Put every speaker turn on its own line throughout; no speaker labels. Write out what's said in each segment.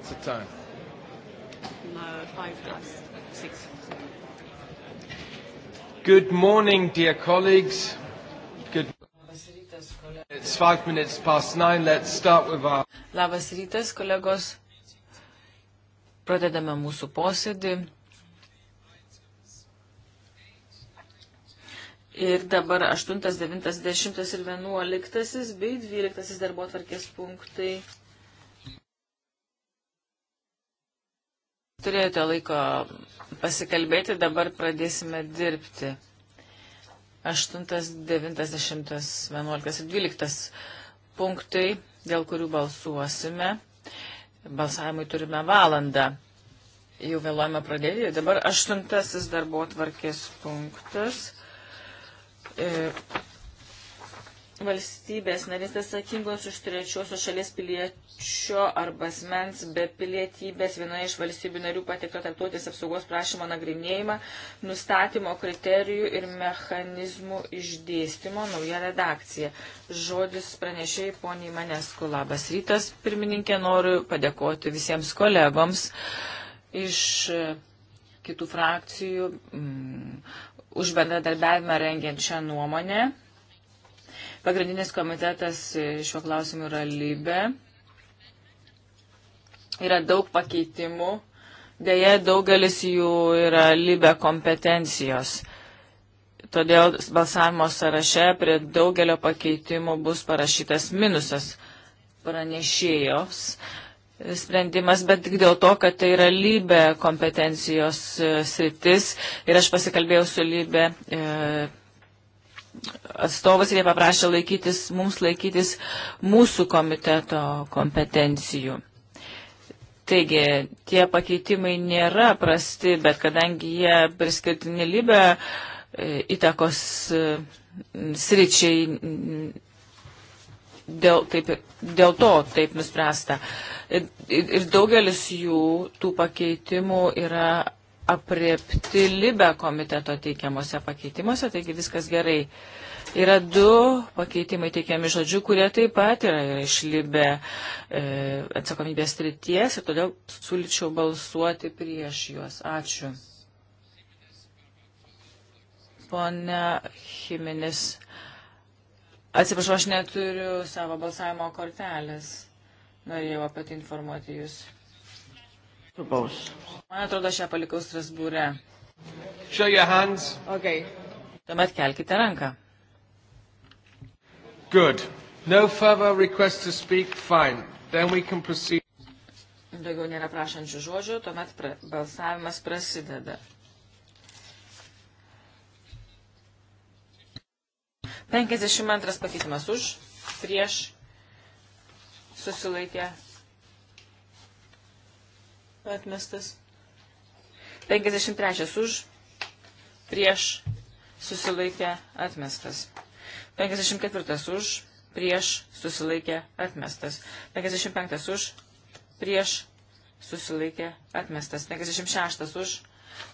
What's the time?
Uh, five past six.
Good morning, dear colleagues. Good.
It's five minutes past nine. Let's start with our. Labas rytas, kolegos. Pradedame mūsų posėdį. Ir dabar 8, 9, 10 ir 11 bei 12 darbo atvarkės punktai turėjote laiko pasikalbėti, dabar pradėsime dirbti. 8, 9, 10, 11 ir 12 punktai, dėl kurių balsuosime. Balsavimui turime valandą. Jau vėluojame pradėti. Dabar aštuntasis darbo tvarkės punktas. E, valstybės narės atsakingos už trečiosios šalies piliečio arba asmens be pilietybės vienoje iš valstybių narių patikto tarptautinės apsaugos prašymo nagrinėjimą, nustatymo kriterijų ir mechanizmų išdėstymo nauja redakcija. Žodis pranešėjai poniai Manesku. Labas rytas, pirmininkė, noriu padėkoti visiems kolegoms iš kitų frakcijų m, mm, už bendradarbiavimą rengiant šią nuomonę. Pagrindinis komitetas šiuo klausimu yra lybė. Yra daug pakeitimų. Deja, daugelis jų yra lybė kompetencijos. Todėl balsavimo sąraše prie daugelio pakeitimų bus parašytas minusas pranešėjos sprendimas, bet tik dėl to, kad tai yra lybė kompetencijos sritis ir aš pasikalbėjau su lybė e, atstovas ir jie paprašė laikytis, mums laikytis mūsų komiteto kompetencijų. Taigi, tie pakeitimai nėra prasti, bet kadangi jie priskirtini libę e, įtakos e, sričiai, dėl, taip, dėl to taip nuspręsta. Ir, ir daugelis jų, tų pakeitimų yra apriepti Libe komiteto teikiamuose pakeitimuose, taigi viskas gerai. Yra du pakeitimai teikiami žodžių, kurie taip pat yra, yra iš Libe e, atsakomybės ryties ir todėl sulyčiau balsuoti prieš juos. Ačiū. Pone Chiminis, atsiprašau, aš neturiu savo balsavimo kortelės. Norėjau apie tai informuoti jūs.
Man
atrodo, aš ją palikau Strasbūre. Show your hands. Okay. Tuomet kelkite ranką.
Good. No further request to speak. Fine. Then we can proceed.
Daugiau nėra prašančių žodžių, tuomet pra balsavimas prasideda. Penkiasdešimt antras pakeitimas už, prieš, susilaikė atmestas. 53 už, prieš susilaikė atmestas. 54 už, prieš susilaikė atmestas. 55 už, prieš susilaikė atmestas. 56 už,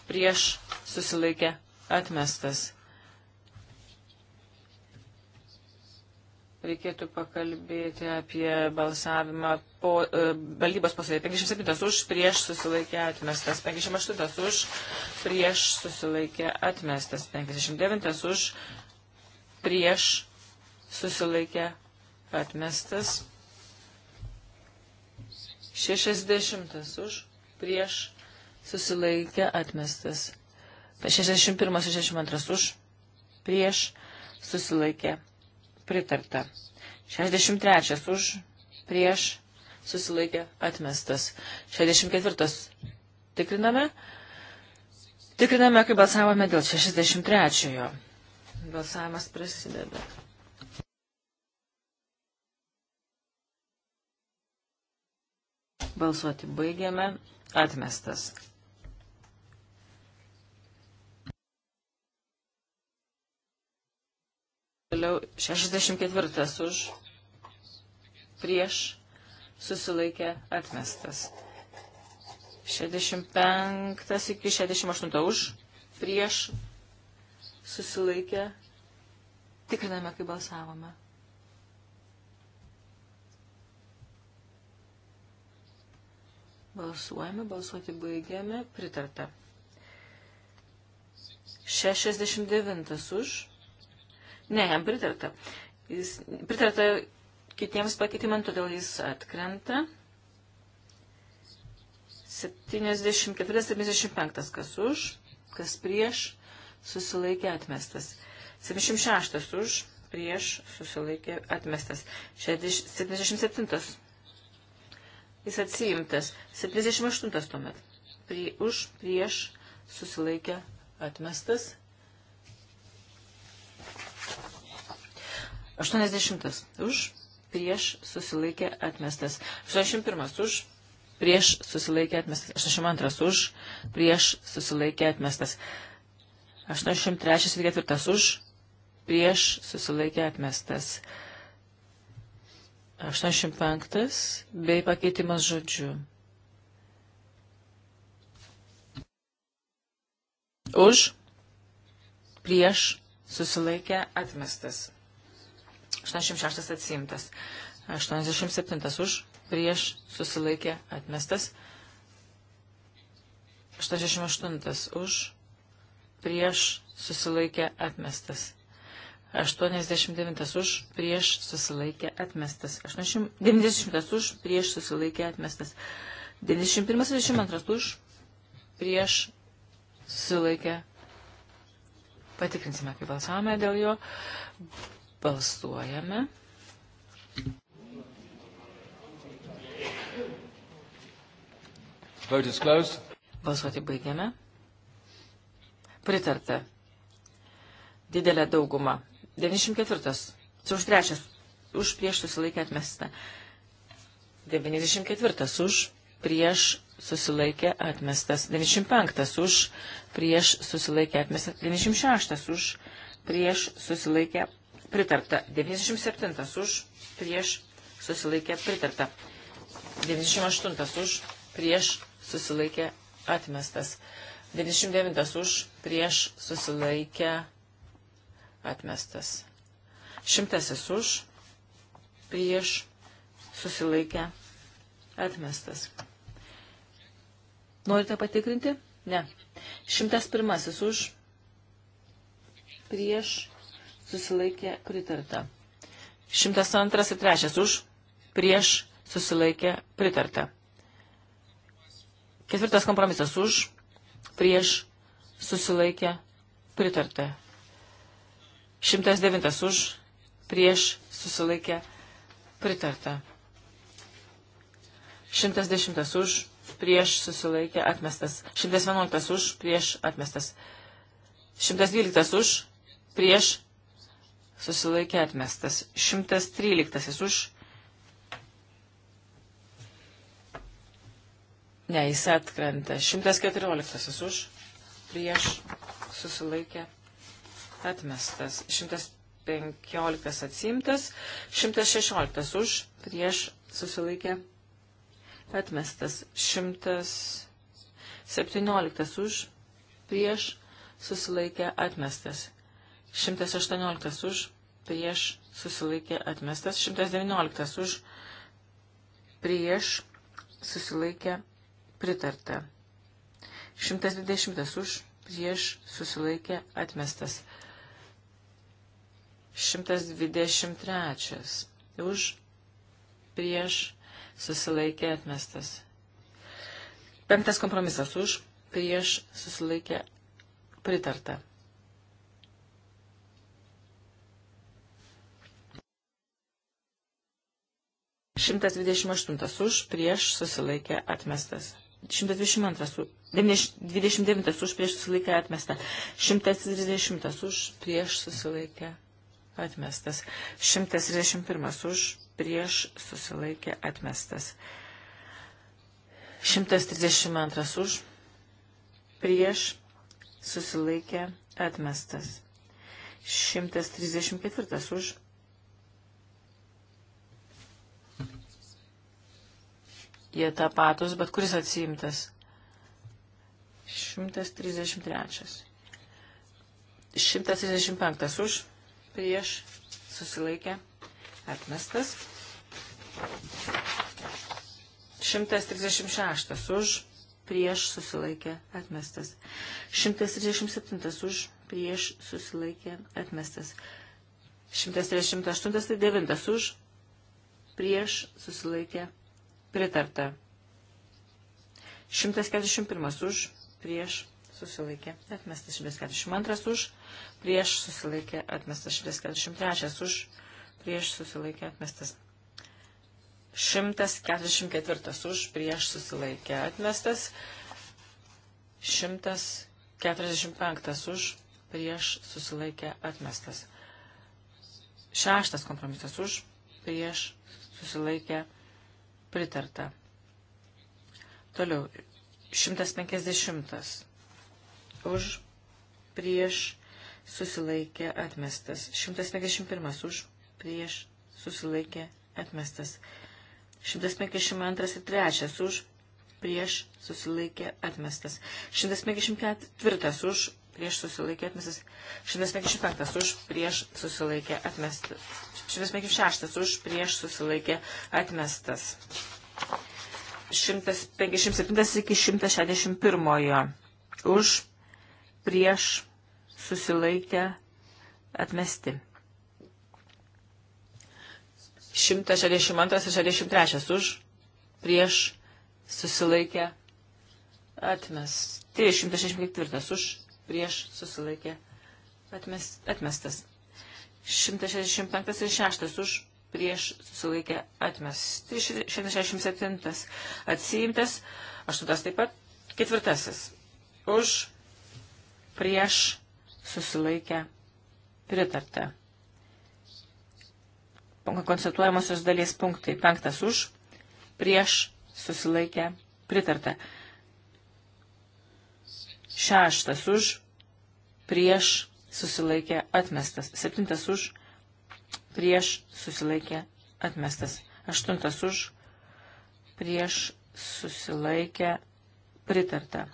prieš susilaikė atmestas. reikėtų pakalbėti apie balsavimą po e, valdybos posėdėje. 57 už, prieš susilaikė atmestas. 58 už, prieš susilaikė atmestas. 59 už, prieš susilaikė atmestas. 60 už, prieš susilaikė atmestas. 61 62 už, prieš susilaikė atmestas pritarta. 63 už, prieš, susilaikė, atmestas. 64 tikriname. Tikriname, kai balsavome dėl 63-ojo. Balsavimas prasideda. Balsuoti baigiame. Atmestas. Toliau 64 už prieš susilaikė atmestas. 65 iki 68 už prieš susilaikė. Tikriname, kai balsavome. Balsuojame, balsuoti baigiame, pritarta. 69 už Ne, jam pritarta. Jis pritarta kitiems pakeitimams, todėl jis atkrenta. 74-75, kas už, kas prieš, susilaikė atmestas. 76 už, prieš, susilaikė atmestas. 77. Jis atsiimtas. 78 tuomet. Prie, už, prieš, susilaikė atmestas. 80 už, prieš susilaikė atmestas. 81 už, prieš susilaikė atmestas. 82 už, prieš susilaikė atmestas. 83 ir 4 už, prieš susilaikė atmestas. 85 bei pakeitimas žodžiu. Už, prieš susilaikė atmestas. 86 atsimtas. 87 už, prieš, susilaikė, atmestas. 88 už, prieš, susilaikė, atmestas. 89 už, prieš, susilaikė, atmestas. 90 už, prieš, susilaikė, atmestas. 91-22 už, prieš, susilaikė, Patikrinsime, kaip balsavome dėl jo. Balsuojame. Vote is closed. Balsuoti baigiame. Pritarta. Didelė dauguma. 94. Čia už trečias. Už prieš susilaikę atmesta. 94. Už prieš susilaikę atmestas. 95. Už prieš susilaikę atmestas. 96. Už prieš susilaikę pritarta. 97 už, prieš, susilaikė, pritarta. 98 už, prieš, susilaikė, atmestas. 99 už, prieš, susilaikė, atmestas. Šimtasis už, prieš, susilaikė, atmestas. Norite patikrinti? Ne. Šimtas pirmasis už, prieš, susilaikė pritarta. 102 ir 3 už, prieš susilaikė pritarta. Ketvirtas kompromisas už, prieš susilaikė pritarta. 109 už, prieš susilaikė pritarta. 110 už, prieš susilaikė atmestas. 111 už, prieš atmestas. 112 už, prieš susilaikė atmestas. 113 už. Ne, jis atkrenta. 114 už. Prieš susilaikė atmestas. 115 atsimtas. 116 už. Prieš susilaikė atmestas. 117 už. Prieš susilaikė atmestas. 118 už, prieš susilaikė atmestas, 119 už prieš susilaikė pritarta, 120 už prieš susilaikė atmestas, 123 už prieš susilaikė atmestas. Penktas kompromisas už prieš susilaikė pritarta. 128 už, prieš susilaikė atmestas. 122, 29 už, prieš susilaikė atmesta. 130 už, prieš susilaikė atmestas. 131 už, prieš susilaikė atmestas. 132 už, prieš susilaikė atmestas. 134 už, jie tapatus, bet kuris atsiimtas? 133. 135 už, prieš, susilaikė, atmestas. 136 už, prieš, susilaikė, atmestas. 137 už, prieš, susilaikė, atmestas. 138 ir 9 už, prieš, susilaikė, atmestas Pritarta. 141 už, prieš susilaikė atmestas 142 už, prieš susilaikė atmestas 143 už, prieš susilaikė atmestas 144 už, prieš susilaikė atmestas 145 už, prieš susilaikė atmestas. Šeštas kompromisas už, prieš susilaikė atmestas Pritarta. Toliau. 150. Už, prieš, susilaikė, atmestas. 151. Už, prieš, susilaikė, atmestas. 152 ir 3 už, prieš, susilaikė, atmestas. 154 už, prieš susilaikė atmestas. 155 už prieš susilaikė atmestas. 156 už prieš susilaikė atmestas. 157 iki 161 už prieš susilaikė atmesti. 162 ir 63 už prieš susilaikė atmesti. 164 už prieš susilaikė atmes, atmestas. 165 ir 6 už prieš susilaikė atmesti. 167 atsiimtas, 8 taip pat, ketvirtasis už prieš susilaikę pritartę. Konstatuojamosios dalies punktai. Penktas už prieš susilaikę pritartę. Šeštas už, prieš susilaikė atmestas. Septintas už, prieš susilaikė atmestas. Aštuntas už, prieš susilaikė pritarta.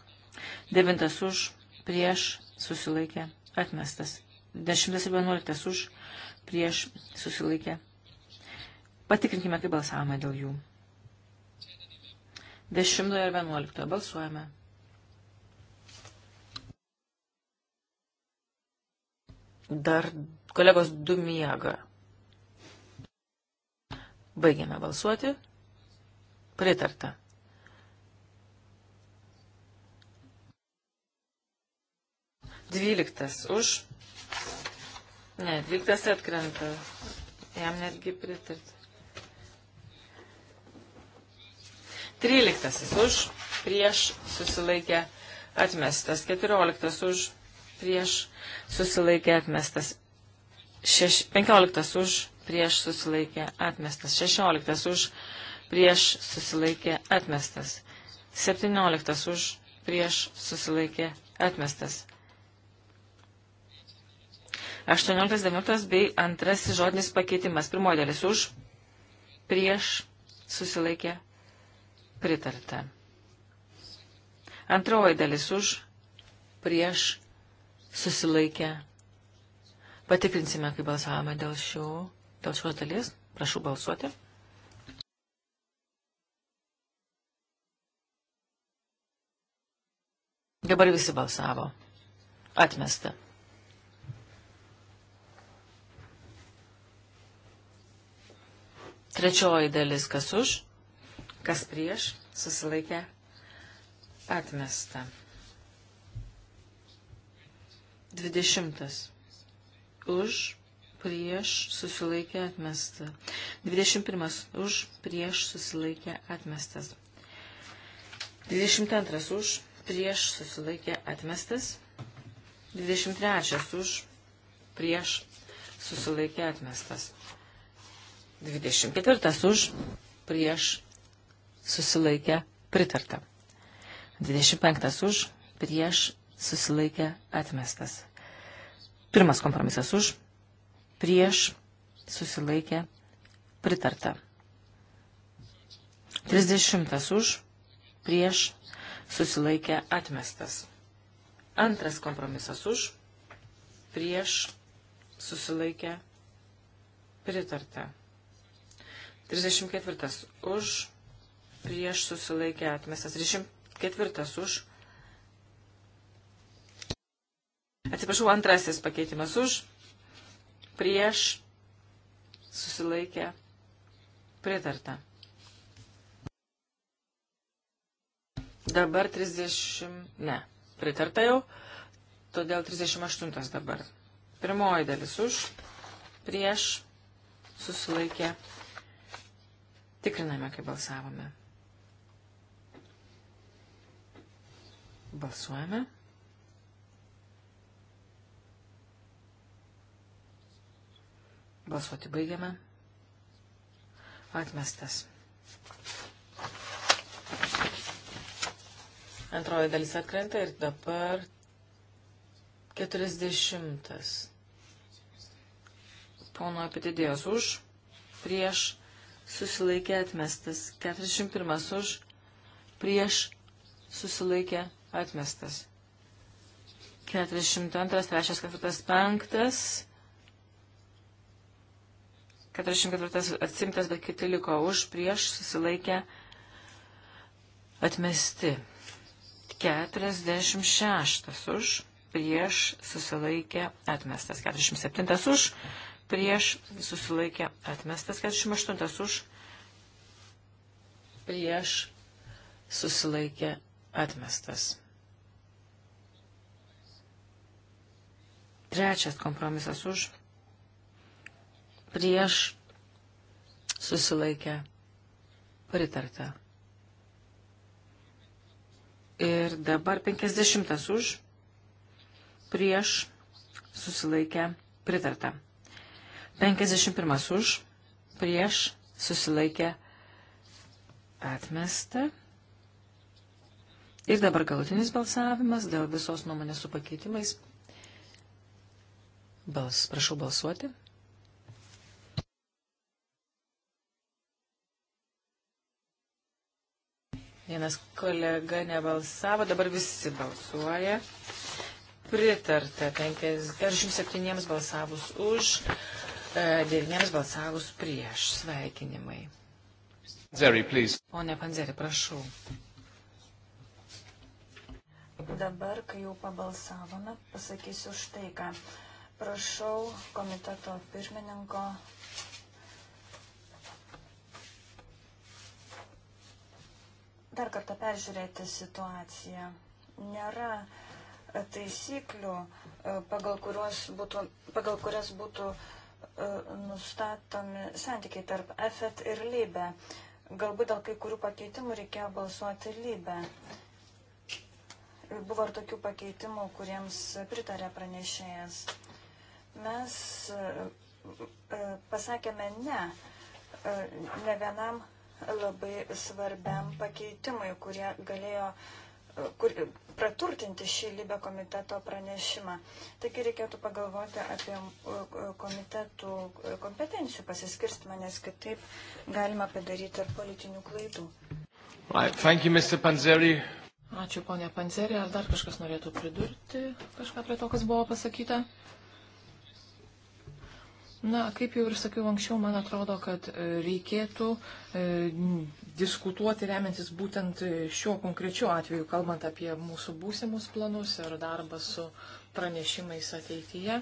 Devintas už, prieš susilaikė atmestas. Dešimtas ir vienuoliktas už, prieš susilaikė. Patikrinkime, kaip balsavome dėl jų. Dešimtojo ir vienuoliktojo balsuojame. Dar kolegos du miega. Baigiame balsuoti. Pritarta. Dvyliktas už. Ne, dvyliktas atkrenta. Jam netgi pritarta. Tryliktasis už. Prieš susilaikę atmestas. Keturioliktas už prieš susilaikė atmestas. Šeš, 15 už prieš susilaikė atmestas. 16 už prieš susilaikė atmestas. 17 už prieš susilaikė atmestas. 18 devintas bei antrasis žodinis pakeitimas. Pirmodelis už prieš susilaikė pritarta. Antroji dalis už prieš susilaikė. Patikrinsime, kaip balsavome dėl, šių, dėl šios dalies. Prašau balsuoti. Dabar visi balsavo. Atmesta. Trečioji dalis, kas už, kas prieš, susilaikė atmesta. 20. Už, prieš, susilaikė atmesta. 21. Už, prieš, susilaikė atmestas. 22. Už, prieš, susilaikė atmestas. 23. Už, prieš, susilaikė atmestas. 24. Už, prieš, susilaikė pritarta. 25. Už, prieš, susilaikė atmestas. Pirmas kompromisas už, prieš, susilaikė, pritarta. 30 už, prieš, susilaikė, atmestas. Antras kompromisas už, prieš, susilaikė, pritarta. 34 už, prieš, susilaikė, atmestas. 34 už, Atsiprašau, antrasis pakeitimas už, prieš, susilaikė, pritarta. Dabar 30, ne, pritarta jau, todėl 38 dabar. Pirmoji dalis už, prieš, susilaikė, tikriname, kai balsavome. Balsuojame. Balsuoti baigiame. Atmestas. Antroji dalis atkrenta ir dabar 40. Pono apitidėjos už, prieš, susilaikė atmestas. 41 už, prieš, susilaikė atmestas. 42, 3, 4, 5 44 atsimtas, bet kiti liko už, prieš susilaikę atmesti. 46 už, prieš susilaikę atmestas. 47 už, prieš susilaikę atmestas. 48 už, prieš susilaikę atmestas. Trečias kompromisas už prieš susilaikę pritarta. Ir dabar 50 už prieš susilaikę pritarta. 51 už prieš susilaikę atmestą. Ir dabar galutinis balsavimas dėl visos nuomonės su pakeitimais. Bals, prašau balsuoti. Vienas kolega nebalsavo, dabar visi balsuoja. Pritarta 57 balsavus už, 9 e, balsavus prieš. Sveikinimai. Panzeri, please. Pone Panzeri, prašau.
Dabar, kai jau pabalsavome, pasakysiu štai ką. Prašau komiteto pirmininko dar kartą peržiūrėti situaciją. Nėra e, taisyklių, e, pagal, būtų, pagal kurias būtų e, nustatomi santykiai tarp EFET ir LIBE. Galbūt dėl kai kurių pakeitimų reikėjo balsuoti LIBE. Buvo ir tokių pakeitimų, kuriems pritarė pranešėjas. Mes pasakėme ne ne vienam labai svarbiam pakeitimui, kurie galėjo e, kur, praturtinti šį Libę komiteto pranešimą. Taigi reikėtų pagalvoti apie e, e, komitetų kompetencijų pasiskirstimą, nes kitaip
galima padaryti ir politinių klaidų.
Right. Thank you, Mr. Panzeri.
Ačiū, ponė Panzeri. Ar dar kažkas norėtų pridurti kažką prie to, kas buvo pasakyta? Na, kaip jau ir sakiau anksčiau, man atrodo, kad e, reikėtų e, diskutuoti remiantis būtent e, šiuo konkrečiu atveju, kalbant apie mūsų būsimus planus ir darbą su pranešimais ateityje.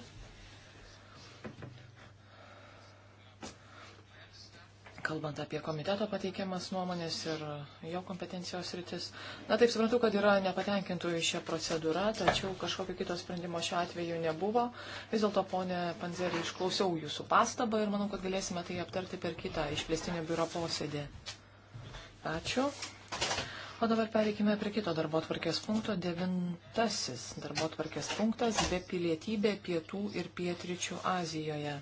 kalbant apie komiteto pateikiamas nuomonės ir jo kompetencijos rytis. Na taip suprantu, kad yra nepatenkintųjų šią procedūrą, tačiau kažkokio kito sprendimo šiuo atveju nebuvo. Vis dėlto, ponė Panzerį, išklausiau jūsų pastabą ir manau, kad galėsime tai aptarti per kitą išplėstinio biuro posėdį. Ačiū. O dabar pereikime prie kito darbo tvarkės punkto. Devintasis darbo tvarkės punktas - be pilietybė pietų ir pietričių Azijoje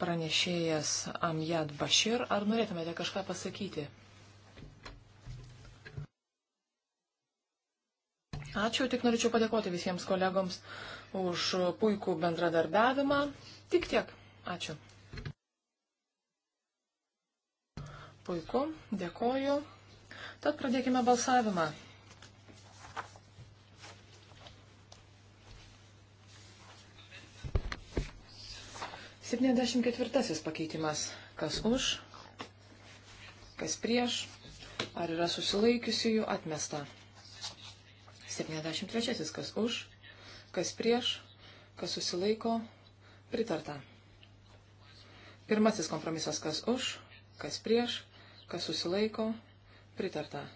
pranešėjas Amjad Bashir. Ar norėtumėte kažką pasakyti? Ačiū, tik norėčiau padėkoti visiems kolegoms už puikų bendradarbiavimą. Tik tiek. Ačiū. Puiku, dėkoju. Tad pradėkime balsavimą. 74 pakeitimas. Kas už, kas prieš, ar yra susilaikiusiųjų atmesta. 73 kas už, kas prieš, kas susilaiko, pritarta. Pirmasis kompromisas kas už, kas prieš, kas susilaiko, pritarta.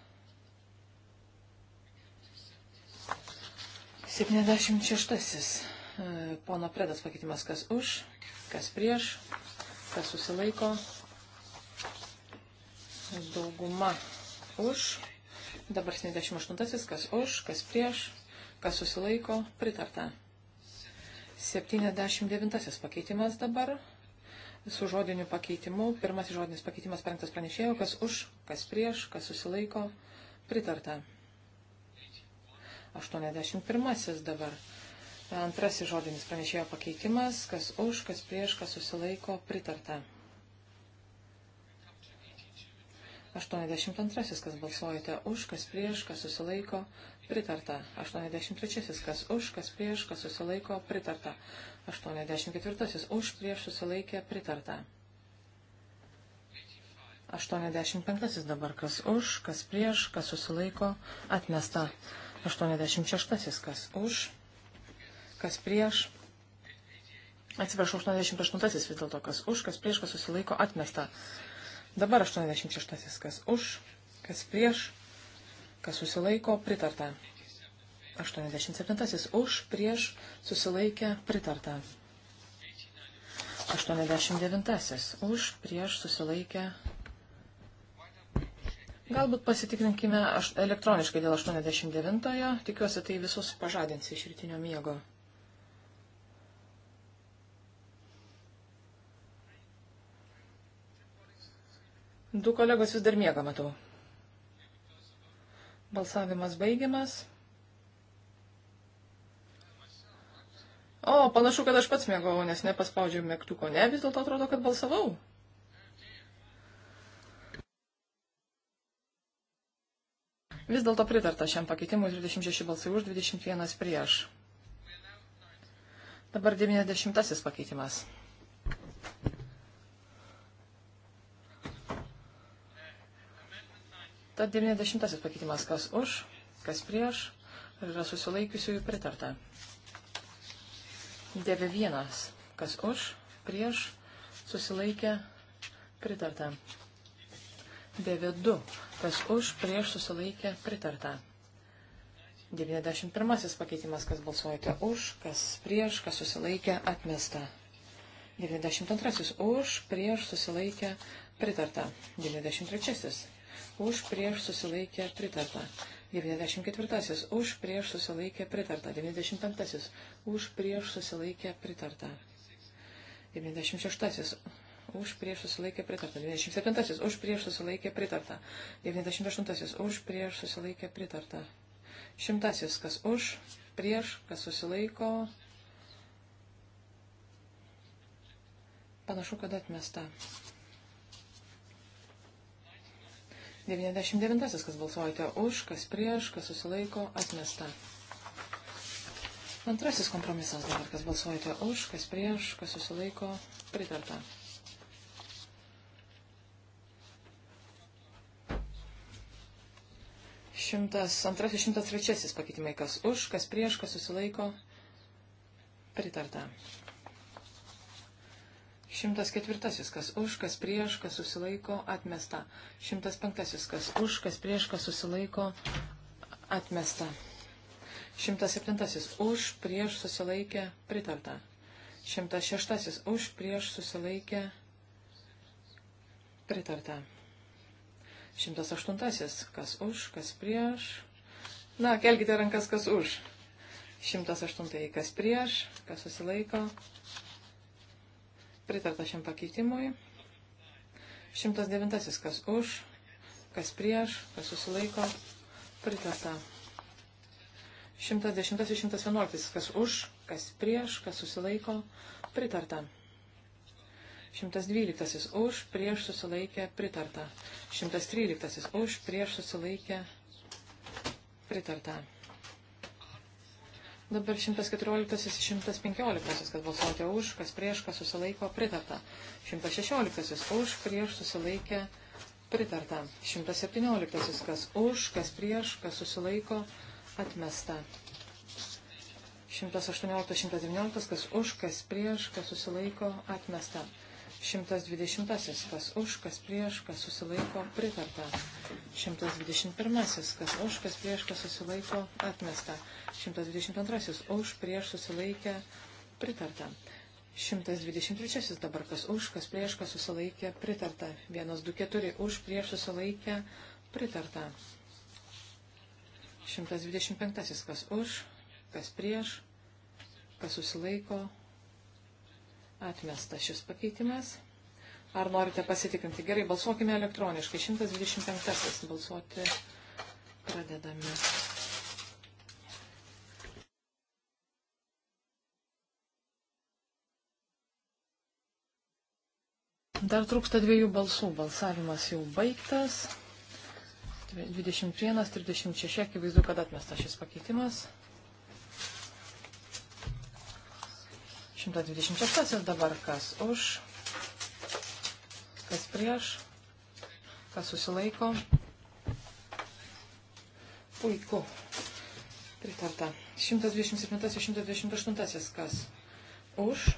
76. E, pono Predas pakeitimas, kas už, kas prieš, kas susilaiko. Dauguma už. Dabar 78, kas už, kas prieš, kas susilaiko, pritarta. 79 pakeitimas dabar su žodiniu pakeitimu. Pirmasis žodinis pakeitimas penktas pranešėjo, kas už, kas prieš, kas susilaiko, pritarta. 81 dabar Antrasis žodinis pranešėjo pakeitimas, kas už, kas prieš, kas susilaiko, pritarta. 82. kas balsuojate už, kas prieš, kas susilaiko, pritarta. 83. kas už, kas prieš, kas susilaiko, pritarta. 84. už, prieš, susilaikė, pritarta. 85. dabar kas už, kas prieš, kas susilaiko, atmesta. 86. kas už, kas prieš. Atsiprašau, 88 vis dėlto, kas už, kas prieš, kas susilaiko, atmesta. Dabar 86, kas už, kas prieš, kas susilaiko, pritarta. 87 už, prieš, susilaikė, pritarta. 89 už, prieš, susilaikė. Galbūt pasitikrinkime elektroniškai dėl 89-ojo, tikiuosi tai visus pažadins iš rytinio miego. Du kolegos vis dar miega, matau. Balsavimas baigiamas. O, panašu, kad aš pats mėgau, nes nepaspaudžiau mygtuko. Ne, vis dėlto atrodo, kad balsavau. Vis dėlto pritarta šiam pakeitimui 36 balsai už, 21 prieš. Dabar 90 pakeitimas. Tad 90 pakeitimas, kas už, kas prieš, ir yra susilaikiusiųjų pritarta. 91, kas už, prieš, susilaikė, pritarta. 92, kas už, prieš, susilaikė, pritarta. 91 pakeitimas, kas balsuojate už, kas prieš, kas susilaikė, atmesta. 92 už, prieš, susilaikė, pritarta. 93 už prieš susilaikė pritarta. 94. Už prieš susilaikė pritarta. 95. Už prieš susilaikė pritarta. 96. Už prieš susilaikė pritarta. 97. Už prieš susilaikė pritarta. 98. Už prieš susilaikė pritarta. 100. Kas už, prieš, kas susilaiko. Panašu, kad atmesta. 99. Kas balsuojate už, kas prieš, kas susilaiko, atmesta. Antrasis kompromisas dabar, kas balsuojate už, kas prieš, kas susilaiko, pritarta. Šimtas, antrasis, šimtas trečiasis pakeitimai, kas už, kas prieš, kas susilaiko, pritarta. 104. Kas už, kas prieš, kas susilaiko, atmesta. 105. Kas už, kas prieš, kas susilaiko, atmesta. 107. Už, prieš, susilaikė, pritarta. 106. Už, prieš, susilaikė, pritarta. 108. Kas už, kas prieš. Na, kelkite rankas, kas už. 108. Kas prieš, kas susilaiko, pritarta. Pritarta šiam pakeitimui. 109. Kas už, kas prieš, kas susilaiko. Pritarta. 110 ir 111. Kas už, kas prieš, kas susilaiko. Pritarta. 112 už, prieš susilaikė, pritarta. 113 už, prieš susilaikė, pritarta. Dabar 114 ir 115, kas balsuoti už, kas prieš, kas susilaiko, pritarta. 116 už, prieš, susilaikė, pritarta. 117 kas už, kas prieš, kas susilaiko, atmesta. 118, 119, kas už, kas prieš, kas susilaiko, atmesta. 120, kas už, kas prieš, kas susilaiko, pritarta. 121, kas už, kas prieš, kas susilaiko, atmesta. 122 už, prieš susilaikė pritarta. 123 dabar kas už, kas prieš, kas susilaikė pritarta. 124 už, prieš susilaikė pritarta. 125 kas už, kas prieš, kas susilaiko atmesta šis pakeitimas. Ar norite pasitikrinti? Gerai, balsuokime elektroniškai. 125 balsuoti pradedame. Dar trūksta dviejų balsų. Balsavimas jau baigtas. 21, 36, akivaizdu, kad atmestas šis pakeitimas. 126 dabar kas už, kas prieš, kas susilaiko. Puiku. Pritarta. 127, 128 kas už,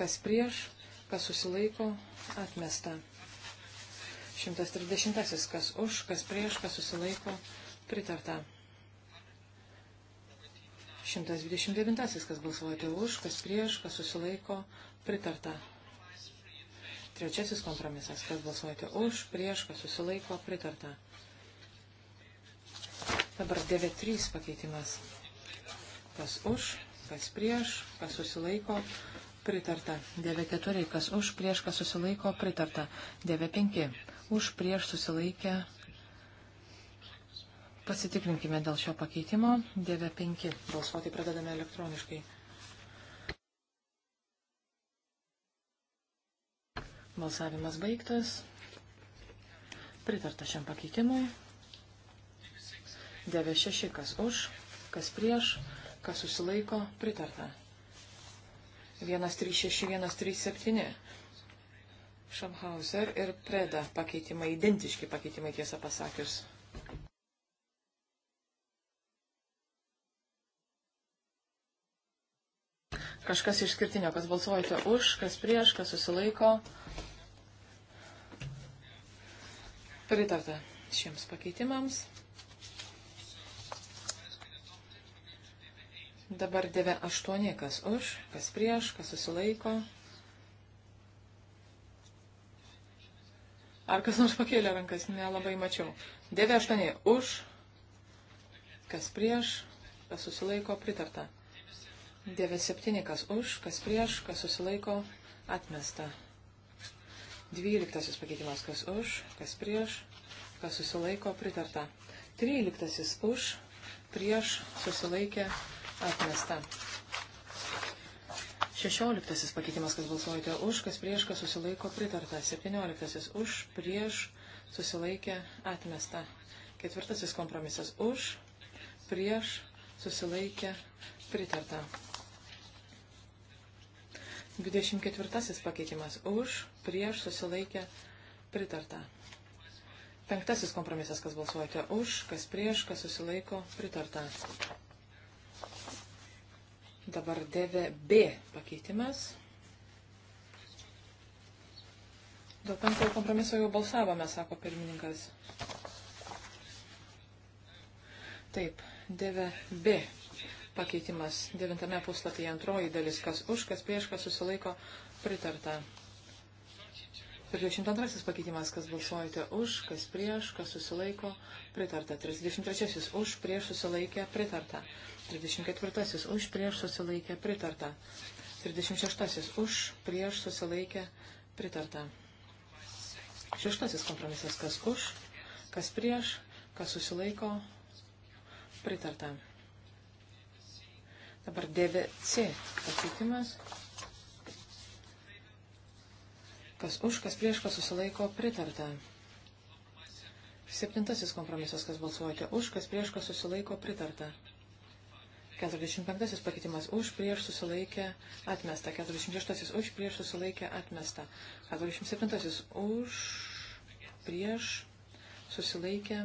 kas prieš, kas susilaiko, atmesta. 130. Kas už, kas prieš, kas susilaiko, pritarta. 129. Kas balsuojate už, kas prieš, kas susilaiko, pritarta. Trečiasis kompromisas. Kas balsuojate už, prieš, kas susilaiko, pritarta. Dabar 9.3 pakeitimas. Kas už, kas prieš, kas susilaiko, pritarta Pritarta. 94. Kas už prieš, kas susilaiko, pritarta. 95. Už prieš susilaikę. Pasitikrinkime dėl šio pakeitimo. 95. Balsuoti pradedame elektroniškai. Balsavimas baigtas. Pritarta šiam pakeitimui. 96. Kas už, kas prieš, kas susilaiko, pritarta. 136, 137. Schamhauser ir Preda pakeitimai, identiški pakeitimai tiesą pasakius. Kažkas išskirtinio, kas balsuojate už, kas prieš, kas susilaiko. Pritarta šiems pakeitimams. Dabar 98, kas už, kas prieš, kas susilaiko. Ar kas nors pakėlė rankas, nelabai mačiau. 98, už, kas prieš, kas susilaiko, pritarta. 97, kas už, kas prieš, kas susilaiko, atmesta. 12 pakeitimas, kas už, kas prieš, kas susilaiko, pritarta. 13 už, prieš, susilaikė, pritarta atmesta. Šešioliktasis pakeitimas, kas balsuojate už, kas prieš, kas susilaiko pritarta. Septynioliktasis už, prieš, susilaikė atmesta. Ketvirtasis kompromisas už, prieš, susilaikė pritarta. 24 pakeitimas už, prieš, susilaikė pritarta. Penktasis kompromisas, kas balsuojate už, kas prieš, kas susilaiko pritarta. Dabar DVB pakeitimas. Dėl penktojo kompromiso jau balsavome, sako pirmininkas. Taip, DVB pakeitimas devintame puslapyje antroji dalis, kas už, kas prieš, kas susilaiko pritarta. 32 pakeitimas, kas balsuojate už, kas prieš, kas susilaiko, pritarta. 33 už, prieš susilaikė, pritarta. 34 už, prieš susilaikė, pritarta. 36 už, prieš susilaikė, pritarta. Šeštasis kompromisas, kas už, kas prieš, kas susilaiko, pritarta. Dabar DVC pakeitimas. Kas už, kas prieš, kas susilaiko, pritarta. Septintasis kompromisas, kas balsuojate už, kas prieš, kas susilaiko, pritarta. 45 pakeitimas už, prieš susilaikė, atmesta. 46 už, prieš susilaikė, atmesta. 47 už, prieš susilaikė.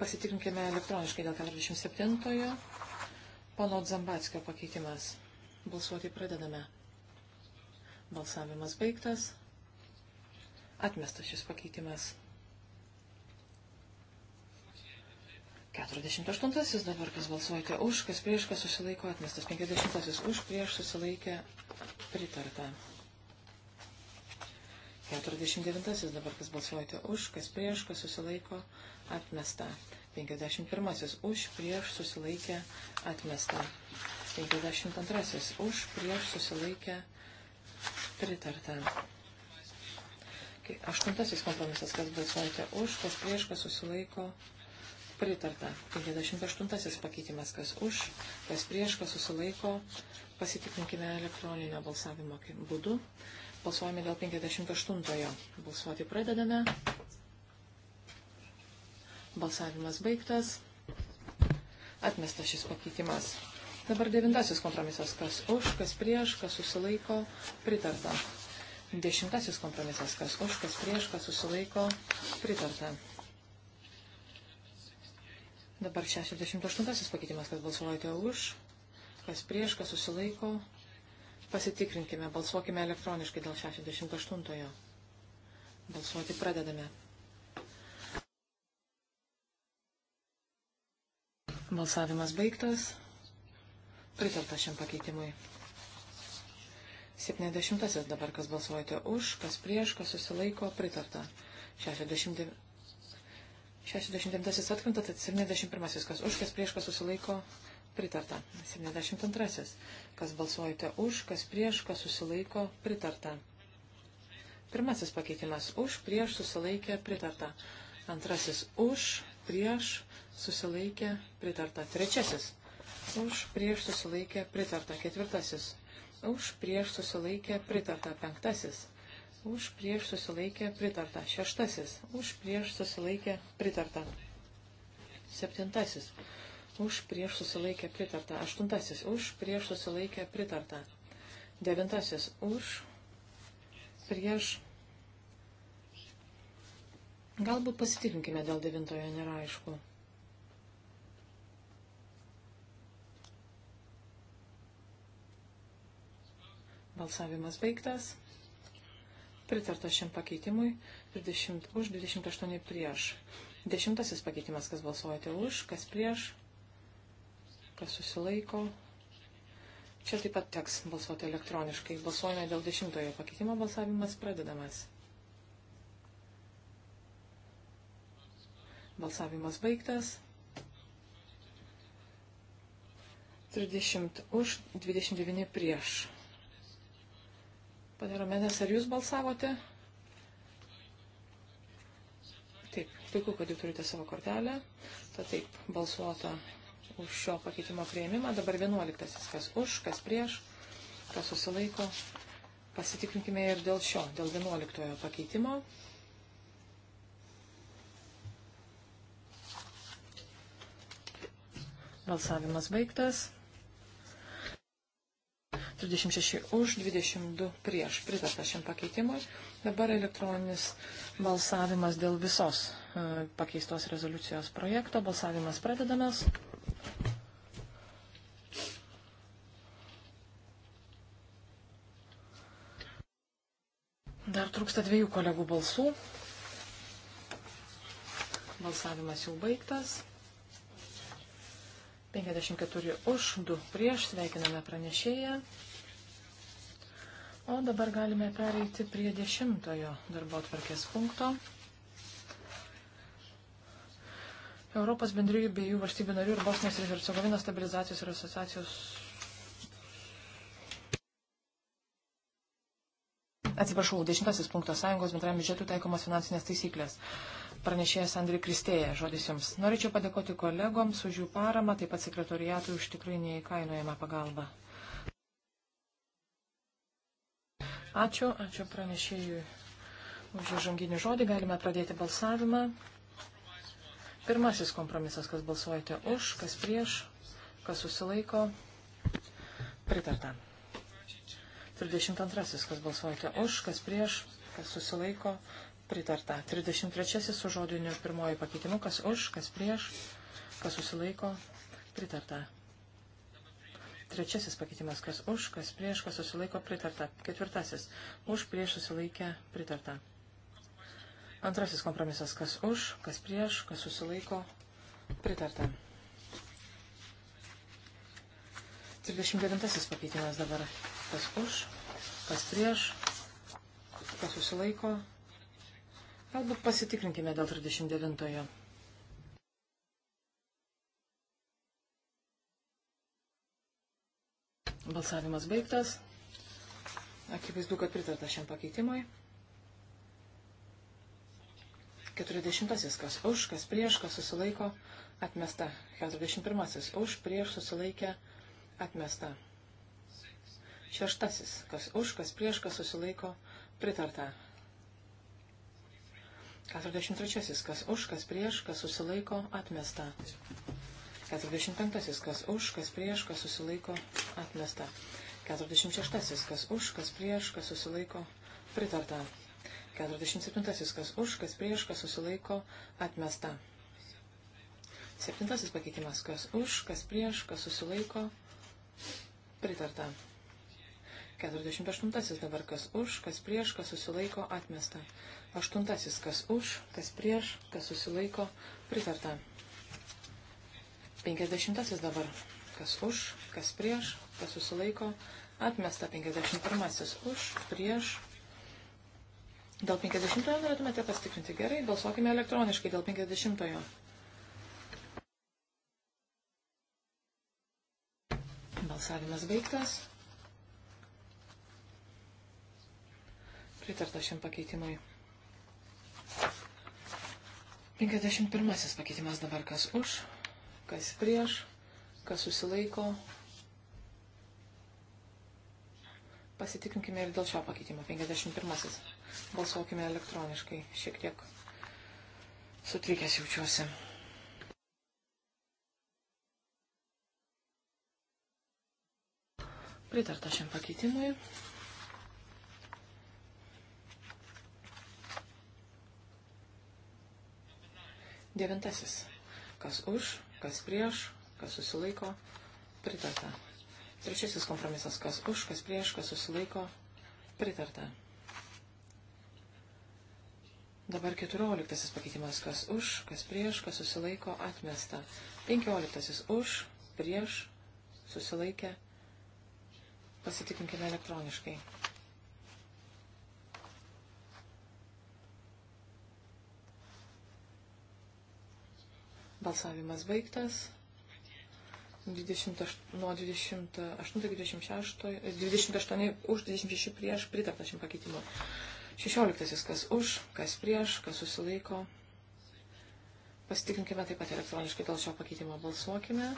Pasitikrinkime elektroniškai dėl 47. Pono Zambatskio pakeitimas. Balsuoti pradedame. Balsavimas baigtas. Atmestas šis pakeitimas. 48 dabar, kas balsuojate už, kas prieš, kas susilaiko atmestas. 50 už, prieš susilaikė pritarta. 49 dabar, kas balsuojate už, kas prieš, kas susilaiko atmesta. 51 už, prieš susilaikė atmesta. 52 už, prieš susilaikė atmesta. Pritarta. Aštuntasis kompromisas, kas balsuojate už, kas prieš, kas susilaiko. Pritarta. 58 pakeitimas, kas už, kas prieš, kas susilaiko. Pasitikrinkime elektroninio balsavimo būdu. Balsuojame dėl 58-ojo. Balsuoti pradedame. Balsavimas baigtas. Atmestas šis pakeitimas. Dabar devintasis kompromisas. Kas už, kas prieš, kas susilaiko, pritarta. Dešimtasis kompromisas. Kas už, kas prieš, kas susilaiko, pritarta. Dabar 68 pakeitimas, kad balsuojate už, kas prieš, kas susilaiko. Pasitikrinkime, balsuokime elektroniškai dėl 68-ojo. Balsuoti pradedame. Balsavimas baigtas. Pritarta šiam pakeitimui. 70 dabar, kas balsuojate už, kas prieš, kas susilaiko, pritarta. 69 atkrenta, tad 71 kas už, kas prieš, kas susilaiko, pritarta. 72 kas balsuojate už, kas prieš, kas susilaiko, pritarta. Pirmasis pakeitimas už, prieš, susilaikė, pritarta. Antrasis už, prieš, susilaikė, pritarta. Trečiasis Už prieš susilaikė pritarta ketvirtasis. Už prieš susilaikė pritarta penktasis. Už prieš susilaikė pritarta šeštasis. Už prieš susilaikė pritarta septintasis. Už prieš susilaikė pritarta aštuntasis. Už prieš susilaikė pritarta devintasis. Už prieš. Galbūt pasitikrinkime dėl devintojo, nėra aišku. Balsavimas baigtas. Pritarta šiam pakeitimui 20 už, 28 prieš. Dešimtasis pakeitimas, kas balsuojate už, kas prieš, kas susilaiko. Čia taip pat teks balsuoti elektroniškai. Balsuojame dėl dešimtojo pakeitimo, balsavimas pradedamas. Balsavimas baigtas. 30 už, 29 prieš. Pane Romenės, ar jūs balsavote? Taip, puiku, kad jūs turite savo kortelę. Tad taip, balsuota už šio pakeitimo prieimimą. Dabar vienuoliktasis, kas už, kas prieš, kas susilaiko. Pasitikrinkime ir dėl šio, dėl vienuoliktojo pakeitimo. Balsavimas baigtas. 36 už, 22 prieš. Pritarta šiam pakeitimui. Dabar elektroninis balsavimas dėl visos e, pakeistos rezoliucijos projekto. Balsavimas pradedamas. Dar trūksta dviejų kolegų balsų. Balsavimas jau baigtas. 54 už, 2 prieš, sveikiname pranešėją. O dabar galime pereiti prie dešimtojo darbo atvarkės punkto. Europos bendrijų bei jų valstybių narių ir Bosnijos ir Hercegovinos stabilizacijos ir asociacijos. Atsiprašau, dešimtasis punktas Sąjungos bendram biudžetų taikomos finansinės taisyklės. Pranešėjas Andri Kristėja, žodis jums. Norėčiau padėkoti kolegoms už jų paramą, taip pat sekretoriatui už tikrai neįkainojamą pagalbą. Ačiū, ačiū pranešėjui už įžanginį žodį. Galime pradėti balsavimą. Pirmasis kompromisas, kas balsuojate už, kas prieš, kas susilaiko. Pritarta. 32. Kas balsuojate už, kas prieš, kas susilaiko. Pritarta. 33. Su žodiniu pirmoji pakeitimu, kas už, kas prieš, kas susilaiko. Pritarta. Trečiasis pakeitimas, kas už, kas prieš, kas susilaiko pritarta. Ketvirtasis, už, prieš susilaikę pritarta. Antrasis kompromisas, kas už, kas prieš, kas susilaiko pritarta. 39 pakeitimas dabar, kas už, kas prieš, kas susilaiko. Galbūt pasitikrinkime dėl 39. -ojo. Balsavimas baigtas. Akivaizdu, kad pritarta šiam pakeitimui. 40. Kas už, kas prieš, kas susilaiko, atmesta. 41. Už, prieš, susilaikę, atmesta. 6. Kas už, kas prieš, kas susilaiko, pritarta. 43. Kas už, kas prieš, kas susilaiko, atmesta. 45. Kas už, kas prieš, kas susilaiko, atmesta. 46. Kas už, kas prieš, kas susilaiko, pritarta. 47. Kas už, kas prieš, kas susilaiko, atmesta. 7. Pakeitimas. Kas už, kas prieš, kas susilaiko, pritarta. 48. Dabar kas už, kas prieš, kas susilaiko, atmesta. 8. Kas už, kas prieš, kas susilaiko, pritarta. 50 dabar. Kas už, kas prieš, kas susilaiko. Atmesta 51 už, prieš. Dėl 50 norėtumėte pastikrinti gerai. Balsuokime elektroniškai dėl 50. -ojo. Balsavimas baigtas. Pritarta šiam pakeitimui. 51 pakeitimas dabar kas už, kas prieš, kas susilaiko. Pasitikrinkime ir dėl šio pakeitimo. 51. Balsuokime elektroniškai. Šiek tiek sutrikęs jaučiuosi. Pritarta šiam pakeitimui. Devintasis. Kas už, kas prieš, kas susilaiko, pritarta. Trečiasis kompromisas. Kas už, kas prieš, kas susilaiko, pritarta. Dabar keturioliktasis pakeitimas. Kas už, kas prieš, kas susilaiko, atmesta. Penkioliktasis už, prieš, susilaikė. Pasitikinkime elektroniškai. Balsavimas baigtas. 20, nuo 28-26, 28 e, už 26 prieš pritarta šiam pakeitimui. 16 kas už, kas prieš, kas susilaiko. Pasitikrinkime taip pat elektroniškai dėl šio pakeitimo balsuokime.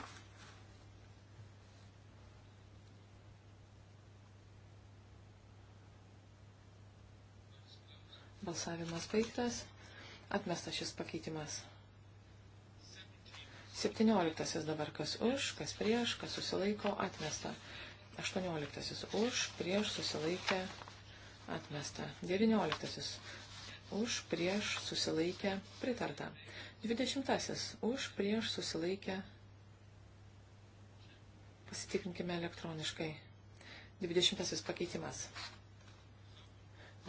Balsavimas baigtas. Atmestas šis pakeitimas. 17 dabar kas už, kas prieš, kas susilaiko, atmesta. 18 už, prieš, susilaikė, atmesta. 19 už, prieš, susilaikė, pritarta. 20 už, prieš, susilaikė, pasitikrinkime elektroniškai. 20 pakeitimas.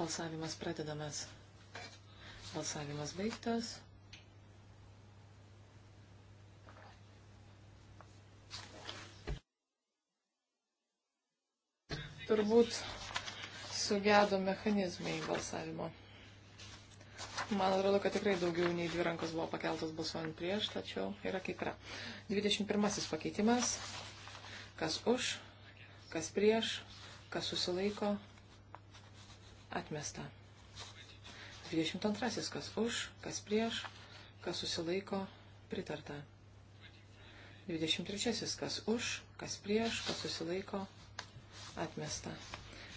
Balsavimas pradedamas. Balsavimas baigtas. turbūt sugedo mechanizmai balsavimo. Man atrodo, kad tikrai daugiau nei dvi rankos buvo pakeltas balsuojant prieš, tačiau yra kaip yra. 21 pakeitimas. Kas už, kas prieš, kas susilaiko, atmesta. 22 kas už, kas prieš, kas susilaiko, pritarta. 23 kas už, kas prieš, kas susilaiko, atmesta atmesta.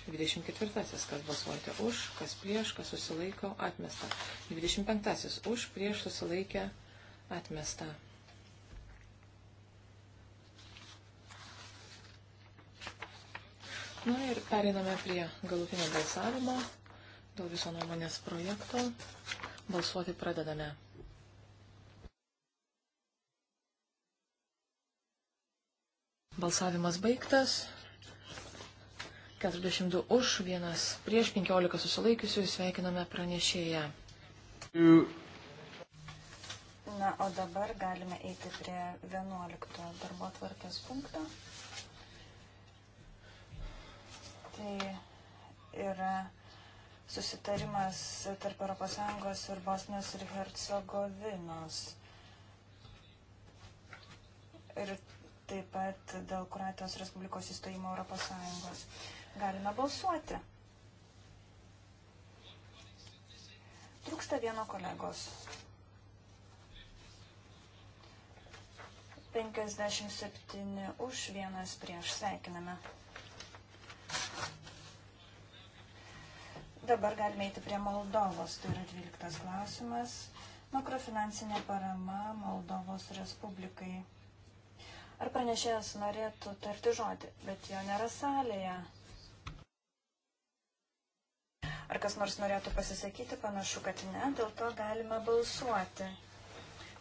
24. Kas balsuojate už, kas prieš, kas susilaiko, atmesta. 25. Už, prieš, susilaikę, atmesta. Na ir periname prie galutinio balsavimo dėl viso nuomonės projekto. Balsuoti pradedame. Balsavimas baigtas. 42 už, vienas prieš 15 susilaikiusių, sveikiname pranešėją.
Na, o dabar galime eiti prie 11 darbo tvarkės punkto. Tai yra susitarimas tarp ES ir Bosnijos ir Hercegovinos. Ir taip pat dėl Kroatijos Respublikos įstojimo ES. Galime balsuoti. Trūksta vieno kolegos. 57 už, vienas prieš. Sveikiname. Dabar galime eiti prie Moldovos, tai yra 12 klausimas. Makrofinansinė parama Moldovos Respublikai. Ar pranešėjas norėtų tarti žodį, bet jo nėra salėje. Ar kas nors norėtų pasisakyti? Panašu, kad ne. Dėl to galime balsuoti.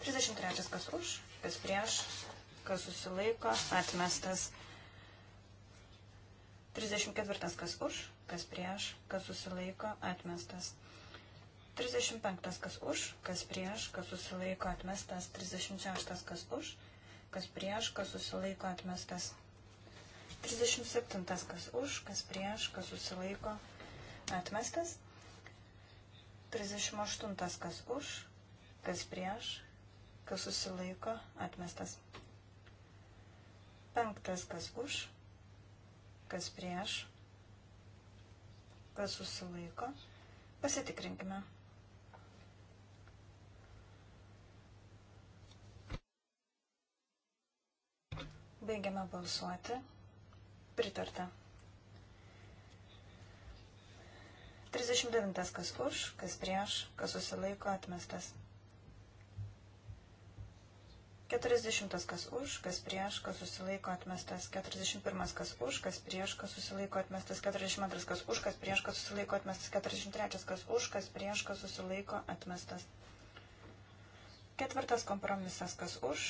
33. Kas už, kas prieš, kas susilaiko, atmestas. 34. Kas už, kas prieš, kas susilaiko, atmestas. 35. Kas už, kas prieš, kas susilaiko, atmestas. 36. Kas už, kas prieš, kas susilaiko, atmestas. 37. Kas už, kas prieš, kas susilaiko, atmestas atmestas. 38 kas už, kas prieš, kas susilaiko, atmestas. 5 kas už, kas prieš, kas susilaiko, pasitikrinkime. Baigiame balsuoti. Pritarta. 39. Kas už, kas prieš, kas susilaiko atmestas. 40. Kas už, kas prieš, kas susilaiko atmestas. 41. Kas už, kas prieš, kas susilaiko atmestas. 42. Kas už, kas prieš, kas susilaiko atmestas. 43. Kas už, kas prieš, kas susilaiko atmestas. Ketvirtas kompromisas. Kas už,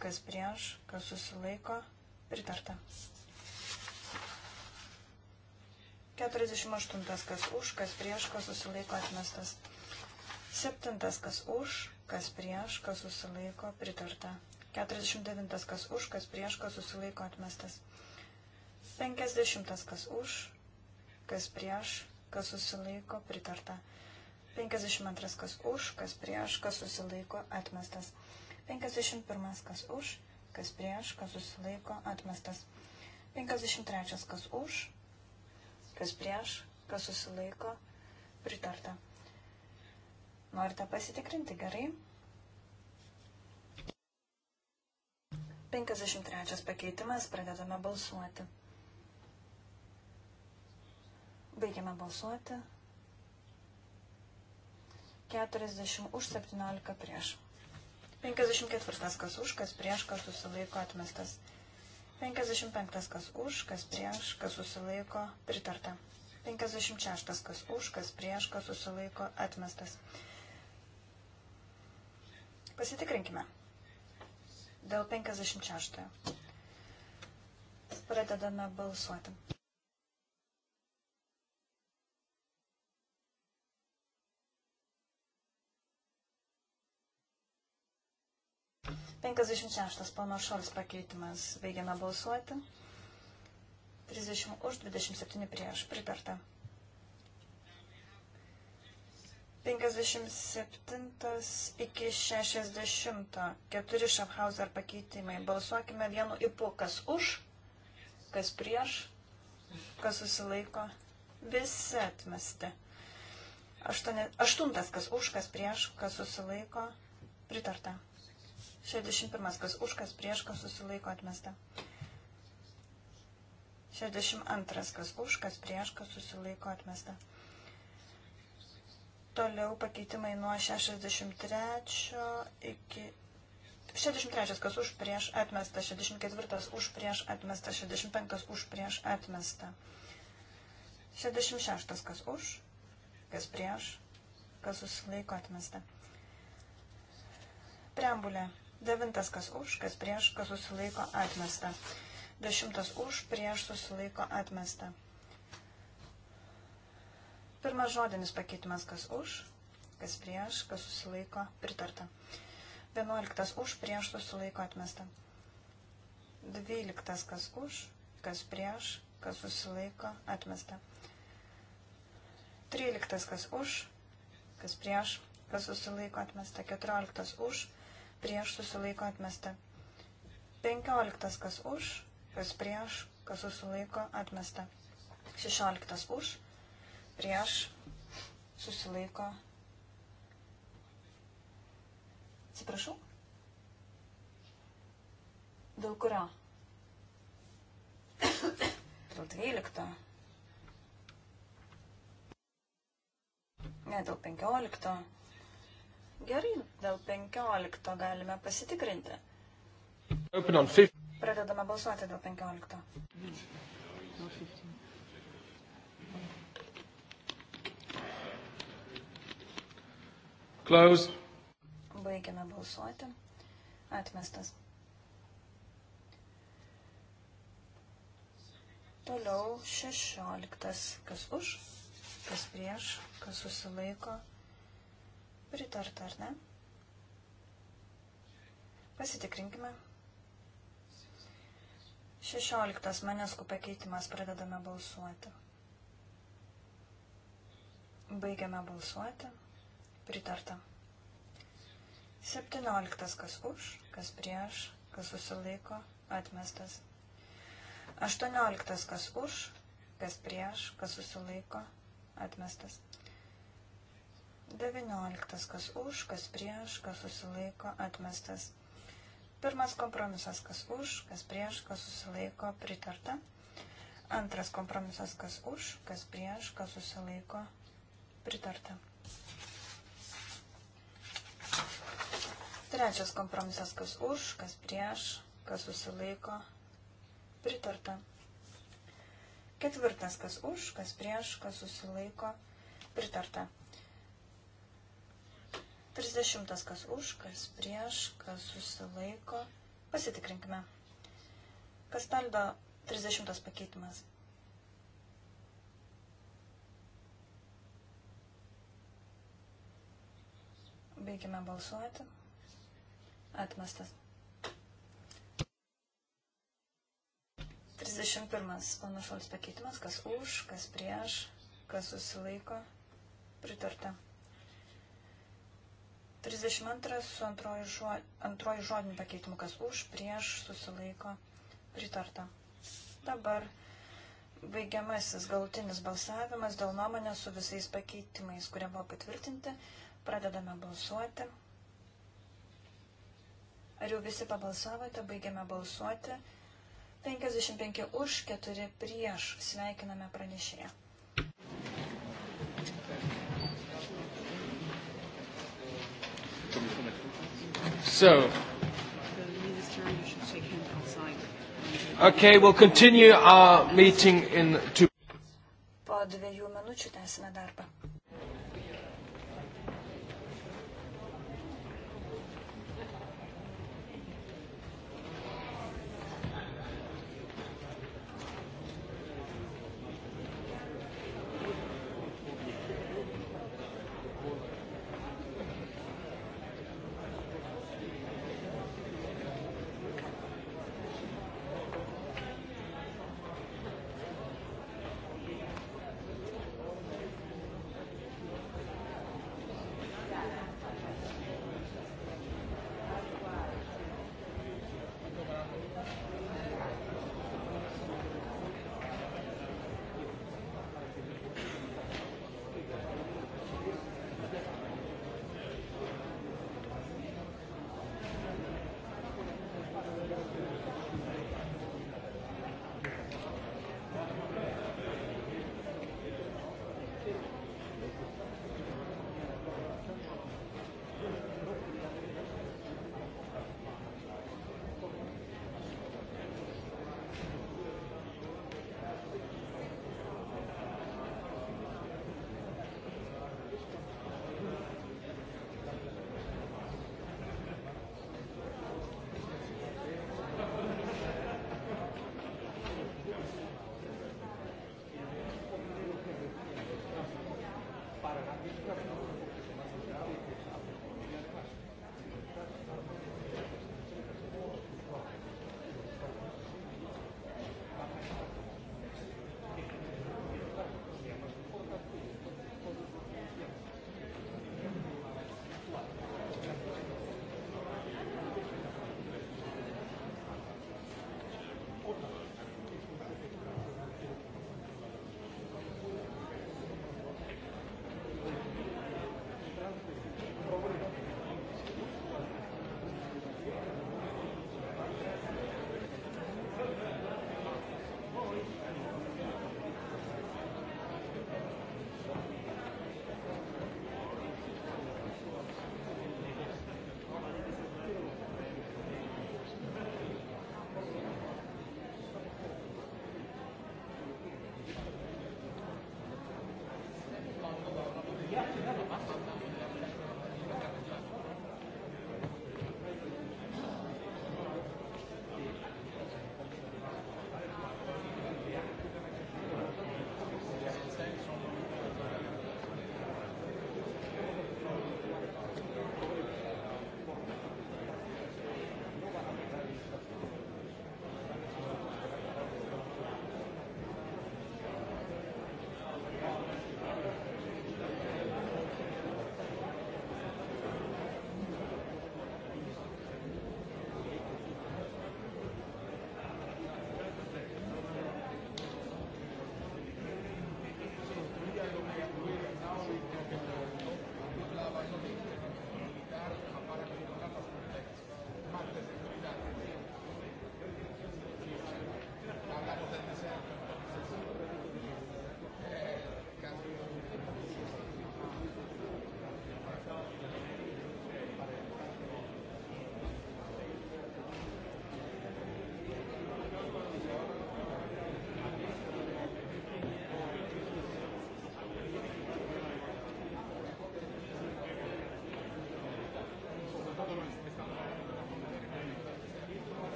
kas prieš, kas susilaiko pritarta. 48 kas už, kas prieš, kas susilaiko atmestas. 7 kas už, kas prieš, kas susilaiko pritarta. 49 kas už, kas prieš, kas susilaiko atmestas. 50 kas už, kas prieš, kas susilaiko pritarta. 52 kas už, kas prieš, kas susilaiko atmestas. 51 kas už, kas prieš, kas susilaiko atmestas. 53 kas už, kas prieš, kas susilaiko, pritarta. Norite pasitikrinti gerai? 53 pakeitimas, pradedame balsuoti. Baigiame balsuoti. 40 už 17 prieš. 54 kas už, kas prieš, kas susilaiko atmestas. 55 kas už, kas prieš, kas susilaiko, pritarta. 56 kas už, kas prieš, kas susilaiko, atmestas. Pasitikrinkime. Dėl 56. Pradedame balsuoti. 56 pono Šols pakeitimas. Baigiame balsuoti. 30 už, 27 prieš. Pritarta. 57 iki 60. Keturi Schaffhauser pakeitimai. Balsuokime vienu ipu, kas už, kas prieš, kas susilaiko. Visi atmesti. Aštuonė, aštuntas, kas už, kas prieš, kas susilaiko. Pritarta. 61. Kas už, kas prieš, kas susilaiko atmesta. 62. Kas už, kas prieš, kas susilaiko atmesta. Toliau pakeitimai nuo 63 iki 63 kas už prieš atmesta, 64 už prieš atmesta, 65 už prieš atmesta. 66 kas už, kas prieš, kas susilaiko atmesta. Preambulė Devintas kas už, kas prieš, kas susilaiko atmesta. Dešimtas už, prieš susilaiko atmesta. Pirmas žodinis pakeitimas kas už, kas prieš, kas susilaiko pritarta. Vienuoliktas už, prieš susilaiko atmesta. Dvyliktas kas už, kas prieš, kas susilaiko atmesta. Tryliktas kas už, kas prieš, kas susilaiko atmesta. Keturioliktas už, prieš susilaiko atmesta. 15 kas už, kas prieš, kas susilaiko atmesta. 16 už, prieš susilaiko. Atsiprašau? Dėl kurio? Dėl 12. Ne, dėl 15. Gerai, dėl 15 galime pasitikrinti. Pradedame balsuoti dėl 15. Close. Baigiame balsuoti. Atmestas. Toliau 16. Kas už, kas prieš, kas susilaiko, Pritarta, ar ne? Pasitikrinkime. 16 maneskų pakeitimas pradedame balsuoti. Baigiame balsuoti. Pritarta. 17 kas už, kas prieš, kas susilaiko, atmestas. 18 kas už, kas prieš, kas susilaiko, atmestas. 19. Kas už, kas prieš, kas susilaiko atmestas. Pirmas kompromisas, kas už, kas prieš, kas susilaiko pritarta. Antras kompromisas, kas už, kas prieš, kas susilaiko pritarta. Trečias kompromisas, kas už, kas prieš, kas susilaiko pritarta. Ketvirtas, kas už, kas prieš, kas susilaiko pritarta. 30 kas už, kas prieš, kas susilaiko. Pasitikrinkime. Kas taldo 30 pakeitimas? Baigime balsuoti. Atmestas. 31 panašaus pakeitimas, kas už, kas prieš, kas susilaiko. Pritarta. 32 su antroji, žo, antroji žodiniu pakeitimu, kas už, prieš, susilaiko, pritarta. Dabar baigiamasis galutinis balsavimas dėl nuomonės su visais pakeitimais, kurie buvo patvirtinti. Pradedame balsuoti. Ar jau visi pabalsavote, baigiame balsuoti. 55 už, 4 prieš. Sveikiname pranešėją. So. Okay,
we'll continue our meeting in two.
Po dviejų minučių tęsime darbą.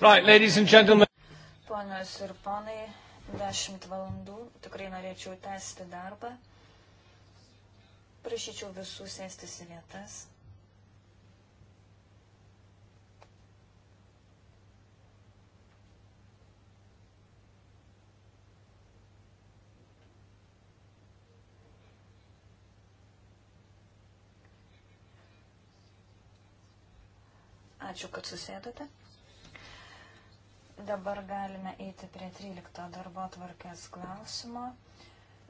Right, ladies and
gentlemen.
Ponios ir ponai, 10 valandų, tikrai norėčiau tęsti darbą. Prašyčiau visų sėstis į vietas. Ačiū, kad susėdote. Dabar galime eiti prie 13 darbo tvarkės klausimo.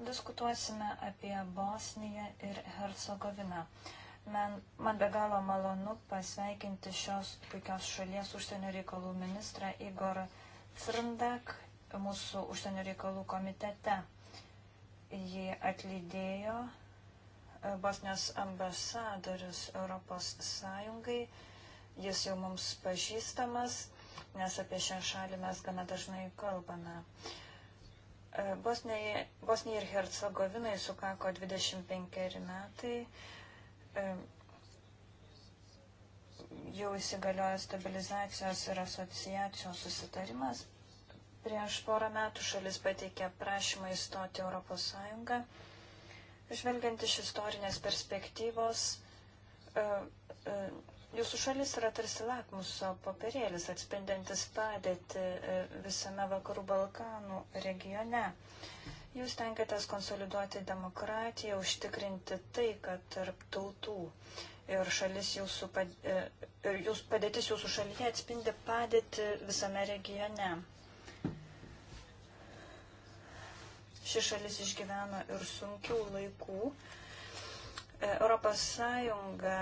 Diskutuosime apie Bosniją ir Hercegoviną. Man, man be galo malonu pasveikinti šios puikios šalies užsienio reikalų ministrą Igorą Crndak mūsų užsienio reikalų komitete. Jį atlydėjo e, Bosnijos ambasadorius Europos Sąjungai. Jis jau mums pažįstamas nes apie šią šalį mes gana dažnai kalbame. E, Bosnijai, Bosnijai ir Hercegovinai sukako 25 metai. E, Jau įsigaliojo stabilizacijos ir asociacijos susitarimas. Prieš porą metų šalis pateikė prašymą įstoti Europos Sąjungą. Žvelgiant iš istorinės perspektyvos, e, Jūsų šalis yra tarsi lakmuso popierėlis atspindintis padėti e, visame vakarų Balkanų regione. Jūs tenkatės konsoliduoti demokratiją, užtikrinti tai, kad tarp tautų ir, jūsų, e, ir jūs, padėtis jūsų šalyje atspindi padėti visame regione. Ši šalis išgyveno ir sunkių laikų. E, Europos Sąjunga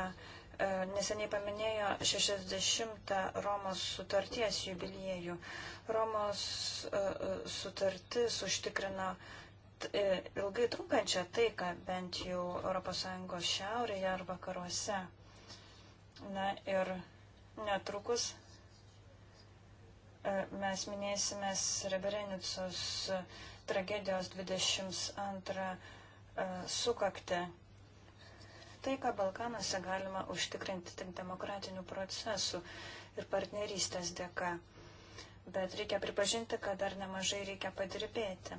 E, neseniai paminėjo 60 Romos sutarties jubiliejų. Romos e, e, sutartis užtikrino ilgai trunkančią taiką bent jau ES šiaurėje ar vakaruose. Na ir netrukus mes minėsime Srebrenicos tragedijos 22 sukaktę tai, ką Balkanose galima užtikrinti tik demokratinių procesų ir partnerystės dėka. Bet reikia pripažinti, kad dar nemažai reikia padirbėti.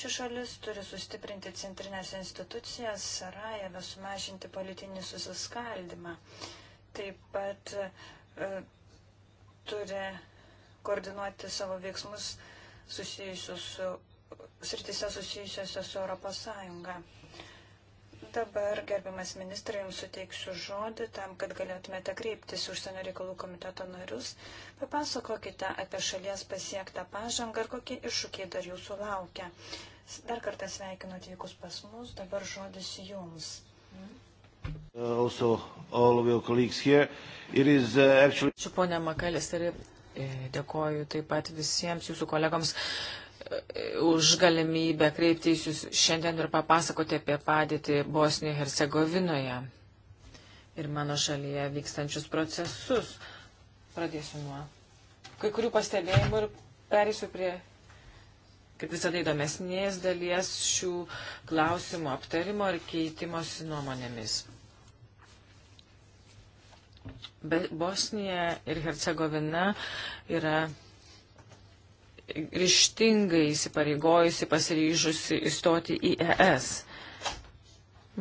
Ši šalis turi sustiprinti centrinės institucijas, Sarajeve sumažinti politinį susiskaldimą. Taip pat e, turi koordinuoti savo veiksmus susijusius su sritise susijusiuose su Europos Sąjunga. Dabar, gerbiamas ministrai, jums suteiksiu žodį tam, kad galėtumėte kreiptis užsienio reikalų komiteto narius. Papasakokite apie šalies pasiektą pažangą ir kokie iššūkiai dar jūsų laukia. Dar kartą sveikinu atvykus pas mus, dabar žodis jums.
Uh, also, uh, actually... Ačiū ponia Makalis ir e, dėkoju taip pat visiems jūsų kolegoms. Uh, už galimybę kreiptis jūs šiandien ir papasakoti apie padėtį Bosnijoje Hercegovinoje ir mano šalyje vykstančius procesus. Pradėsiu nuo kai kurių pastebėjimų ir perėsiu prie, kaip visada, įdomesnės dalies šių klausimų aptarimo ir keitimosi nuomonėmis. Be Bosnija ir Hercegovina yra ryštingai įsipareigojusi, pasiryžusi įstoti į ES.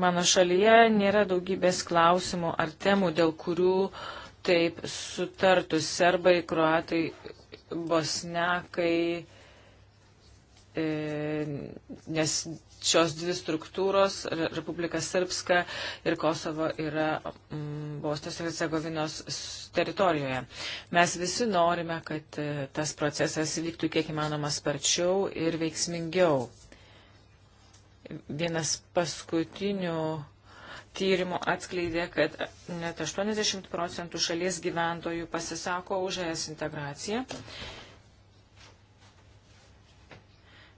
Mano šalyje nėra daugybės klausimų ar temų, dėl kurių taip sutartų serbai, kruatai, bosnekai, e, nes šios dvi struktūros, Republika Srpska ir Kosovo yra mm, Bostos ir Hercegovinos teritorijoje. Mes visi norime, kad e, tas procesas vyktų kiek įmanoma sparčiau ir veiksmingiau. Vienas paskutinių tyrimų atskleidė, kad e, net 80 procentų šalies gyventojų pasisako už ES integraciją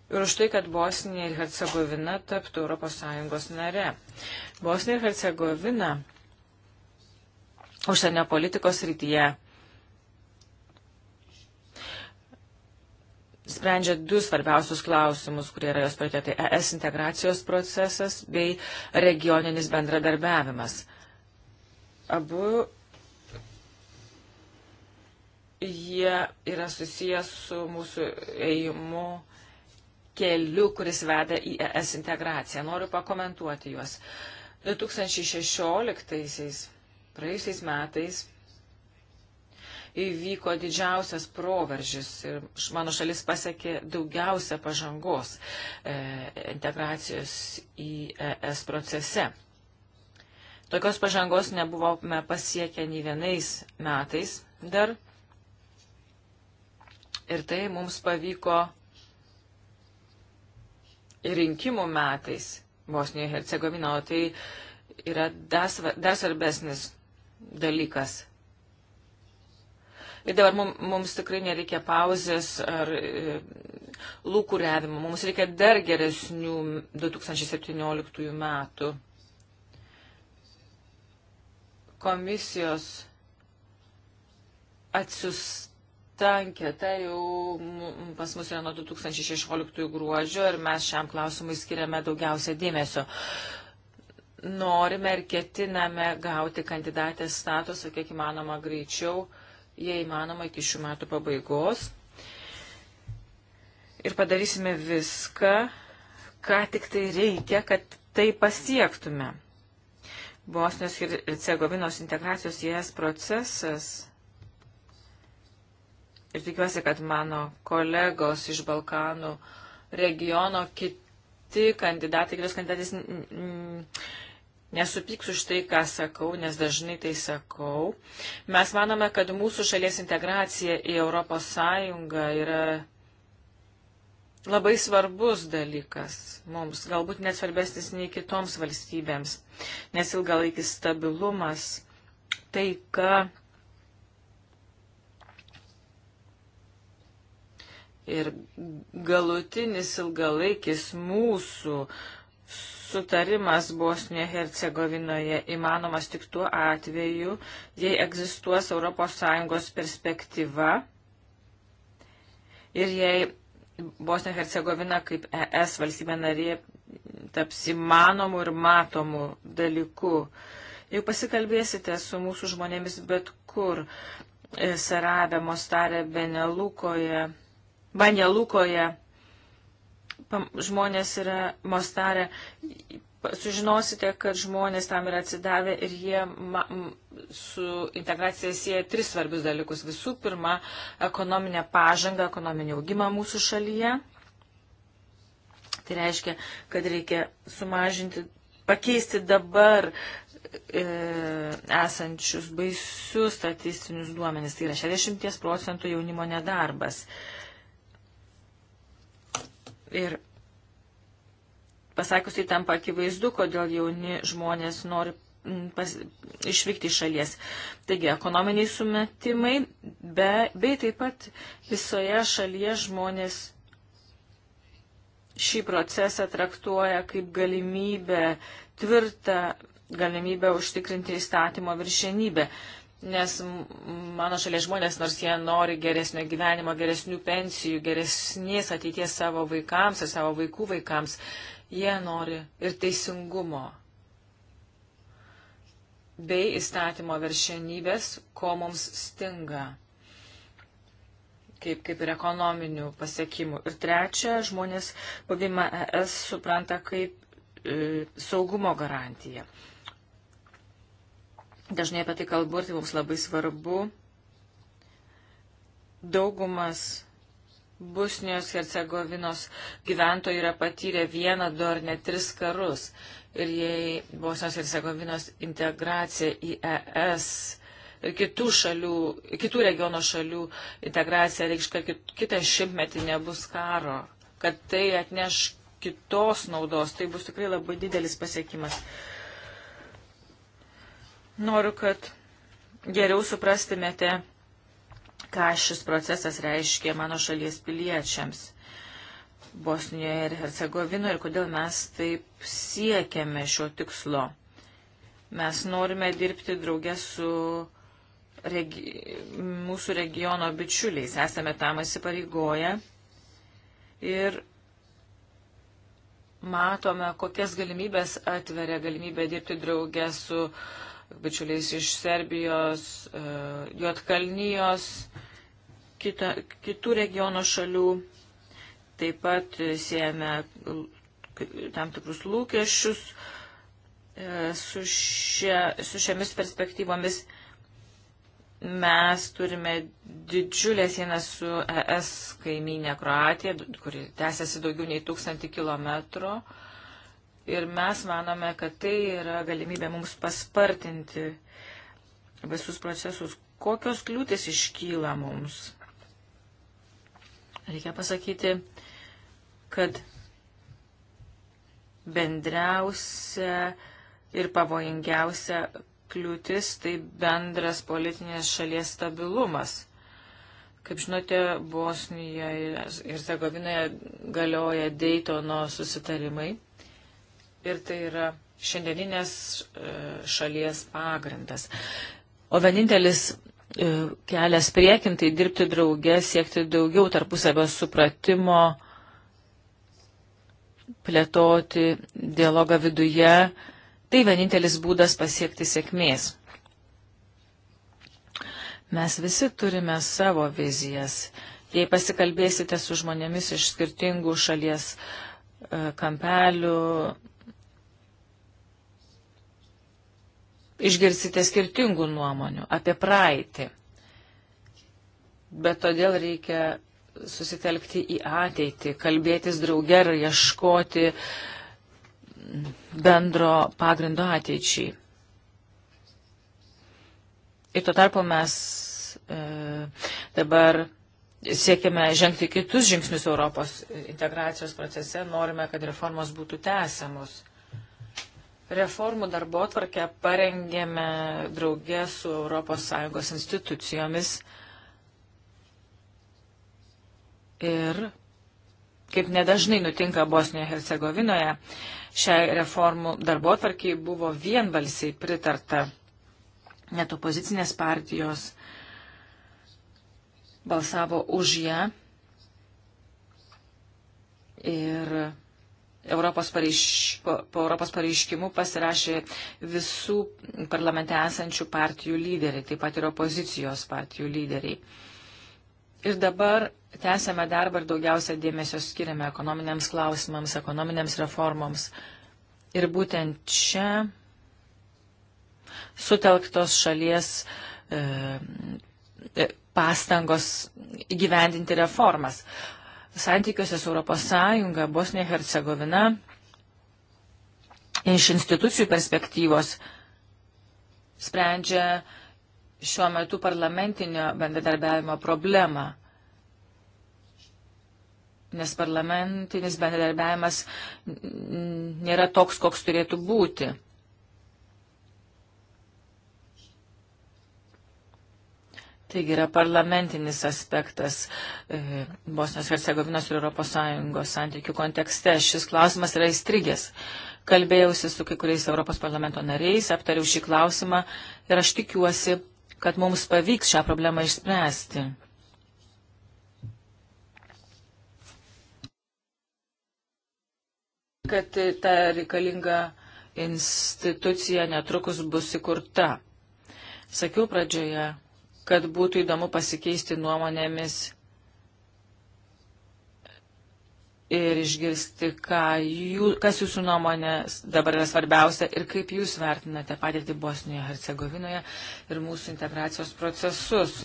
ir už tai, kad Bosnija ir Hercegovina taptų ES nare. Bosnija ir Hercegovina užsienio politikos rytyje sprendžia du svarbiausius klausimus, kurie yra jos prioritetai - ES integracijos procesas bei regioninis bendradarbiavimas. Abu jie yra susijęs su mūsų ėjimu keliu, kuris veda į ES integraciją. Noriu pakomentuoti juos. 2016-aisiais, praėjusiais metais, įvyko didžiausias proveržis ir mano šalis pasiekė daugiausia pažangos e, integracijos į ES procese. Tokios pažangos nebuvome pasiekę nei vienais metais dar. Ir tai mums pavyko rinkimų metais Bosnijoje Hercegovinoje, tai yra dar, dar svarbesnis dalykas. Ir dabar mums, mums tikrai nereikia pauzės ar e, lūkuriavimo, mums reikia dar geresnių 2017 metų komisijos atsius, ta anketa jau pas mus yra nuo 2016 gruodžio ir mes šiam klausimui skiriame daugiausia dėmesio. Norime ir ketiname gauti kandidatės statusą kiek įmanoma greičiau, jei įmanoma iki šių metų pabaigos. Ir padarysime viską, ką tik tai reikia, kad tai pasiektume. Bosnijos ir Cegovinos integracijos į ES procesas ir tikiuosi, kad mano kolegos iš Balkanų regiono kiti kandidatai, kitos kandidatės nesupyks už tai, ką sakau, nes dažnai tai sakau. Mes manome, kad mūsų šalies integracija į Europos Sąjungą yra labai svarbus dalykas mums, galbūt net svarbesnis nei kitoms valstybėms, nes ilgalaikis stabilumas, taika, Ir galutinis ilgalaikis mūsų sutarimas Bosnijoje Hercegovinoje įmanomas tik tuo atveju, jei egzistuos ES perspektyva ir jei Bosnija Hercegovina kaip ES valstybė narė taps įmanomų ir matomų dalykų. Jau pasikalbėsite su mūsų žmonėmis bet kur, e, Sarabė, Mostarė, Benelukoje, Banja Lukoje žmonės yra Mostarė. Sužinosite, kad žmonės tam yra atsidavę ir jie ma, su integracija sieja tris svarbius dalykus. Visų pirma, ekonominę pažangą, ekonominį augimą mūsų šalyje. Tai reiškia, kad reikia sumažinti, pakeisti dabar e, esančius baisius statistinius duomenis. Tai yra 60 procentų jaunimo nedarbas. E, Ir pasakus tai tampa akivaizdu, kodėl jauni žmonės nori mm, pas, išvykti iš šalies. Taigi, ekonominiai sumetimai, be, bei taip pat visoje šalyje žmonės šį procesą traktuoja kaip galimybę, tvirtą galimybę užtikrinti įstatymo viršenybę nes mano šalies žmonės, nors jie nori geresnio gyvenimo, geresnių pensijų, geresnės ateities savo vaikams ir savo vaikų vaikams, jie nori ir teisingumo bei įstatymo viršienybės, ko mums stinga, kaip, kaip ir ekonominių pasiekimų. Ir trečia, žmonės buvimą ES supranta kaip e, saugumo garantiją. Dažnai apie tai kalbu ir tai mums labai svarbu. Daugumas Busnijos Hercegovinos gyventojų yra patyrę vieną, du ar net tris karus. Ir jei Bosnijos Hercegovinos integracija į ES ir kitų, šalių, kitų regiono šalių integracija reikš, kad kitą šimtmetį nebus karo, kad tai atneš kitos naudos, tai bus tikrai labai didelis pasiekimas. Noriu, kad geriau suprastumėte, ką šis procesas reiškia mano šalies piliečiams Bosnijoje ir Hercegovinoje ir kodėl mes taip siekiame šio tikslo. Mes norime dirbti draugę su regi mūsų regiono bičiuliais, esame tam įsipareigoję ir matome, kokias galimybės atveria galimybė dirbti draugę su uh, bičiuliais iš Serbijos, e, Jotkalnyjos, kita, kitų regiono šalių. Taip pat siejame tam tikrus lūkesčius e, su, šia, su šiomis perspektyvomis. Mes turime didžiulę sieną su ES kaiminė Kroatija, kuri tęsiasi daugiau nei tūkstantį kilometrų. Uh, Ir mes manome, kad tai yra galimybė mums paspartinti visus procesus. Kokios kliūtis iškyla mums? Reikia pasakyti, kad bendriausia ir pavojingiausia kliūtis tai bendras politinės šalies stabilumas. Kaip žinote, Bosnijoje ir Zagovinoje galioja Daytono susitarimai ir tai yra šiandieninės e, šalies pagrindas. O vienintelis e, kelias priekin tai dirbti drauge, siekti daugiau tarpusavio supratimo, plėtoti dialogą viduje. Tai vienintelis būdas pasiekti sėkmės. Mes visi turime savo vizijas. Jei pasikalbėsite su žmonėmis iš skirtingų šalies e, kampelių, išgirsite skirtingų nuomonių apie praeitį. Bet todėl reikia susitelkti į ateitį, kalbėtis drauge ir ieškoti bendro pagrindo ateičiai. Ir tuo tarpu mes e, dabar siekiame žengti kitus žingsnius Europos integracijos procese, norime, kad reformos būtų tęsiamos reformų darbo atvarkę parengėme draugė su ES institucijomis ir, kaip nedažnai nutinka Bosnijoje Hercegovinoje, šiai reformų darbo atvarkiai buvo vienbalsiai pritarta net opozicinės partijos balsavo už ją ir Europos, pareiš, po, po Europos pareiškimu pasirašė visų parlamente esančių partijų lyderiai, taip pat ir opozicijos partijų lyderiai. Ir dabar tęsiame darbą ir daugiausia dėmesio skiriame ekonominiams klausimams, ekonominiams reformoms. Ir būtent čia sutelktos šalies e, e pastangos įgyvendinti reformas santykiuose su ES, Bosnija Hercegovina, iš institucijų perspektyvos sprendžia šiuo metu parlamentinio bendradarbiavimo problemą. Nes parlamentinis bendradarbiavimas nėra toks, koks turėtų būti. Taigi yra parlamentinis aspektas e, Bosnijos Hercegovinos ir ES santykių kontekste. Šis klausimas yra įstrigęs. Kalbėjausi su kai kuriais Europos parlamento nariais, aptariau šį klausimą ir aš tikiuosi, kad mums pavyks šią problemą išspręsti. kad ta reikalinga institucija netrukus bus įkurta. Sakiau pradžioje, kad būtų įdomu pasikeisti nuomonėmis ir išgirsti, jų, kas jūsų nuomonė dabar yra svarbiausia ir kaip jūs vertinate padėtį Bosnijoje, Hercegovinoje ir mūsų integracijos procesus.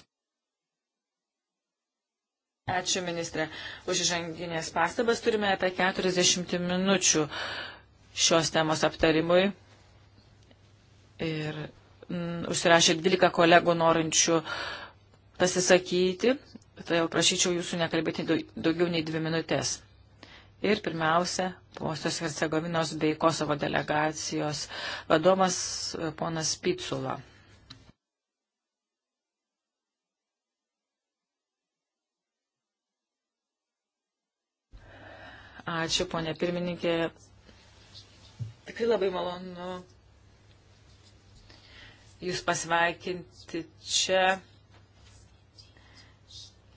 Ačiū, ministrė. Už žanginės pastabas turime apie 40 minučių šios temos aptarimui. Ir m, mm, užsirašė 12 kolegų norinčių pasisakyti, todėl tai prašyčiau jūsų nekalbėti daugiau nei dvi minutės. Ir pirmiausia, Bosnios Hercegovinos bei Kosovo delegacijos vadovas e, ponas Pitsula. Ačiū, ponė pirmininkė. Tikrai labai malonu Jūs pasveikinti čia,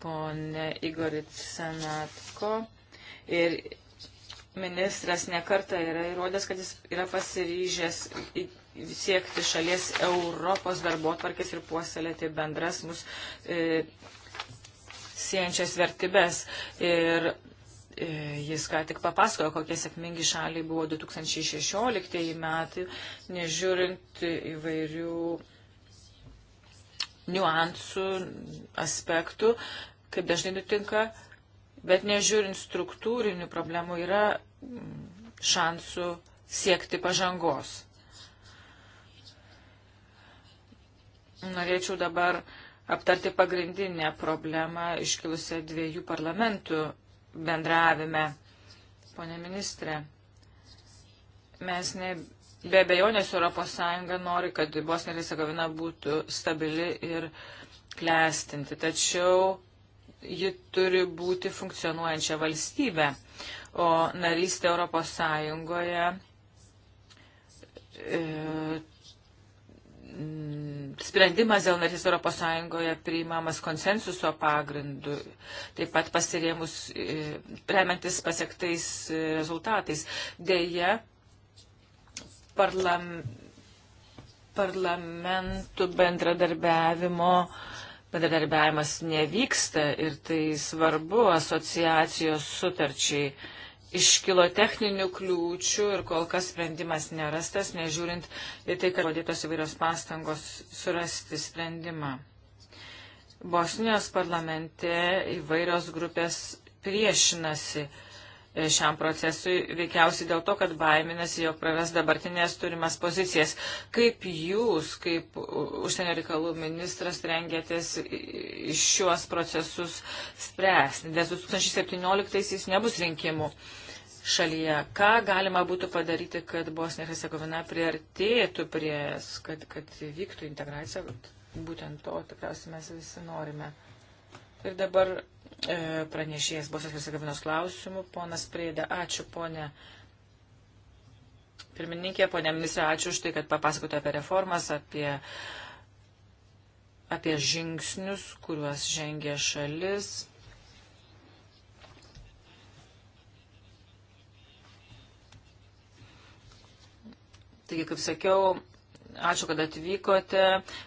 ponė Igorit Senatko. Ir ministras nekarta yra įrodęs, kad jis yra pasiryžęs siekti šalies Europos darbo tvarkės ir puoselėti bendras mus e, siejančias vertybės. Ir E, jis ką tik papasakojo, kokie sėkmingi šaliai buvo 2016 metai, nežiūrint įvairių niuansų, aspektų, kaip dažnai nutinka, bet nežiūrint struktūrinių problemų yra šansų siekti pažangos. Norėčiau dabar aptarti pagrindinę problemą iškilusią dviejų parlamentų bendravime. Pone ministrė, mes ne, be abejonės Europos Sąjunga nori, kad Bosnija ir Hercegovina būtų stabili ir klestinti, tačiau ji turi būti funkcionuojančia valstybė, o narystė Europos Sąjungoje e, Mm, sprendimas dėl narys Europos Sąjungoje priimamas konsensuso pagrindu, taip pat pasirėmus, e, remiantis pasiektais e, rezultatais. Deja, parlam, parlamentų bendradarbiavimo bendradarbiavimas nevyksta ir tai svarbu asociacijos sutarčiai iškilo techninių kliūčių ir kol kas sprendimas nerastas, nežiūrint į tai, kad rodytos įvairios pastangos surasti sprendimą. Bosnijos parlamente įvairios grupės priešinasi uh, šiam procesui, veikiausiai dėl to, kad baiminasi, jog praras dabartinės turimas pozicijas. Kaip jūs, kaip užsienio reikalų ministras, rengėtės šiuos procesus spręsti? Nes 2017-aisiais nebus rinkimų šalyje. Ką galima būtų padaryti, kad Bosnija ir Hercegovina priartėtų prie, kad, kad vyktų integracija? Būtent to tikriausiai mes visi norime. Ir dabar E, pranešėjas Bosės Visegavinos klausimų. Ponas Preida, ačiū ponė. Pirmininkė, ponė ministrė, ačiū už tai, kad papasakote apie reformas, apie, apie žingsnius, kuriuos žengia šalis. Taigi, kaip sakiau, Ačiū, kad atvykote,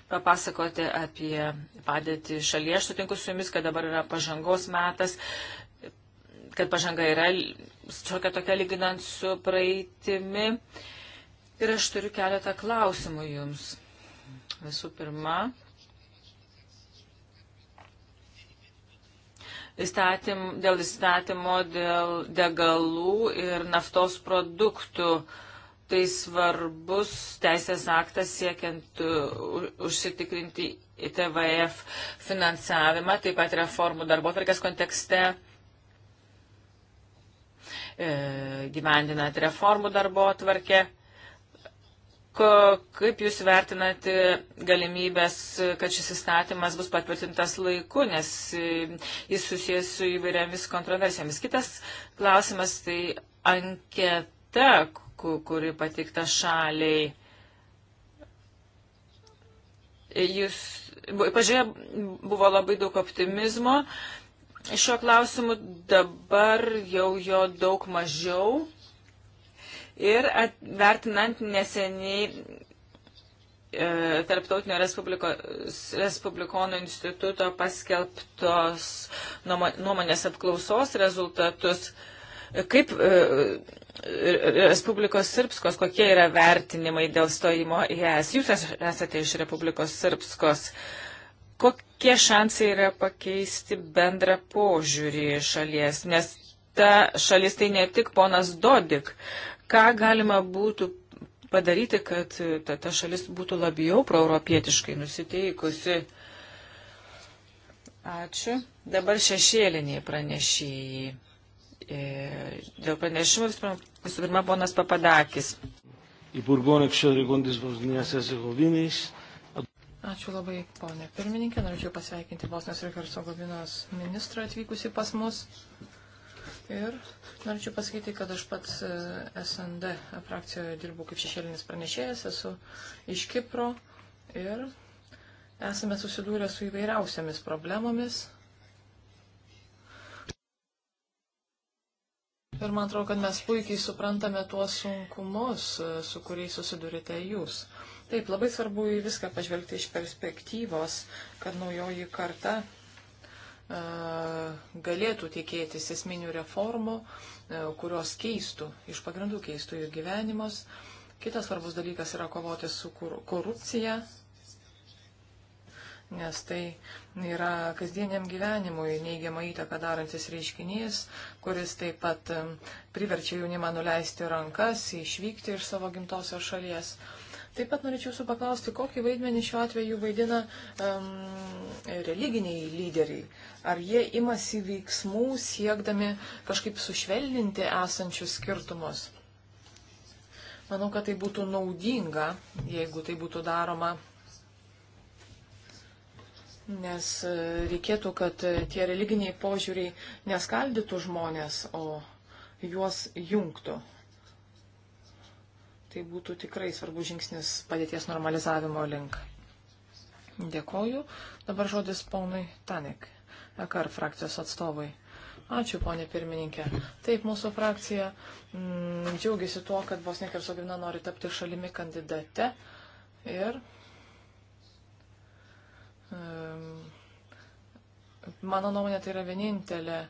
papasakote apie padėtį šalyje. Aš sutinku su jumis, kad dabar yra pažangos metas, kad pažanga yra šiokia tokia lyginant su praeitimi. Ir aš turiu keletą klausimų jums. Visų pirma, įstatym, dėl įstatymo, dėl degalų ir naftos produktų. Uh, tai svarbus teisės aktas siekiant užsitikrinti TVF finansavimą, taip pat reformų darbo tvarkės kontekste e, gyvendinant reformų darbo atvarkę. Kaip Jūs vertinate galimybės, kad šis įstatymas bus patvirtintas laiku, nes e, jis susijęs su įvairiamis kontroversijomis? Kitas klausimas tai anketa, kuri patikta šaliai. Jūs, pažiūrėjau, buvo labai daug optimizmo. Šiuo klausimu dabar jau jo daug mažiau. Ir vertinant neseniai e, Tarptautinio Respublikonų instituto paskelbtos nuomonės apklausos rezultatus, Kaip e, Respublikos Sirpskos, kokie yra vertinimai dėl stojimo į ES? Jūs esate iš Republikos Sirpskos. Kokie šansai yra pakeisti bendrą požiūrį šalies? Nes ta šalis tai ne tik ponas Dodik. Ką galima būtų padaryti, kad ta, ta šalis būtų labiau proeuropietiškai nusiteikusi? Ačiū. Dabar šešėliniai pranešėjai. E, dėl pranešimų visų pirma, ponas Papadakis.
Ačiū labai, ponė pirmininkė. Norėčiau pasveikinti Bosnijos ir Hercegovinos ministrą atvykusi pas mus. Ir norėčiau pasakyti, kad aš pats e, SND frakcijoje dirbu kaip šešėlinis pranešėjas, esu iš Kipro ir esame susidūrę su įvairiausiamis problemomis. Ir man atrodo, kad mes puikiai suprantame tuos sunkumus, e, su kuriais susidurite jūs. Taip, labai svarbu į viską pažvelgti iš perspektyvos, kad naujoji karta e, galėtų tikėtis esminių reformų, e, kurios keistų, iš pagrindų keistų jų gyvenimus. Kitas svarbus dalykas yra kovoti su korupcija, nes tai yra kasdieniam gyvenimui neigiamą įtaką darantis reiškinys, kuris taip pat priverčia jaunimą nuleisti rankas, išvykti iš savo gimtosios šalies. Taip pat norėčiau jūsų paklausti, kokį vaidmenį šiuo atveju vaidina um, religiniai lyderiai. Ar jie imasi veiksmų siekdami kažkaip sušvelninti esančius skirtumus? Manau, kad tai būtų naudinga, jeigu tai būtų daroma Nes e, reikėtų, kad e, tie religiniai požiūriai neskaldytų žmonės, o juos jungtų. Tai būtų tikrai svarbus žingsnis padėties normalizavimo link. Dėkoju. Dabar žodis ponui Tanek, EKR frakcijos atstovai. Ačiū, ponė pirmininkė. Taip, mūsų frakcija m, mm, džiaugiasi tuo, kad Bosnija ir Sovina nori tapti šalimi kandidate. Ir Mano nuomonė, tai yra vienintelė e,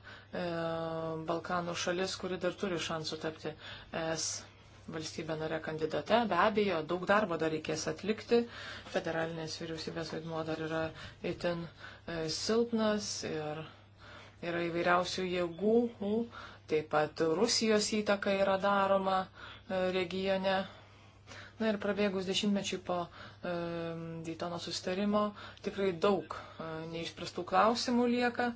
Balkanų šalis, kuri dar turi šansų tapti ES valstybė nare kandidate. Be abejo, daug darbo dar reikės atlikti. Federalinės vyriausybės vaidmuo dar yra itin e, silpnas ir yra įvairiausių jėgų. Taip pat Rusijos įtaka yra daroma e, regione. Na ir prabėgus dešimtmečiui po Daytono sustarimo tikrai daug e, neišspręstų klausimų lieka,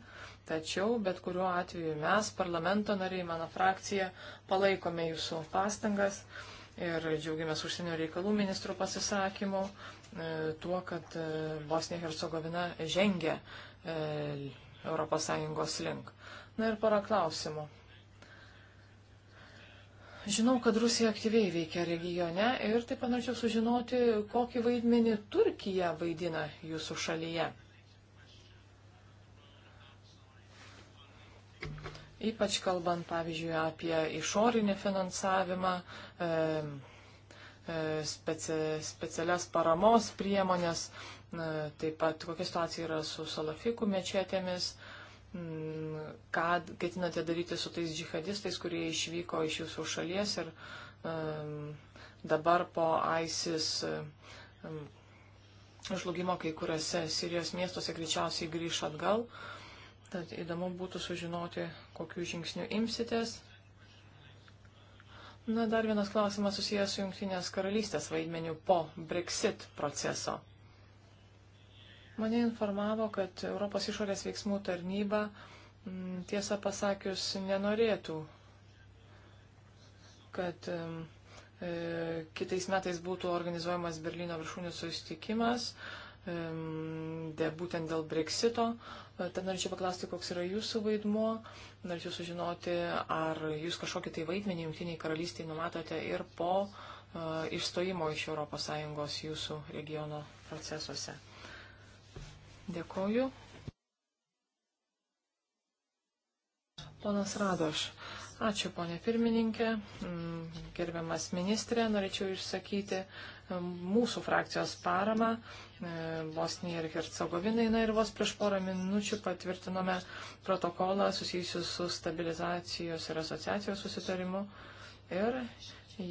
tačiau bet kuriuo atveju mes, parlamento nariai, mano frakcija, palaikome jūsų pastangas ir džiaugiamės užsienio reikalų ministrų pasisakymu e, tuo, kad e, Bosnija Hercegovina žengia ES link. Na ir para klausimų. Žinau, kad Rusija aktyviai veikia regione ir taip panorčiau sužinoti, kokį vaidmenį Turkija vaidina jūsų šalyje. Ypač kalbant, pavyzdžiui, apie išorinį finansavimą, e, e, speci specialias paramos priemonės, e, taip pat kokia situacija yra su salafikų mečetėmis, Mm, ką ketinate daryti su tais džihadistais, kurie išvyko iš jūsų šalies ir um, dabar po ISIS um, žlugimo kai kuriuose Sirijos miestuose greičiausiai grįš atgal. Tad įdomu būtų sužinoti, kokiu žingsniu imsitės. Na, dar vienas klausimas susijęs su Junktinės karalystės vaidmeniu po Brexit proceso. Mane informavo, kad Europos išorės veiksmų tarnyba, mm, tiesą pasakius, nenorėtų, kad e, kitais metais būtų organizuojamas Berlyno viršūnių susitikimas, de, būtent dėl breksito. E, tad norėčiau paklausti, koks yra jūsų vaidmuo, norėčiau sužinoti, ar jūs kažkokį tai vaidmenį Junktiniai karalystiai numatote ir po uh, išstojimo iš ES jūsų regiono procesuose. Dėkoju. Ponas Radoš, ačiū ponė pirmininkė, mm, gerbiamas ministrė, norėčiau išsakyti mm, mūsų frakcijos paramą mm, Bosnijai ir Hercegovinai. Na ir vos prieš porą minučių patvirtinome protokolą susijusiu su stabilizacijos ir asociacijos susitarimu. Ir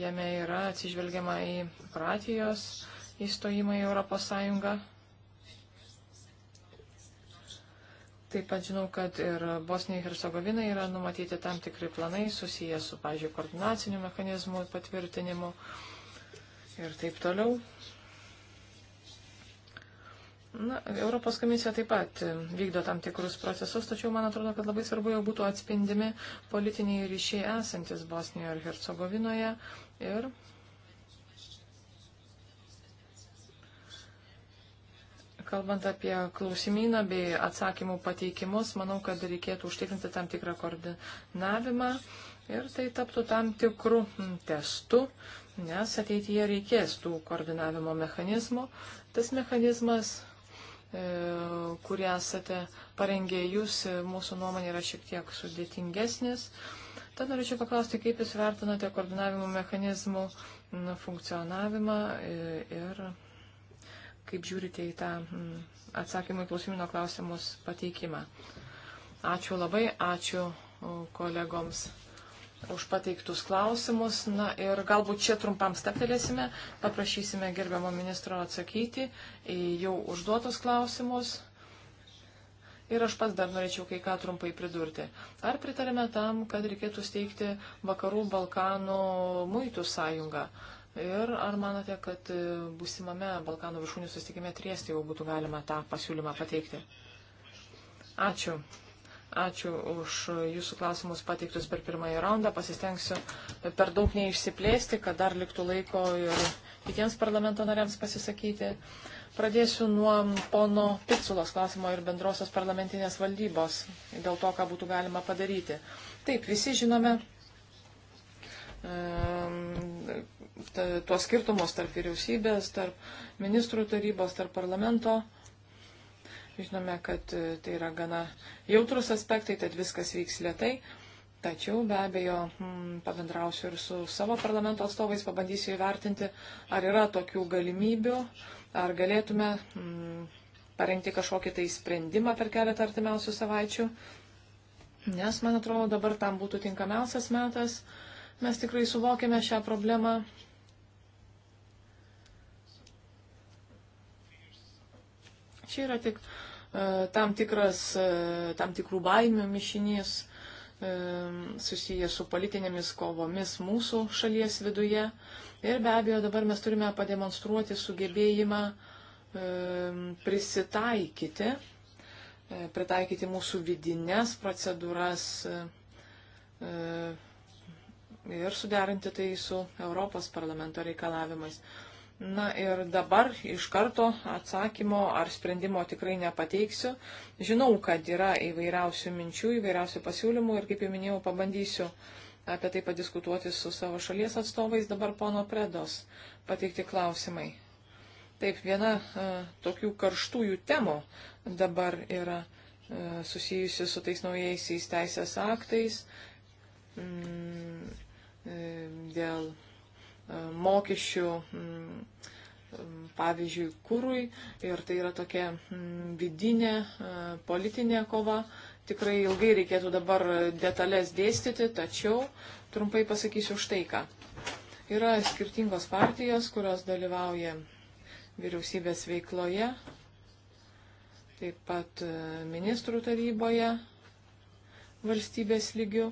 jame yra atsižvelgiama į Kroatijos įstojimą į Europos Sąjungą. Taip pat žinau, kad ir Bosnijai ir Hercegovinai yra numatyti tam tikri planai susiję su, pažiūrėjau, koordinacinių mechanizmų patvirtinimu ir taip toliau. Na, Europos komisija taip pat vykdo tam tikrus procesus, tačiau man atrodo, kad labai svarbu jau būtų atspindimi politiniai ryšiai esantis Bosnijoje ir Hercegovinoje ir Kalbant apie klausimyną bei atsakymų pateikimus, manau, kad reikėtų užtikrinti tam tikrą koordinavimą ir tai taptų tam tikrų testų, nes ateityje reikės tų koordinavimo mechanizmų. Tas mechanizmas, e, kurį esate parengę jūs, e, mūsų nuomonė yra šiek tiek sudėtingesnis. Tad norėčiau paklausti, kaip jūs vertinate koordinavimo mechanizmų funkcionavimą e, ir kaip žiūrite į tą mm, atsakymų į klausimino klausimus pateikimą. Ačiū labai, ačiū kolegoms už pateiktus klausimus. Na ir galbūt čia trumpam steptelėsime, paprašysime gerbiamo ministro atsakyti į jau užduotus klausimus. Ir aš pats dar norėčiau kai ką trumpai pridurti. Ar pritarime tam, kad reikėtų steigti Vakarų Balkanų muitų sąjungą? Ir ar manote, kad e, būsimame Balkanų viršūnių susitikime Trieste jau būtų galima tą pasiūlymą pateikti? Ačiū. Ačiū už jūsų klausimus pateiktus per pirmąjį raundą. Pasistengsiu per daug neišsiplėsti, kad dar liktų laiko ir kitiems parlamento nariams pasisakyti. Pradėsiu nuo pono Pitsulos klausimo ir bendrosios parlamentinės valdybos dėl to, ką būtų galima padaryti. Taip, visi žinome, e, tuos skirtumus tarp vyriausybės, tarp ministrų tarybos, tarp parlamento. Žinome, kad e, tai yra gana jautrus aspektai, tad viskas vyks lietai. Tačiau be abejo mm, pabendrausiu ir su savo parlamento atstovais, pabandysiu įvertinti, ar yra tokių galimybių, ar galėtume mm, parengti kažkokį tai sprendimą per keletą artimiausių savaičių. Nes, man atrodo, dabar tam būtų tinkamiausias metas. Mes tikrai suvokėme šią problemą Čia yra tik e, tam, tikras, e, tam tikrų baimių mišinys e, susijęs su politinėmis kovomis mūsų šalies viduje. Ir be abejo, dabar mes turime pademonstruoti sugebėjimą prisitaikyti, pritaikyti mūsų vidinės procedūras ir suderinti tai su Europos parlamento reikalavimais. Na ir dabar iš karto atsakymo ar sprendimo tikrai nepateiksiu. Žinau, kad yra įvairiausių minčių, įvairiausių pasiūlymų ir, kaip jau minėjau, pabandysiu apie tai padiskutuoti su savo šalies atstovais dabar pono Predos pateikti klausimai. Taip, viena a, e, tokių karštųjų temų dabar yra a, e, susijusi su tais naujaisiais teisės aktais m, mm, e, dėl E, mokesčių, pavyzdžiui, kūrui. Ir tai yra tokia vidinė e, politinė kova. Tikrai ilgai reikėtų dabar detalės dėstyti, tačiau trumpai pasakysiu štai ką. Yra skirtingos partijos, kurios dalyvauja vyriausybės veikloje, taip pat e, ministrų taryboje, valstybės lygių.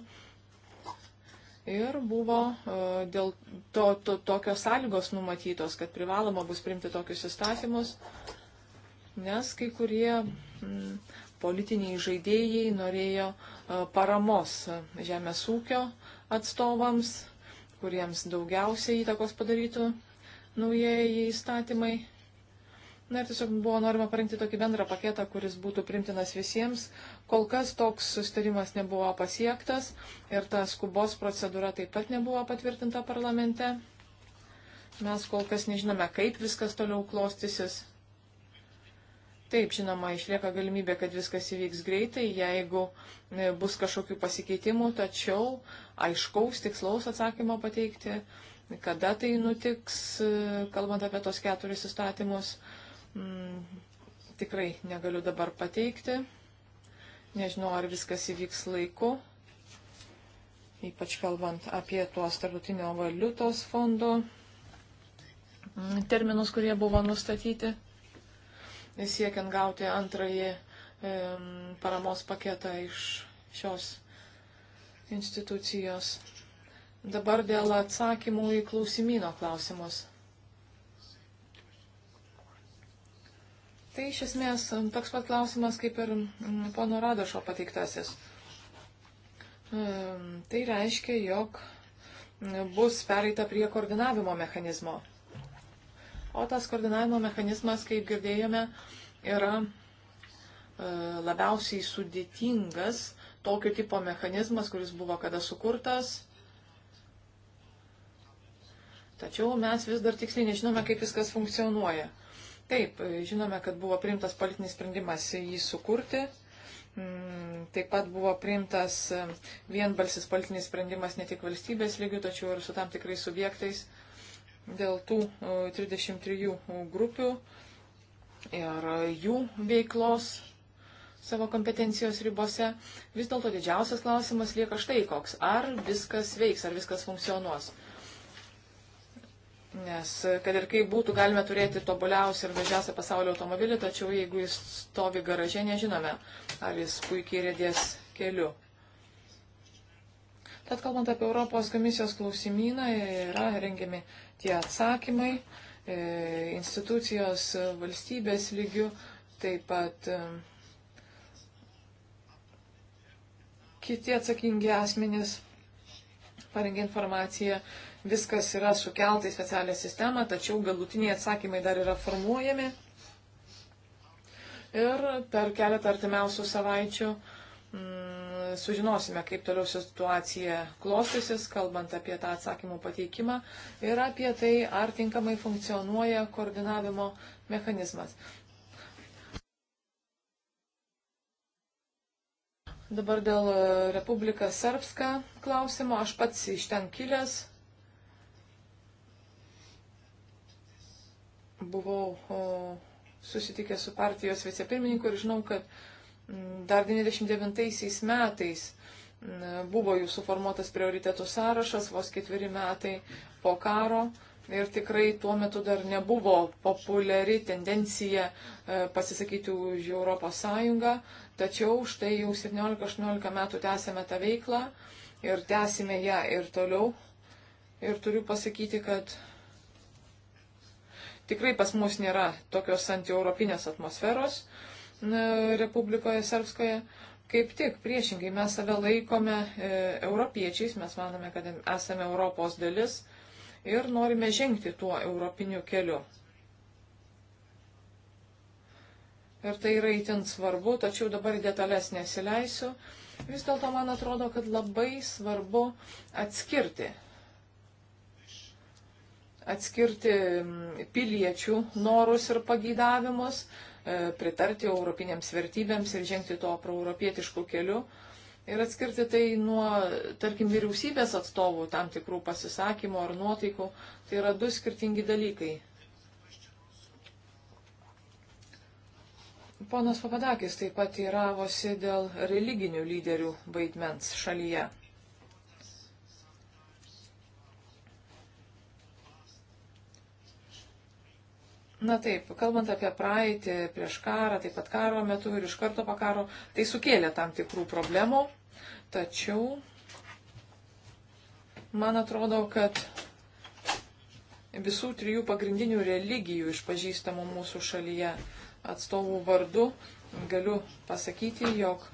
Ir buvo e, dėl to, to tokios sąlygos numatytos, kad privaloma bus priimti tokius įstatymus, nes kai kurie m, politiniai žaidėjai norėjo e, paramos žemės ūkio atstovams, kuriems daugiausiai įtakos padarytų naujieji įstatymai. Na ir tiesiog buvo norima parengti tokį bendrą paketą, kuris būtų primtinas visiems, Kol kas toks sustarimas nebuvo pasiektas ir ta skubos procedūra taip pat nebuvo patvirtinta parlamente. Mes kol kas nežinome, kaip viskas toliau klostysis. Taip, žinoma, išlieka galimybė, kad viskas įvyks greitai, jeigu e, bus kažkokių pasikeitimų, tačiau aiškaus, tikslaus atsakymo pateikti, kada tai nutiks, e, kalbant apie tos keturis įstatymus, m, mm, tikrai negaliu dabar pateikti. Nežinau, ar viskas įvyks laiku, ypač kalbant apie tuos tarptautinio valiutos fondo mm, terminus, kurie buvo nustatyti, siekiant gauti antrąjį paramos paketą iš šios institucijos. Dabar dėl atsakymų į klausimino klausimus. Tai iš esmės toks pat klausimas kaip ir pono Radošo pateiktasis. E, tai reiškia, jog bus pereita prie koordinavimo mechanizmo. O tas koordinavimo mechanizmas, kaip girdėjome, yra e, labiausiai sudėtingas tokio tipo mechanizmas, kuris buvo kada sukurtas. Tačiau mes vis dar tiksliai nežinome, kaip viskas funkcionuoja. Taip, žinome, kad buvo priimtas politinis sprendimas jį sukurti. Mm, taip pat buvo priimtas vienbalsis politinis sprendimas ne tik valstybės lygių, tačiau ir su tam tikrais subjektais dėl tų 33 e, grupių ir jų veiklos savo kompetencijos ribose. Vis dėlto didžiausias klausimas lieka štai koks. Ar viskas veiks, ar viskas funkcionuos. Nes e, kad ir kaip būtų, galime turėti tobuliausią ir gražiausią pasaulio automobilį, tačiau jeigu jis stovi garaže, nežinome, ar jis puikiai rėdės keliu. Tad kalbant apie Europos komisijos klausimyną, yra rengiami tie atsakymai e, institucijos valstybės lygių, taip pat e, kiti atsakingi asmenys parengė informaciją viskas yra sukelta į specialią sistemą, tačiau galutiniai atsakymai dar yra formuojami. Ir per keletą artimiausių savaičių mm, sužinosime, kaip toliau situacija klostysis, kalbant apie tą atsakymų pateikimą ir apie tai, ar tinkamai funkcionuoja koordinavimo mechanizmas. Dabar dėl e, Republika Serbska klausimo. Aš pats iš ten kilęs, buvau susitikęs su partijos vicepirmininku ir žinau, kad dar 99 metais buvo jų suformuotas prioritetų sąrašas, vos ketveri metai po karo. Ir tikrai tuo metu dar nebuvo populiari tendencija e, pasisakyti už Europos Sąjungą, tačiau štai jau 17-18 metų tęsėme tą veiklą ir tęsime ją ir toliau. Ir turiu pasakyti, kad Tikrai pas mus nėra tokios antieuropinės atmosferos e, Republikoje Serbskoje. Kaip tik priešingai mes save laikome e, europiečiais, mes manome, kad esame Europos dalis ir norime žengti tuo europiniu keliu. ir tai yra įtin svarbu, tačiau dabar į detalės nesileisiu. Vis dėlto man atrodo, kad labai svarbu atskirti atskirti mm, piliečių norus ir pageidavimus, e, pritarti europinėms vertybėms ir žengti to proeuropietiškų keliu. Ir atskirti tai nuo, tarkim, vyriausybės atstovų tam tikrų pasisakymų ar nuotaikų. Tai yra du skirtingi dalykai. Ponas Papadakis taip pat įravosi dėl religinių lyderių vaidmens šalyje. Na taip, kalbant apie praeitį prieš karą, taip pat karo metu ir iš karto po karo, tai sukėlė tam tikrų problemų, tačiau man atrodo, kad visų trijų pagrindinių religijų išpažįstamų mūsų šalyje atstovų vardu galiu pasakyti, jog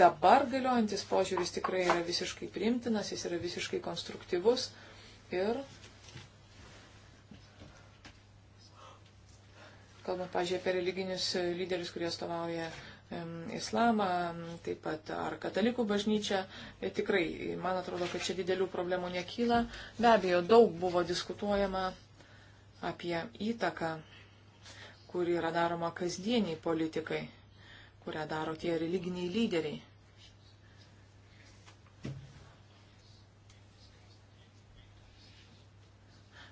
dabar galiojantis požiūris tikrai yra visiškai primtinas, jis yra visiškai konstruktyvus ir kalbant, pažiūrėjau, apie religinius lyderius, kurie stovauja islamą, taip pat ar katalikų bažnyčią. E, tikrai, e, man atrodo, kad čia didelių problemų nekyla. Be abejo, daug buvo diskutuojama apie įtaką, kuri yra daroma kasdieniai politikai, kurią daro tie religiniai lyderiai.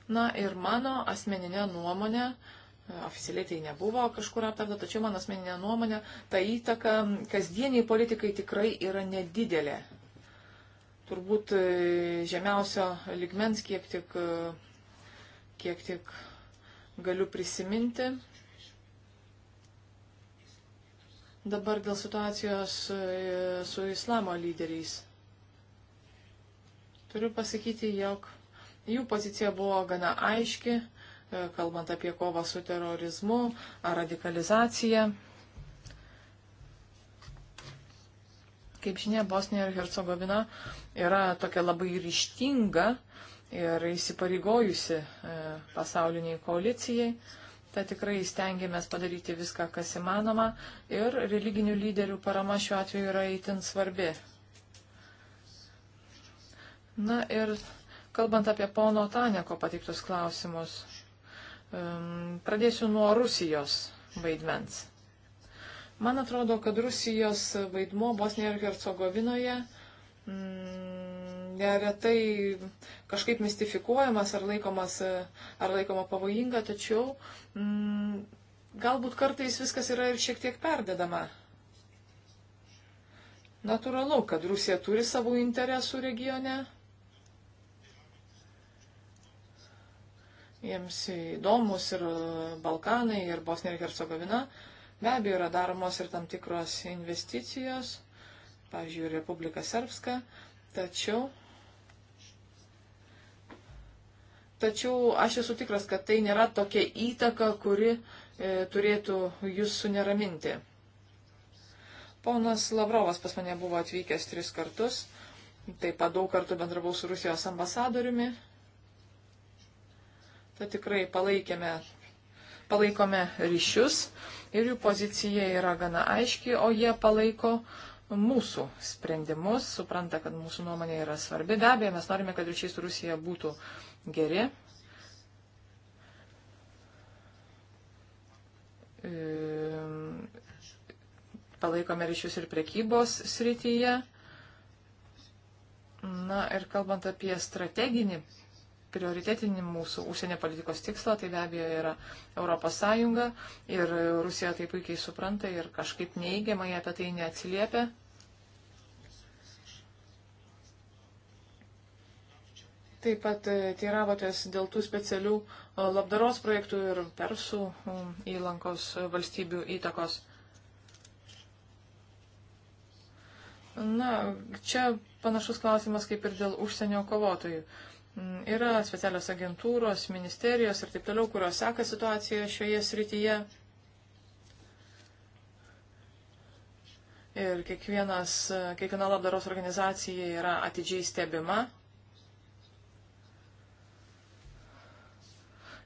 Na ir mano asmeninė nuomonė, Oficialiai tai nebuvo kažkur aptarta, tačiau mano asmeninė nuomonė, ta įtaka kasdieniai politikai tikrai yra nedidelė. Turbūt e, žemiausio ligmens, kiek tik, e, kiek tik galiu prisiminti. Dabar dėl situacijos e, su islamo lyderiais. Turiu pasakyti, jog jų pozicija buvo gana aiški E, kalbant apie kovą su terorizmu ar radikalizaciją. Kaip žinia, Bosnija ir Hercegovina yra tokia labai ryštinga ir įsipareigojusi e, pasauliniai koalicijai. Ta tikrai stengiamės padaryti viską, kas įmanoma ir religinių lyderių parama šiuo atveju yra įtin svarbi. Na ir kalbant apie pono Taneko pateiktus klausimus. Pradėsiu nuo Rusijos vaidmens. Man atrodo, kad Rusijos vaidmo Bosnijoje ir Hercegovinoje mm, neretai kažkaip mistifikuojamas ar, laikomas, ar laikoma pavojinga, tačiau mm, galbūt kartais viskas yra ir šiek tiek perdedama. Natūralu, kad Rusija turi savų interesų regione, jiems įdomus ir Balkanai, ir Bosnija ir Hercegovina. Be abejo, yra daromos ir tam tikros investicijos, pavyzdžiui, Republika Serbska, tačiau. Tačiau aš esu tikras, kad tai nėra tokia įtaka, kuri e, turėtų jūs suneraminti. Ponas Lavrovas pas mane buvo atvykęs tris kartus, taip pat daug kartų bendravau su Rusijos ambasadoriumi Tad tikrai palaikėme, palaikome ryšius ir jų pozicija yra gana aiški, o jie palaiko mūsų sprendimus, supranta, kad mūsų nuomonė yra svarbi. Be abejo, mes norime, kad ryšiai su Rusija būtų geri. Ehm, palaikome ryšius ir prekybos srityje. Na ir kalbant apie strateginį prioritetinį mūsų užsienio politikos tikslą, tai be abejo yra Europos Sąjunga ir Rusija tai puikiai supranta ir kažkaip neigiamai apie tai neatsiliepia. Taip pat e, teiravotės dėl tų specialių e, labdaros projektų ir persų įlankos valstybių įtakos. Na, čia panašus klausimas kaip ir dėl užsienio kovotojų. Mm, yra specialios agentūros, ministerijos ir taip toliau, kurios seka situaciją šioje srityje. Ir kiekvienas, kiekviena labdaros organizacija yra atidžiai stebima.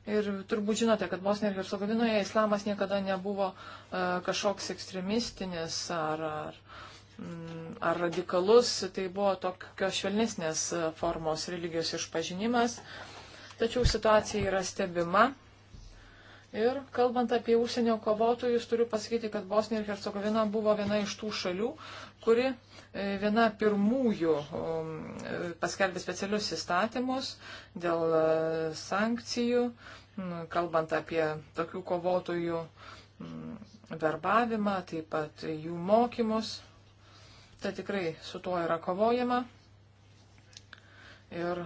Ir turbūt žinote, kad Bosnijoje ir Hercegovinoje islamas niekada nebuvo uh, kažkoks ekstremistinis ar, ar Mm, ar radikalus, tai buvo tokios švelnesnės e, formos religijos išpažinimas, tačiau situacija yra stebima. Ir kalbant apie užsienio kovotojus, turiu pasakyti, kad Bosnija ir Hercegovina buvo viena iš tų šalių, kuri e, viena pirmųjų um, e, paskelbė specialius įstatymus dėl sankcijų, mm, kalbant apie tokių kovotojų mm, verbavimą, taip pat jų mokymus. Tai tikrai su tuo yra kovojama. Ir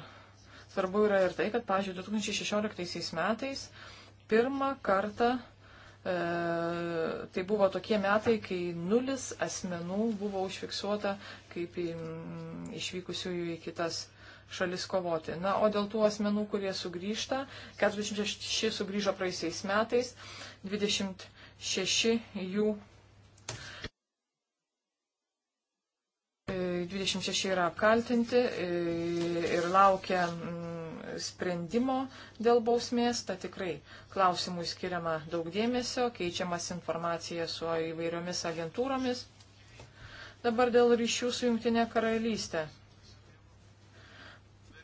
svarbu yra ir tai, kad, pažiūrėjau, 2016 metais pirmą kartą e, tai buvo tokie metai, kai nulis asmenų buvo užfiksuota kaip į, m, mm, išvykusiųjų į kitas šalis kovoti. Na, o dėl tų asmenų, kurie sugrįžta, 46 sugrįžo praeisiais metais, 26 jų 26 yra apkaltinti e, ir laukia mm, sprendimo dėl bausmės, ta tikrai klausimui skiriama daug dėmesio, keičiamas informacija su įvairiomis agentūromis. Dabar dėl ryšių su Junktinė karalystė.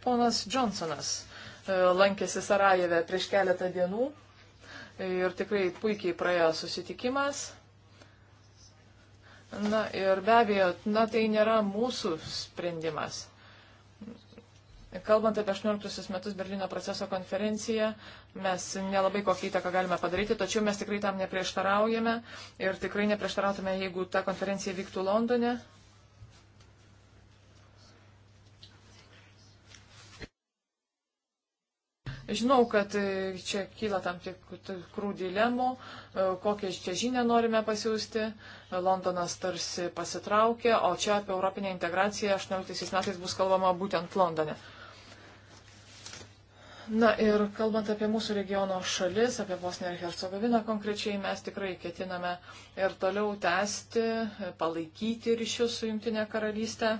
Ponas Johnsonas e, lankėsi Sarajeve prieš keletą dienų ir tikrai puikiai praėjo susitikimas. Na ir be abejo, na tai nėra mūsų sprendimas. Kalbant apie 18 metus Berlyno proceso konferenciją, mes nelabai kokį įtaką galime padaryti, tačiau mes tikrai tam neprieštaraujame ir tikrai neprieštarautume, jeigu ta konferencija vyktų Londone. Žinau, kad e, čia kyla tam tikrų dilemų, e, kokią čia žinę norime pasiūsti. Londonas tarsi pasitraukė, o čia apie Europinę integraciją 18 metais bus kalbama būtent Londone. Na ir kalbant apie mūsų regiono šalis, apie Bosniją ir Hercegoviną konkrečiai, mes tikrai ketiname ir toliau tęsti, palaikyti ryšius su Junktinė karalystė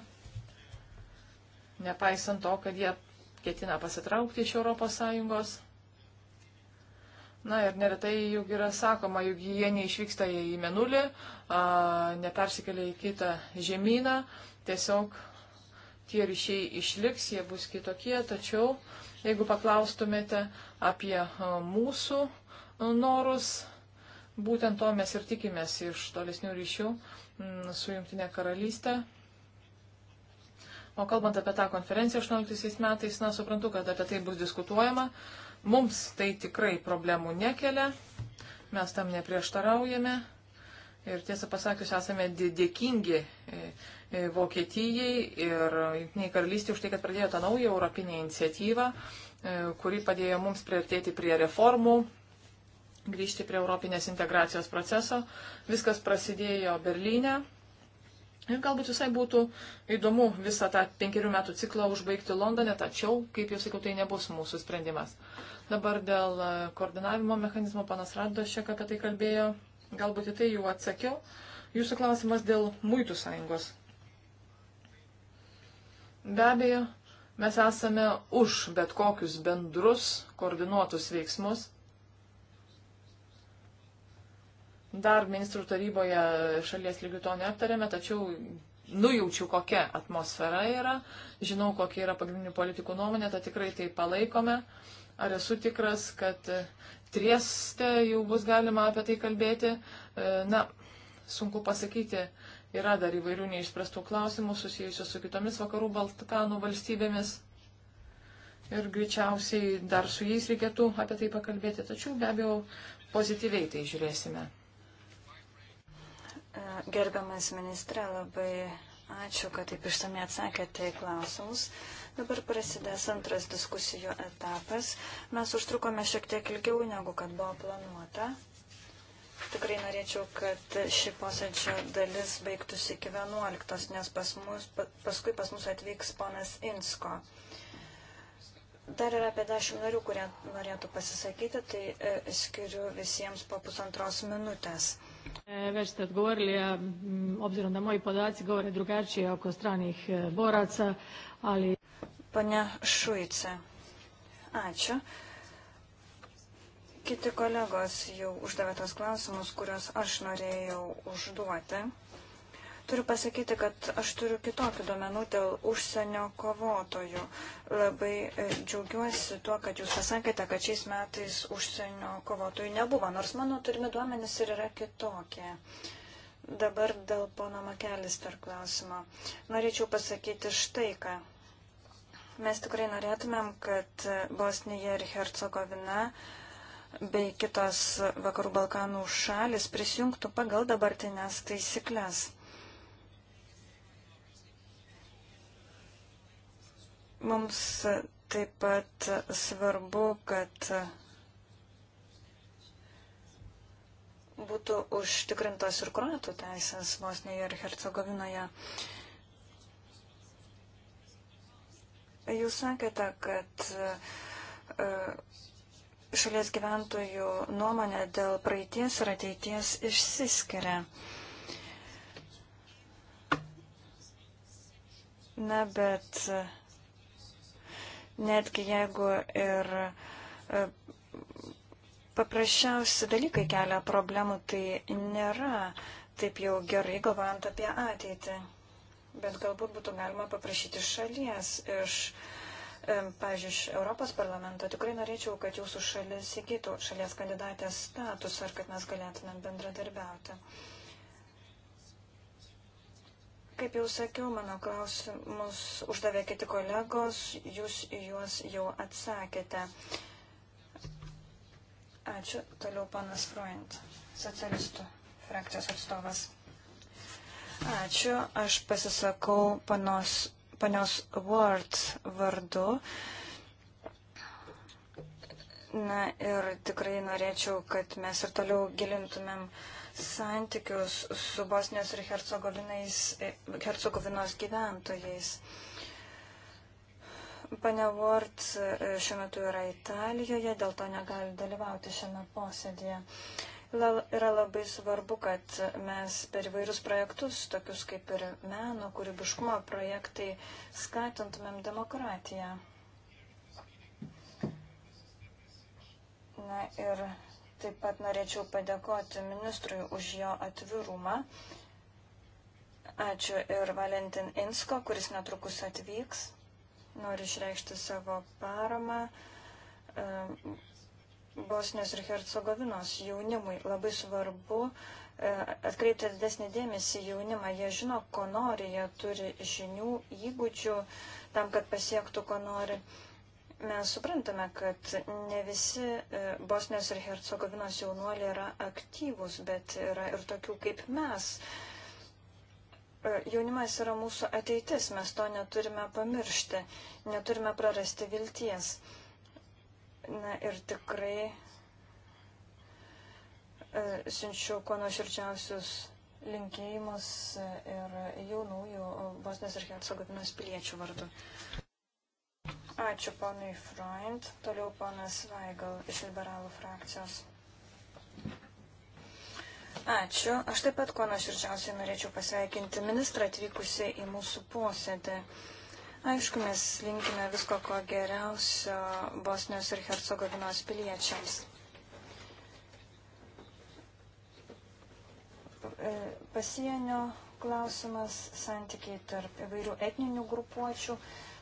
nepaisant to, kad jie ketina pasitraukti iš ES. Na ir neretai juk yra sakoma, juk jie neišvyksta į menulį, a, nepersikelia į kitą žemyną, tiesiog tie ryšiai išliks, jie bus kitokie, tačiau jeigu paklaustumėte apie mūsų norus, būtent to mes ir tikimės iš tolesnių ryšių su Junktinė karalystė. O kalbant apie tą konferenciją 18 metais, na, suprantu, kad apie tai bus diskutuojama. Mums tai tikrai problemų nekelia, mes tam neprieštaraujame. Ir tiesą pasakius, esame dėkingi e, e, Vokietijai ir Junktiniai karalystė už tai, kad pradėjo tą naują europinę iniciatyvą, e, kuri padėjo mums priartėti prie reformų, grįžti prie europinės integracijos proceso. Viskas prasidėjo Berlyne Ir galbūt visai būtų įdomu visą tą penkerių metų ciklą užbaigti Londone, tačiau, kaip jau sakiau, tai nebus mūsų sprendimas. Dabar dėl e, koordinavimo mechanizmo panas Radošek apie tai kalbėjo, galbūt į tai jau atsakiau. Jūsų klausimas dėl muitų sąjungos. Be abejo, mes esame už bet kokius bendrus koordinuotus veiksmus Dar ministrų taryboje šalies lygių to neaptarėme, tačiau nujaučiu, kokia atmosfera yra, žinau, kokia yra pagrindinių politikų nuomonė, tai tikrai tai palaikome. Ar esu tikras, kad trieste jau bus galima apie tai kalbėti? E, na, sunku pasakyti, yra dar įvairių neišspręstų klausimų susijusių su kitomis vakarų Balkanų valstybėmis. Ir greičiausiai dar su jais reikėtų apie tai pakalbėti, tačiau be abejo pozityviai tai žiūrėsime.
E, gerbiamas ministrė, labai ačiū, kad taip išsamei atsakėte į klausimus. Dabar prasidės antras diskusijų etapas. Mes užtrukome šiek tiek ilgiau, negu kad buvo planuota. Tikrai norėčiau, kad ši posėdžio dalis baigtųsi iki 11, nes pas mus, paskui pas mus atvyks ponas Insko. Dar yra apie 10 narių, kurie norėtų pasisakyti, tai e, skiriu visiems po pusantros minutės.
E, već ste odgovorili, a obzirom da moji podaci govore drugačije oko stranih e, boraca,
ali... Pane Šuice, ačiū. Kiti kolegos jau uždavė tos klausimus, kuriuos aš norėjau užduoti. Turiu pasakyti, kad aš turiu kitokių duomenų dėl užsienio kovotojų. Labai e, džiaugiuosi tuo, kad jūs pasakėte, kad šiais metais užsienio kovotojų nebuvo, nors mano turimi duomenys ir yra kitokie. Dabar dėl pono Makelis per klausimą. Norėčiau pasakyti štai ką. Mes tikrai norėtumėm, kad Bosnija ir Hercegovina bei kitos Vakarų Balkanų šalis prisijungtų pagal dabartinės taisyklės. Mums taip pat svarbu, kad būtų užtikrintos ir kruatų teisės Bosnijoje ir Hercegovinoje. Jūs sakėte, kad e, šalies gyventojų nuomonė dėl praeities ir ateities išsiskiria. Na, bet uh, netgi jeigu ir e, paprasčiausi dalykai kelia problemų, tai nėra taip jau gerai galvojant apie ateitį. Bet galbūt būtų galima paprašyti šalies iš, e, pavyzdžiui, iš Europos parlamento. Tikrai norėčiau, kad jūsų šalis įgytų šalies kandidatės statusą ir kad mes galėtumėm bendradarbiauti. Kaip jau sakiau, mano klausimus uždavė kiti kolegos, jūs juos jau atsakėte. Ačiū. Toliau panas Freund, socialistų frakcijos atstovas. Ačiū. Aš pasisakau panos, panios Ward vardu. Na ir tikrai norėčiau, kad mes ir toliau gilintumėm uh, santykius su Bosnijos ir Hercegovinos gyventojais. Pane Ward šiuo metu yra Italijoje, dėl to negali dalyvauti šiame posėdėje. Yra labai svarbu, kad mes per įvairius projektus, tokius kaip ir meno, kūrybiškumo projektai, skatintumėm demokratiją. Na ir Taip pat norėčiau padėkoti ministrui už jo atvirumą. Ačiū ir Valentin Insko, kuris netrukus atvyks. Noriu išreikšti savo paramą e, Bosnijos ir Hercegovinos jaunimui. Labai svarbu e, atkreipti didesnį dėmesį jaunimą. Jie žino, ko nori, jie turi žinių, įgūdžių tam, kad pasiektų, ko nori. Mes suprantame, kad ne visi e, Bosnijos ir Hercegovinos jaunuoliai yra aktyvus, bet yra ir tokių kaip mes. E, jaunimas yra mūsų ateitis, mes to neturime pamiršti, neturime prarasti vilties. Na ir tikrai e, siunčiu kuo nuoširdžiausius linkėjimus ir jaunųjų Bosnijos ir Hercegovinos piliečių vardu. Ačiū ponui Freund. Toliau ponas Vaigal iš liberalų frakcijos. Ačiū. Aš taip pat kuo nuoširdžiausiai norėčiau pasveikinti ministrą atvykusi į mūsų posėdį. Aišku, mes linkime visko ko geriausio Bosnijos ir Hercegovinos piliečiams. E, pasienio klausimas, santykiai tarp įvairių etninių grupuočių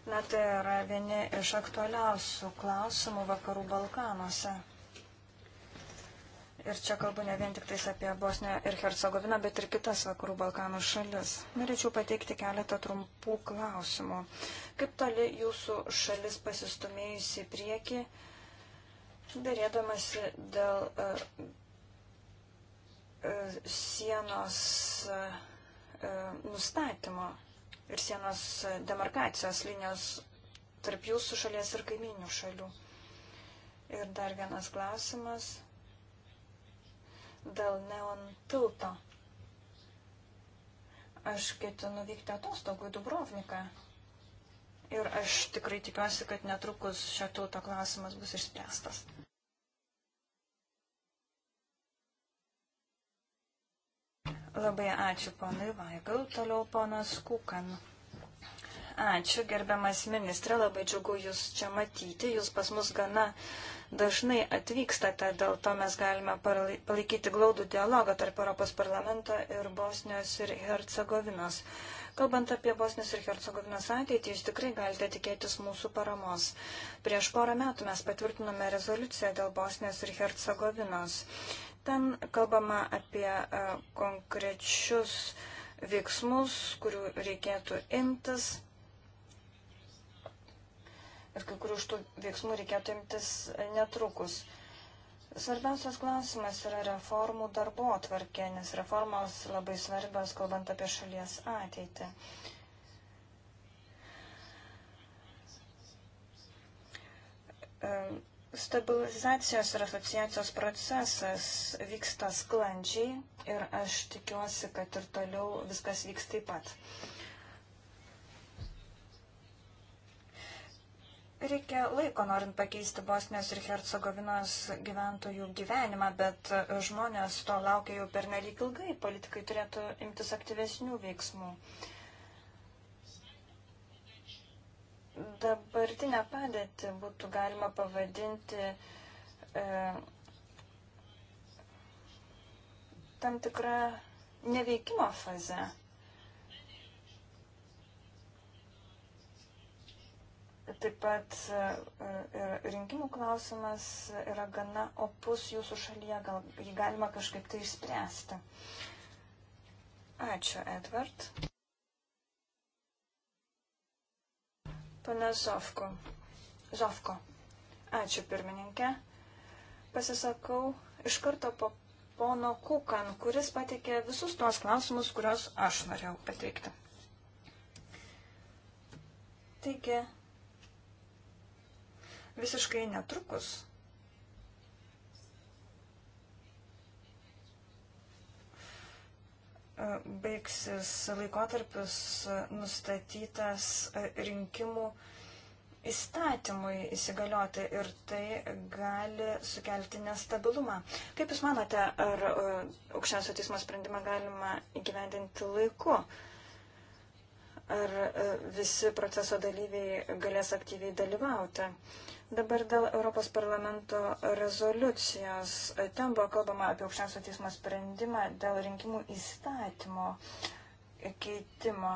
Na, tai yra vieni iš aktualiausių klausimų vakarų Balkanuose. Ir čia kalbu ne vien tik tais apie Bosniją ir Hercegoviną, bet ir kitas vakarų Balkanų šalis. Norėčiau pateikti keletą trumpų klausimų. Kaip toli jūsų šalis pasistumėjusi į priekį, dėrėdamasi dėl uh, uh, sienos uh, nustatymo? ir sienos demarkacijos linijos tarp jūsų šalies ir kaiminių šalių. Ir dar vienas klausimas dėl neon tilto. Aš ketinu vykti atostogų į Dubrovniką. Ir aš tikrai tikiuosi, kad netrukus šio tilto klausimas bus išspręstas. Labai ačiū ponui Vaigal, toliau ponas Kukan. Ačiū, gerbiamas ministrė, labai džiugu Jūs čia matyti, Jūs pas mus gana dažnai atvykstate, dėl to mes galime palaikyti glaudų dialogą tarp Europos parlamento ir Bosnijos ir Hercegovinos. Kalbant apie Bosnijos ir Hercegovinos ateitį, jūs tikrai galite tikėtis mūsų paramos. Prieš porą metų mes patvirtinome rezoliuciją dėl Bosnijos ir Hercegovinos. Ten kalbama apie e, konkrečius veiksmus, kurių reikėtų imtis. Ir kai kurių iš tų veiksmų reikėtų imtis netrukus. Svarbiausias klausimas yra reformų darbo atvarkė, nes reformos labai svarbios, kalbant apie šalies ateitį. Um, Stabilizacijos ir asociacijos procesas vyksta sklandžiai ir aš tikiuosi, kad ir toliau viskas vyks taip pat. Reikia laiko, norint pakeisti Bosnijos ir Hercegovinos gyventojų gyvenimą, bet žmonės to laukia jau per nelik ilgai, politikai turėtų imtis aktyvesnių veiksmų. Uh, dabartinę padėtį būtų galima pavadinti e, tam tikrą neveikimo fazę. Taip pat e, e, rinkimų klausimas yra gana opus jūsų šalyje, gal jį galima kažkaip tai išspręsti. Ačiū, Edvard. Pane Zovko. Zovko. Ačiū pirmininkė. Pasisakau iš karto po pono Kukan, kuris pateikė visus tuos klausimus, kuriuos aš norėjau pateikti. Taigi, visiškai netrukus baigsis laikotarpis nustatytas e, rinkimų įstatymui įsigalioti ir tai gali sukelti nestabilumą. Kaip Jūs manote, ar e, aukščiausio teismo sprendimą galima įgyvendinti laiku? Ar e, visi proceso dalyviai galės aktyviai dalyvauti? Uh, Dabar dėl Europos parlamento rezoliucijos. Ten buvo kalbama apie aukščiausio teismo sprendimą dėl rinkimų įstatymo keitimo.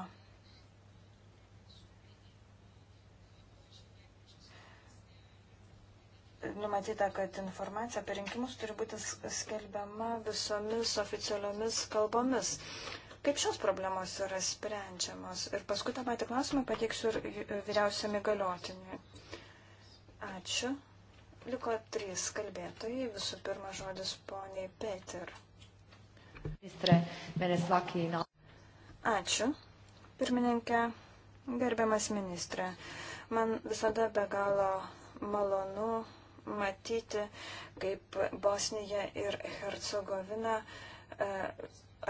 Numatyta, kad informacija apie rinkimus turi būti skelbiama visomis oficialiomis kalbomis. Kaip šios problemos yra sprendžiamos? Ir paskui tą patį klausimą pateiksiu ir vyriausiam įgaliotiniui. Ačiū. Liko trys kalbėtojai. Visų pirma, žodis poniai Peter. Ačiū. Pirmininkė, gerbiamas ministrė, man visada be galo malonu matyti, kaip Bosnija ir Hercegovina e,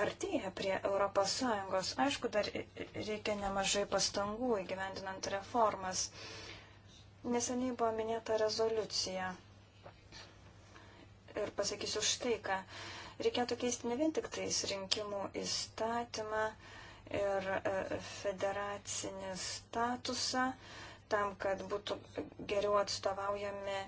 artėja prie ES. Aišku, dar reikia nemažai pastangų įgyvendinant reformas. Uh, Neseniai buvo minėta rezoliucija. Ir pasakysiu štai ką. Reikėtų keisti ne vien tik tais rinkimų įstatymą ir e, federacinį statusą, tam, kad būtų geriau atstovaujami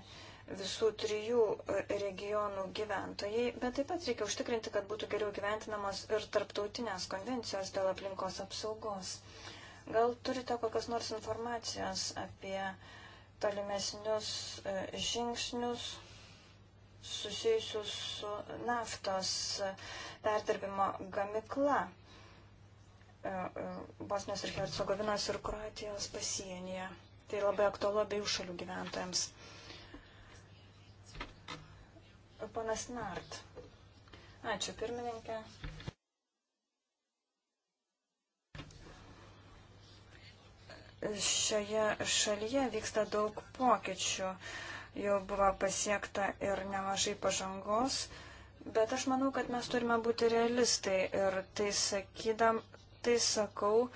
visų trijų e, regionų gyventojai, bet taip pat reikia užtikrinti, kad būtų geriau gyventinamos ir tarptautinės konvencijos dėl aplinkos apsaugos. Gal turite kokios nors informacijos apie uh, tolimesnius e, žingsnius susijusius su naftos e, perdirbimo gamikla e, Bosnijos ir Hercegovinos ir Kroatijos pasienyje. Tai labai aktualu abiejų šalių gyventojams. Panas Nart. Ačiū pirmininkė. šioje šalyje vyksta daug pokyčių. Jau buvo pasiekta ir nemažai pažangos, bet aš manau, kad mes turime būti realistai ir tai sakydam, tai sakau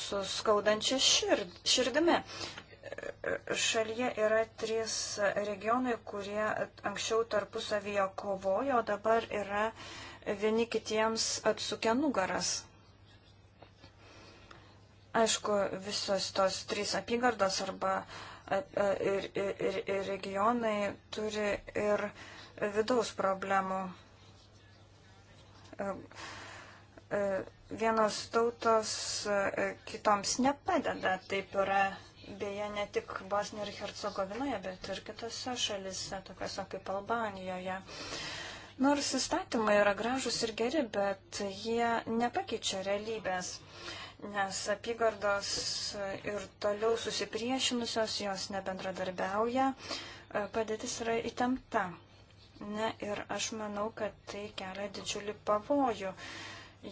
su skaudančia šird, širdimi. Šalyje yra trys regionai, kurie anksčiau tarpusavyje kovojo, o dabar yra vieni kitiems atsukę nugaras. Aišku, visos tos trys apygardos arba ir, e, e, ir, ir, ir regionai turi ir vidaus problemų. E, vienos tautos kitoms nepadeda, taip yra beje ne tik Bosnijoje ir Hercegovinoje, bet ir kitose šalise, tokiuose kaip Albanijoje. Nors įstatymai yra gražus ir geri, bet jie nepakeičia realybės. Uh, nes apygardos ir toliau susipriešinusios, jos nebendradarbiauja, e, padėtis yra įtempta. Na ir aš manau, kad tai kelia didžiulį pavojų,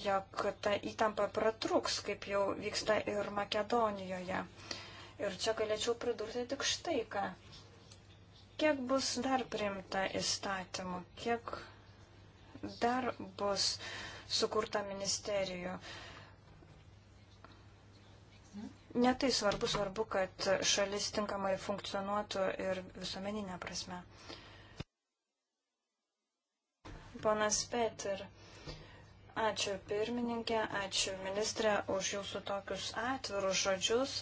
jog ta įtampa pratruks, kaip jau vyksta ir Makedonijoje. Ir čia galėčiau pridurti tik štai ką. Kiek bus dar priimta įstatymų, kiek dar bus sukurta ministerijų. Uh, Netai svarbu, svarbu, kad šalis tinkamai funkcionuotų ir visuomeninė prasme. Ponas Peter, ačiū pirmininkė, ačiū ministrė už jūsų tokius atvirus žodžius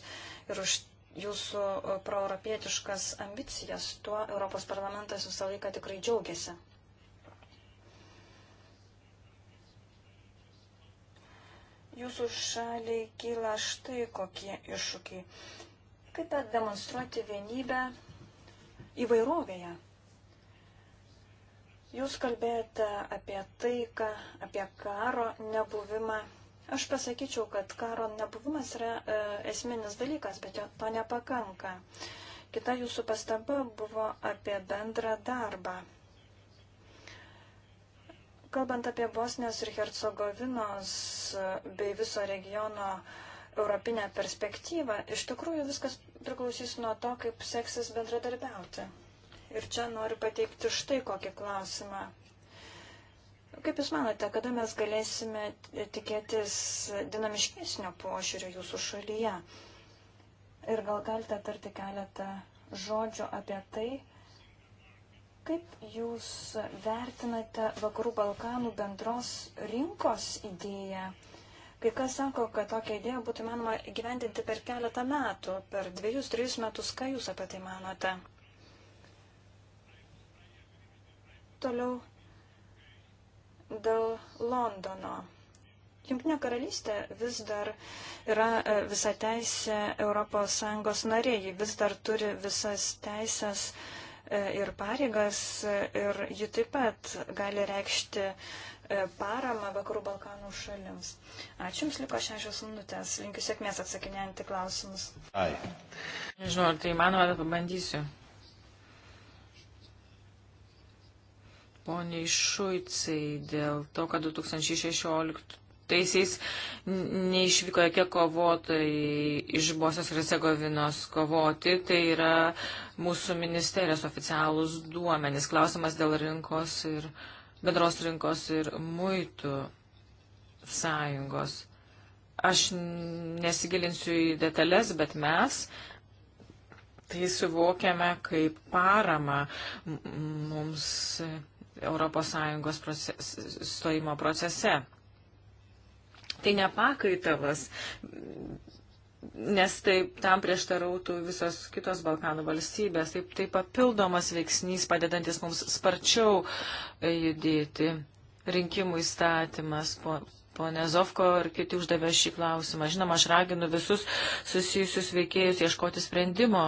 ir už jūsų proeuropietiškas ambicijas. Tuo Europos parlamentas visą laiką tikrai džiaugiasi. jūsų šaliai kyla štai kokie iššūkiai. Kaip demonstruoti vienybę įvairovėje? Jūs kalbėjote apie taiką, apie karo nebuvimą. Aš pasakyčiau, kad karo nebuvimas yra e, esminis dalykas, bet jo to nepakanka. Kita jūsų pastaba buvo apie bendrą darbą. Kalbant apie Bosnijos ir Hercegovinos bei viso regiono europinę perspektyvą, iš tikrųjų viskas priklausys nuo to, kaip seksis bendradarbiauti. Ir čia noriu pateikti štai kokį klausimą. Kaip Jūs manote, kada mes galėsime tikėtis dinamiškesnio pošiūrio Jūsų šalyje? Ir gal galite tarti keletą žodžių apie tai, Kaip Jūs vertinate Vakarų Balkanų bendros rinkos idėją? Kai kas sako, kad tokią idėją būtų manoma gyvendinti per keletą metų, per dviejus, trijus metus. Ką Jūs apie tai manote? Toliau dėl Londono. Junktinė karalystė vis dar yra visą teisę ES narė, ji vis dar turi visas teisės uh, E, ir pareigas ir ji taip pat gali reikšti e, paramą Vakarų Balkanų šalims. Ačiū Jums, liko šešios minutės. Linkiu sėkmės atsakinėjant į klausimus.
Ai. Nežinau, ar tai įmanoma, bet pabandysiu. Pone Šuicai, dėl to, kad 2016 2004-aisiais neišvyko jokie kovotojai iš Bosės ir Segovinos kovoti. Tai yra mūsų ministerijos oficialūs duomenys. Klausimas dėl rinkos ir bendros rinkos ir muitų sąjungos. Aš nesigilinsiu į detalės, bet mes tai suvokiame kaip paramą mums ES proces, stojimo procese tai nepakaitalas, nes taip tam prieštarautų visos kitos Balkanų valstybės, taip tai papildomas veiksnys padedantis mums sparčiau e, judėti. Rinkimų įstatymas po Pone Zovko ir kiti uždavė šį klausimą. Žinoma, aš raginu visus susijusius veikėjus ieškoti sprendimo.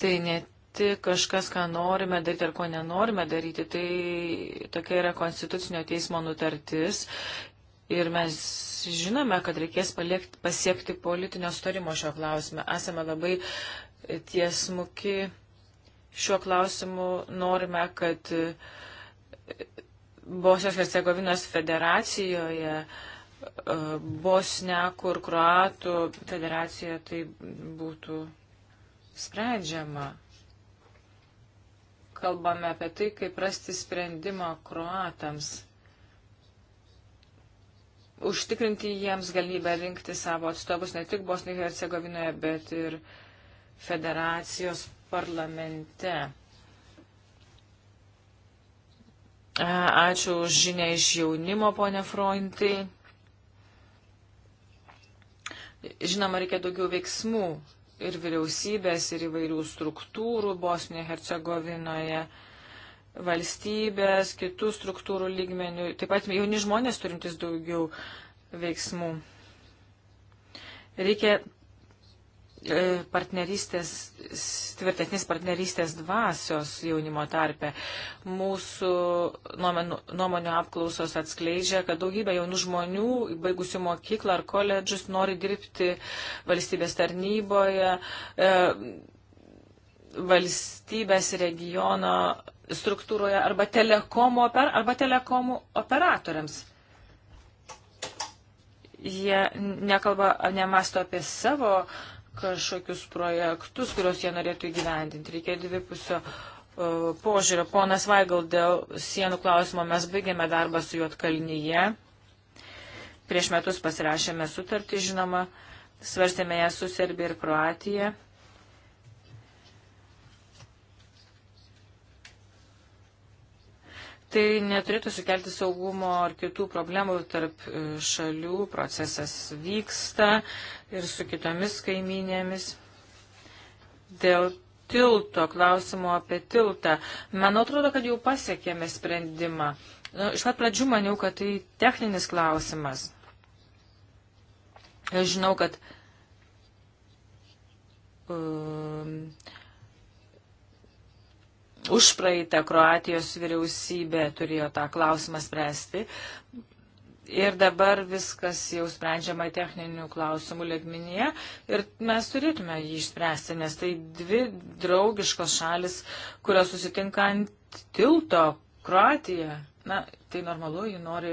Tai ne pasirinkti kažkas, ką norime daryti ar ko nenorime daryti, tai tokia yra konstitucinio teismo nutartis. Ir mes žinome, kad reikės paliekti, pasiekti politinio storimo šio klausime. Esame labai tiesmuki šiuo klausimu. Norime, kad Bosijos ir Cegovinos federacijoje e, Bosnekų ir Kroatų federacijoje tai būtų sprendžiama kalbame apie tai, kaip rasti sprendimą kroatams. Užtikrinti jiems galimybę rinkti savo atstovus ne tik Bosnijoje ir Cegovinoje, bet ir federacijos parlamente. Ačiū už žinę iš jaunimo, ponė Frontai. Žinoma, reikia daugiau veiksmų ir vyriausybės, ir įvairių struktūrų Bosnijoje, Hercegovinoje, valstybės, kitų struktūrų lygmenių. Taip pat jauni žmonės turintis daugiau veiksmų. Reikia E, partnerystės, tvirtesnės partnerystės dvasios jaunimo tarpe. Mūsų nuomenių, nuomonių apklausos atskleidžia, kad daugybė jaunų žmonių, baigusių mokyklą ar koledžius, nori dirbti valstybės tarnyboje, e, valstybės regiono struktūroje arba telekomų, oper, arba telekomų operatoriams jie nekalba, nemasto apie savo kažkokius projektus, kuriuos jie norėtų įgyvendinti. Reikia dvipusio uh, požiūrio. Ponas Vaigal, dėl sienų klausimo mes baigėme darbą su Juotkalnyje. Prieš metus pasirašėme sutartį, žinoma, svarstėme ją su Serbija ir Kroatija. tai neturėtų sukelti saugumo ar kitų problemų tarp e, šalių, procesas vyksta ir su kitomis kaiminėmis. Dėl tilto, klausimo apie tiltą, man atrodo, kad jau pasiekėme sprendimą. Nu, iš pat pradžių maniau, kad tai techninis klausimas. Aš žinau, kad um, uh, užpraeitą Kroatijos vyriausybė turėjo tą klausimą spręsti. Ir dabar viskas jau sprendžiama techninių klausimų lėgminėje ir mes turėtume jį išspręsti, nes tai dvi draugiškos šalis, kurios susitinka ant tilto Kroatija. Na, tai normalu, ji nori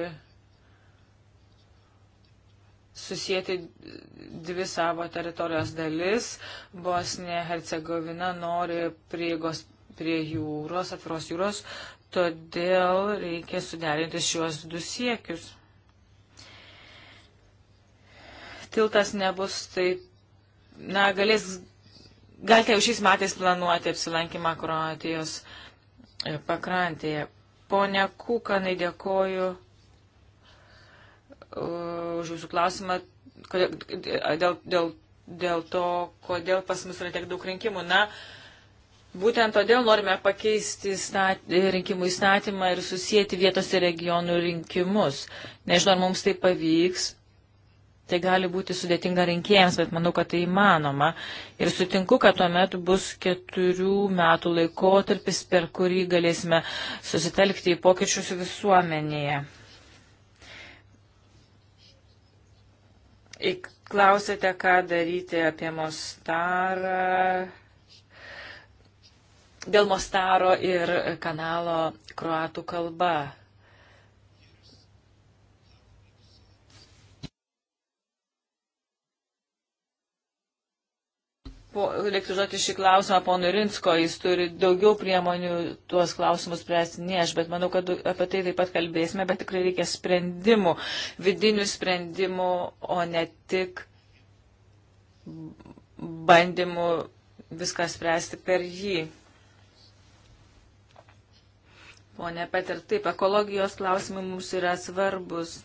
susijęti dvi savo teritorijos dalis. Bosnija Hercegovina nori prieigos prie jūros, atviros jūros, todėl reikia suderinti šiuos du siekius. Tiltas nebus taip, na, galės, galite jau šiais metais planuoti apsilankimą Kroatijos e, pakrantėje. Pone Kukanai, dėkoju e, už jūsų klausimą kodėl, dėl, dėl, dėl to, kodėl pas mus yra tiek daug rinkimų. Na, uh, Būtent todėl norime pakeisti stat, rinkimų įstatymą ir susijęti vietos ir regionų rinkimus. Nežinau, ar mums tai pavyks. Tai gali būti sudėtinga rinkėjams, bet manau, kad tai įmanoma. Ir sutinku, kad tuomet bus keturių metų laikotarpis, per kurį galėsime susitelkti į pokyčius visuomenėje. Klausėte, ką daryti apie Mostarą dėl Mostaro ir kanalo kroatų kalba. Po, reiktų žodžiu šį klausimą pono Rinsko, jis turi daugiau priemonių tuos klausimus spręsti, ne aš, bet manau, kad apie tai taip pat kalbėsime, bet tikrai reikia sprendimų, vidinių sprendimų, o ne tik bandymų viską spręsti per jį o ne pat ir taip. Ekologijos klausimai mums yra svarbus.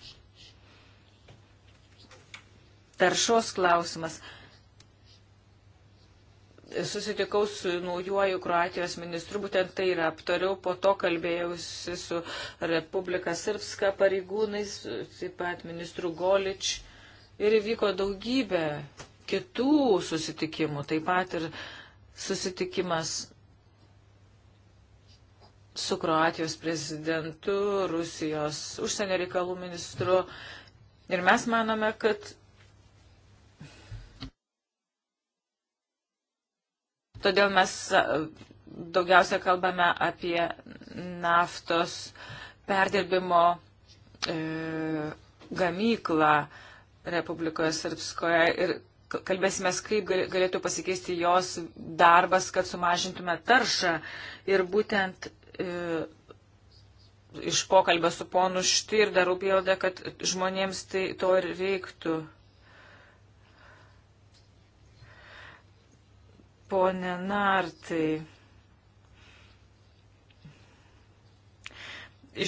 Taršos klausimas. Susitikau su naujuoju Kroatijos ministru, būtent tai yra aptariau, po to kalbėjausi su Republika Srpska pareigūnais, taip pat ministru Golič ir įvyko daugybė kitų susitikimų, taip pat ir susitikimas su Kroatijos prezidentu, Rusijos užsienio reikalų ministru. Ir mes manome, kad todėl mes daugiausia kalbame apie naftos perdirbimo e, gamyklą Republikoje Srpskoje ir kalbėsime, kaip galėtų pasikeisti jos darbas, kad sumažintume taršą. Ir būtent E, iš pokalbio su ponu Šti ir darau prielaidą, kad žmonėms tai to ir reiktų. Pone Nartai,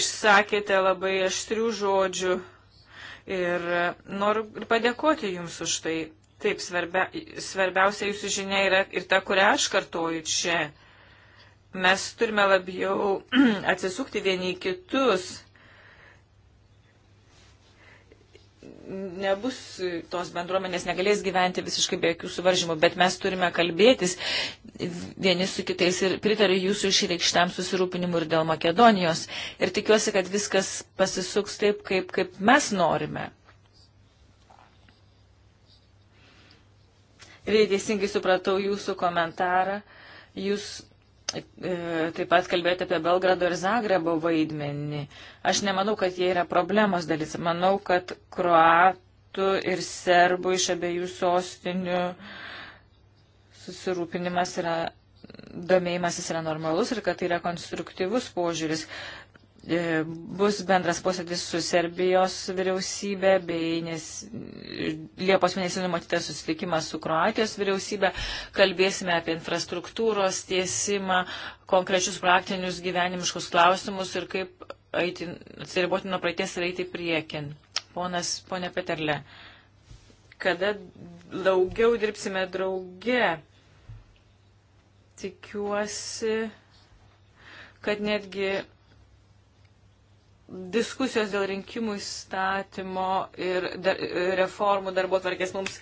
išsakėte labai aštrių žodžių ir noriu padėkoti Jums už tai. Taip, svarbia, svarbiausia Jūsų žinia yra ir ta, kurią aš kartoju čia. Mes turime labiau atsisukti vieni į kitus. Nebus tos bendruomenės, negalės gyventi visiškai be jokių suvaržymų, bet mes turime kalbėtis vieni su kitais ir pritariu jūsų išreikštam susirūpinimu ir dėl Makedonijos. Ir tikiuosi, kad viskas pasisuks taip, kaip, kaip mes norime. Ir jei teisingai supratau jūsų komentarą, jūs E, taip pat kalbėti apie Belgrado ir Zagrebo vaidmenį. Aš nemanau, kad jie yra problemos dalis. Manau, kad kruatų ir serbų iš abiejų sostinių susirūpinimas yra, domėjimasis yra normalus ir kad tai yra konstruktyvus požiūris. E, bus bendras posėdis su Serbijos vyriausybė bei nes, Liepos mėnesį numatytas susitikimas su Kroatijos vyriausybė. Kalbėsime apie infrastruktūros tiesimą, konkrečius praktinius gyvenimiškus klausimus ir kaip eiti, atsiriboti nuo praeities ir eiti priekin. Ponas, ponė Peterle, kada daugiau dirbsime drauge, tikiuosi, kad netgi diskusijos dėl rinkimų įstatymo ir dar, reformų darbo tvarkės mums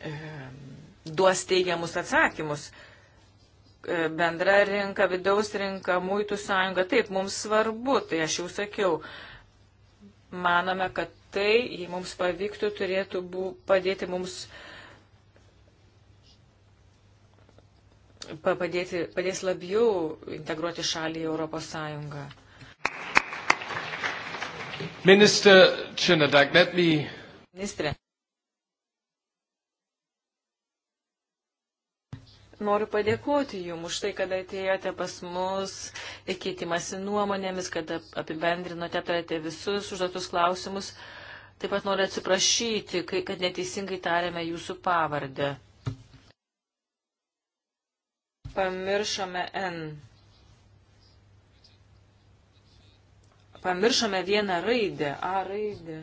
e, duos teigiamus atsakymus. E, bendra rinka, vidaus rinka, muitų sąjunga, taip, mums svarbu, tai aš jau sakiau. Manome, kad tai, jei mums pavyktų, turėtų bū, padėti mums padėti, padės labiau integruoti šalį į Europos Sąjungą.
Minister Chinadak, let me.
Ministre. Noriu padėkoti Jums už tai, kad atėjote pas mus, keitimasi nuomonėmis, kad apibendrinote, aptarėte visus užduotus klausimus. Taip pat noriu atsiprašyti, kai, kad neteisingai tarėme Jūsų pavardę. Pamiršome N. Pamiršome vieną raidę, A raidę.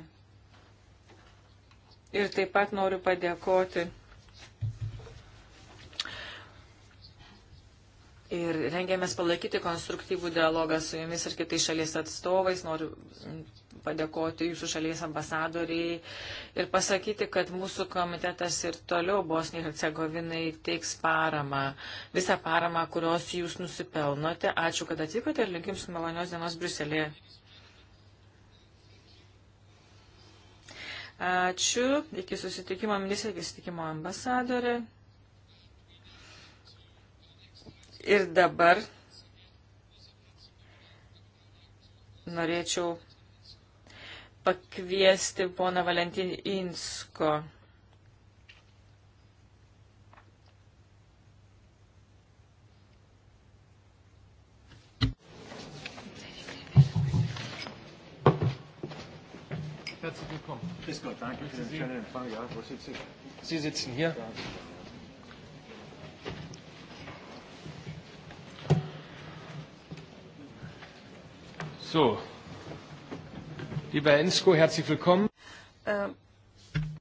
Ir taip pat noriu padėkoti Ir rengiamės palaikyti konstruktyvų dialogą su jumis ir kitais šalies atstovais. Noriu padėkoti jūsų šalies ambasadoriai ir pasakyti, kad mūsų komitetas ir toliau Bosnijai ir Cegovinai teiks paramą. Visą paramą, kurios jūs nusipelnote. Ačiū, kad atvykote ir linkim su malonios dienos Briuselėje. Ačiū. Iki susitikimo ministrė, iki susitikimo ambasadorė. Ir dabar norėčiau pakviesti poną Valentinį Insko.
herzlich willkommen. Grüß Gott, danke für den schönen Empfang. Ja, wo sitze ich? Sie sitzen hier.
So, lieber Ensko, herzlich willkommen. Uh,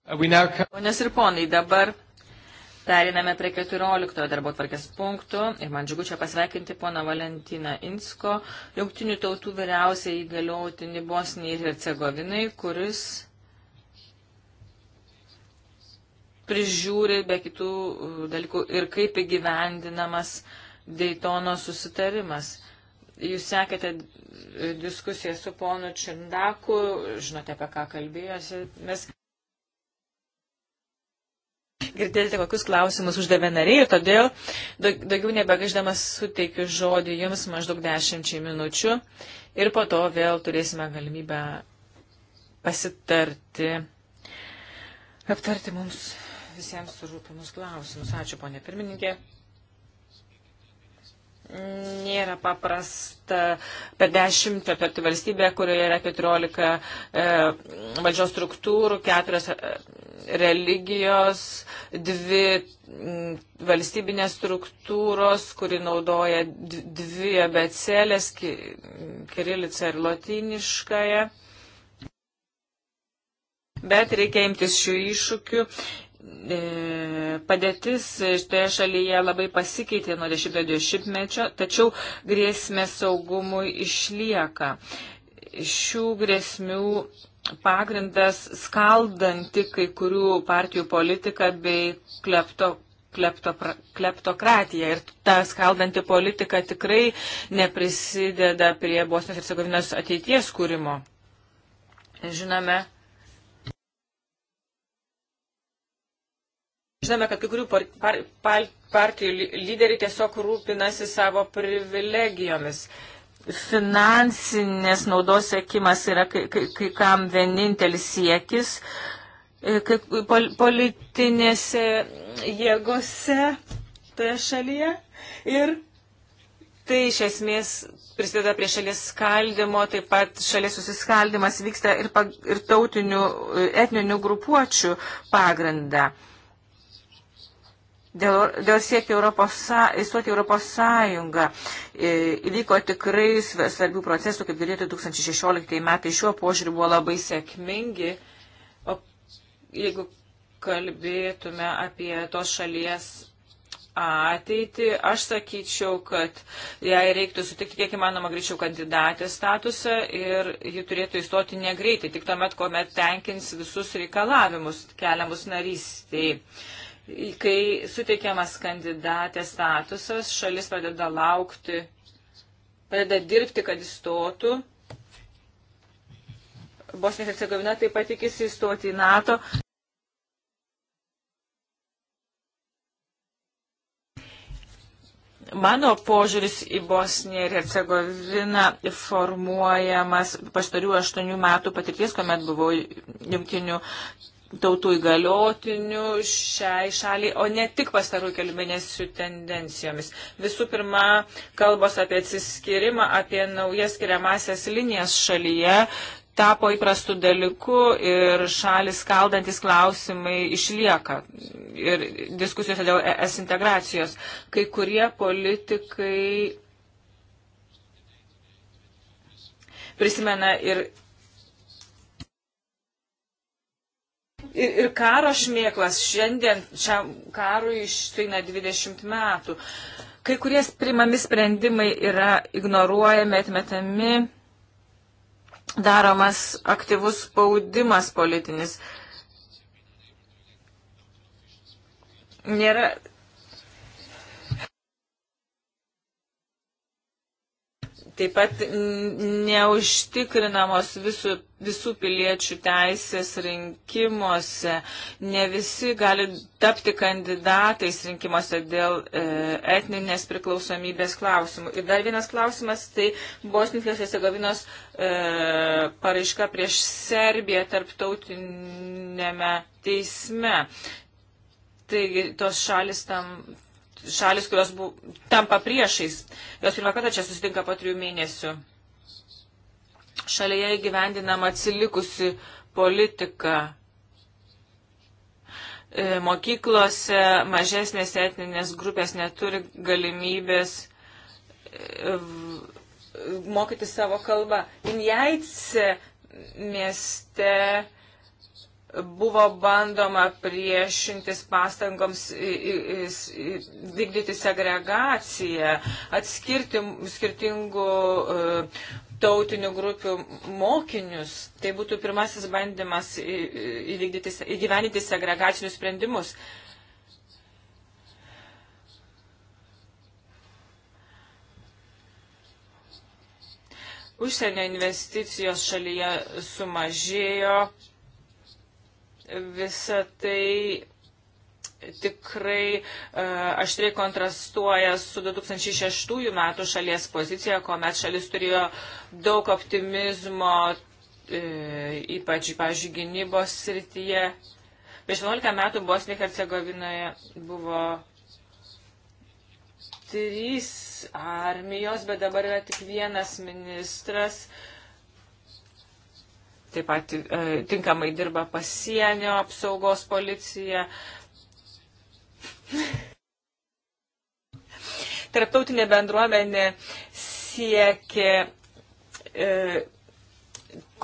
äh, Ponas ir ponai, dabar Periname prie 14 darbo tvarkės punktų ir man džiugu čia pasveikinti poną Valentiną Insko, jungtinių tautų vyriausiai įgaliotinį Bosnijai ir Hercegovinai, kuris prižiūri be kitų uh, dalykų ir kaip įgyvendinamas Daytono susitarimas. Jūs sekėte uh, diskusiją su ponu Čindaku, žinote, apie ką kalbėjosi. Mes girdėjote, kokius klausimus uždavė nariai ir todėl daugiau nebegaždamas suteikiu žodį jums maždaug dešimčiai minučių ir po to vėl turėsime galimybę pasitarti, aptarti mums visiems surūpimus klausimus. Ačiū, ponė pirmininkė nėra paprasta per dešimt tapti valstybę, kurioje yra 14 e, valdžios struktūrų, keturios e, religijos, dvi m, valstybinės struktūros, kuri naudoja dvi abecelės, kirilicą ir lotyniškąją. Bet reikia imtis šių iššūkių E, padėtis toje šalyje labai pasikeitė nuo 10-mečio, tačiau grėsmė saugumui išlieka. Šių grėsmių pagrindas skaldanti kai kurių partijų politiką bei klepto. Klepto, kleptokratija ir ta skaldanti politika tikrai neprisideda prie Bosnijos ir Segovinos ateities kūrimo. Žinome, žinome, kad kai kurių par, par, par, partijų lyderiai tiesiog rūpinasi savo privilegijomis. Finansinės naudos sėkimas yra kai, kai, kai kam vienintelis siekis, e, kai, pol, politinėse jėgose toje šalyje. Ir tai iš esmės prisideda prie šalies skaldimo, taip pat šalies susiskaldimas vyksta ir, pag, ir tautinių e, etninių grupuočių pagrindą. Dėl, dėl siekio Europos, įstoti Europos Sąjungą e, įvyko tikrai svarbių procesų, kaip girdėjote, 2016 metai šiuo požiūriu buvo labai sėkmingi. O jeigu kalbėtume apie tos šalies ateitį, aš sakyčiau, kad jai reiktų sutikti kiek įmanoma greičiau kandidatės statusą ir ji turėtų įstoti negreitai, tik tuomet, kuomet tenkins visus reikalavimus keliamus narystiai. Tai kai suteikiamas kandidatės statusas, šalis pradeda laukti, pradeda dirbti, kad įstotų. Bosnija ir Hercegovina taip pat tikisi įstoti į NATO. Mano požiūris į Bosniją ir Hercegoviną formuojamas pastarių aštuonių metų patirties, kuomet buvau jungtinių tautų įgaliotinių šiai šaliai, o ne tik pastarųjų kelių mėnesių tendencijomis. Visų pirma, kalbos apie atsiskirimą, apie naujas skiriamasias linijas šalyje tapo įprastų dalykų ir šalis skaldantis klausimai išlieka ir diskusijose dėl ES integracijos. Kai kurie politikai prisimena ir ir, ir karo šmėklas. Šiandien šiam karui išteina 20 metų. Kai kurie primami sprendimai yra ignoruojami, atmetami, daromas aktyvus spaudimas politinis. Nėra Taip pat neužtikrinamos visų, visų piliečių teisės rinkimuose. Ne visi gali tapti kandidatais rinkimuose dėl e, etninės priklausomybės klausimų. Ir dar vienas klausimas, tai Bosnijos ir Hercegovinos e, paraiška prieš Serbiją tarptautinėme teisme. Taigi tos šalis tam šalis, kurios bu, tampa priešais. Jos pirmą kartą čia susitinka po trijų mėnesių. Šalyje įgyvendinama atsilikusi politika. E, mokyklose mažesnės etninės grupės neturi galimybės e, mokyti savo kalbą. Injaitse mieste buvo bandoma priešintis pastangoms vykdyti segregaciją, atskirti skirtingų e, tautinių grupių mokinius. Tai būtų pirmasis bandymas įgyvenyti segregacinius sprendimus. Užsienio investicijos šalyje sumažėjo Visa tai tikrai e, aštriai kontrastuoja su 2006 metų šalies pozicija, kuomet šalis turėjo daug optimizmo, e, ypač, pavyzdžiui, gynybos srityje. Prieš 11 metų Bosnijoje Hercegovinoje buvo trys armijos, bet dabar yra tik vienas ministras. Uh, taip pat e, tinkamai dirba pasienio apsaugos policija. Tarptautinė bendruomenė siekė e,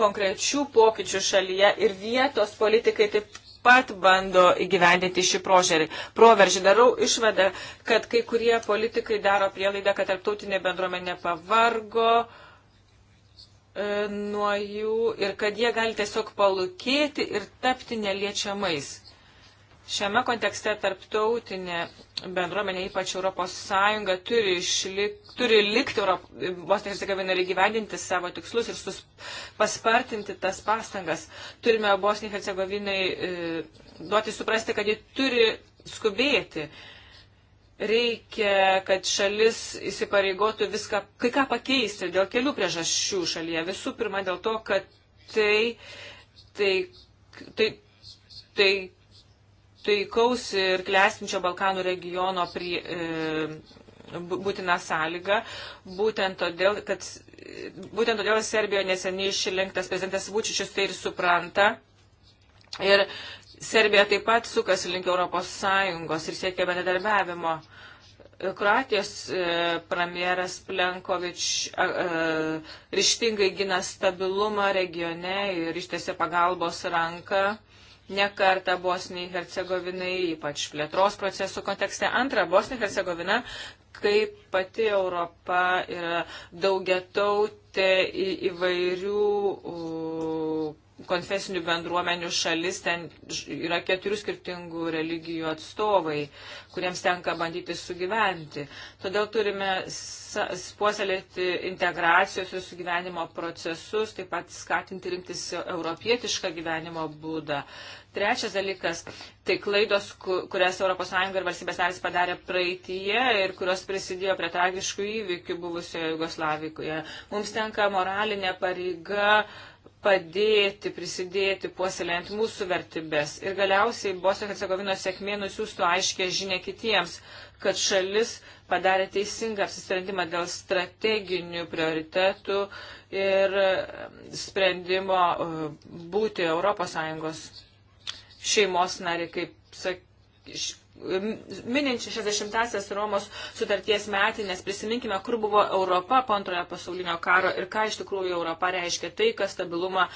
konkrečių pokyčių šalyje ir vietos politikai taip pat bando įgyvendinti šį prožerį. proveržį. Darau išvadą, kad kai kurie politikai daro prielaidą, kad tarptautinė bendruomenė pavargo, e, E, nuo jų ir kad jie gali tiesiog palūkėti ir tapti neliečiamais. Šiame kontekste tarptautinė bendruomenė, ypač ES, turi, išlik, turi likti Bosnijos ir Hercegovina ir gyvendinti savo tikslus ir sus, paspartinti tas pastangas. Turime Bosnijai ir Hercegovinai e, duoti suprasti, kad ji turi skubėti. E, reikia, kad šalis įsipareigotų viską, kai ką pakeisti dėl kelių priežasčių šalyje. Visų pirma, dėl to, kad tai, tai, tai, tai taikaus ir klestinčio Balkanų regiono prie, e, būtina sąlyga. Būtent todėl, kad, būtent todėl Serbijoje neseniai išrinktas prezidentas Vučičius tai ir supranta. Ir Serbija taip pat sukasi link Europos Sąjungos ir siekia bendradarbiavimo. Kroatijos e, premjeras Plenkovič e, ryštingai gina stabilumą regione ir ištėsi pagalbos ranką. Nekarta Bosnijai Hercegovinai, ypač plėtros procesų kontekste. Antra, Bosnija Hercegovina, kaip pati Europa yra daugiatautė įvairių konfesinių bendruomenių šalis, ten yra keturių skirtingų religijų atstovai, kuriems tenka bandyti sugyventi. Todėl turime puoselėti integracijos ir sugyvenimo procesus, taip pat skatinti rinktis europietišką gyvenimo būdą. Trečias dalykas - tai klaidos, kurias ES ir valstybės narės padarė praeitie ir kurios prisidėjo prie tragiškų įvykių buvusioje Jugoslavikoje. Mums tenka moralinė pareiga padėti, prisidėti, puoselėjant mūsų vertybės. Ir galiausiai Bosnijos Hercegovinos sėkmė nusiųstų aiškę žinę kitiems, kad šalis padarė teisingą apsisprendimą dėl strateginių prioritetų ir um, sprendimo uh, būti ES šeimos nari, kaip sakai minint 60-asias Romos sutarties metinės, prisiminkime, kur buvo Europa po antrojo pasaulinio karo ir ką iš tikrųjų Europa reiškia taiką, stabilumą,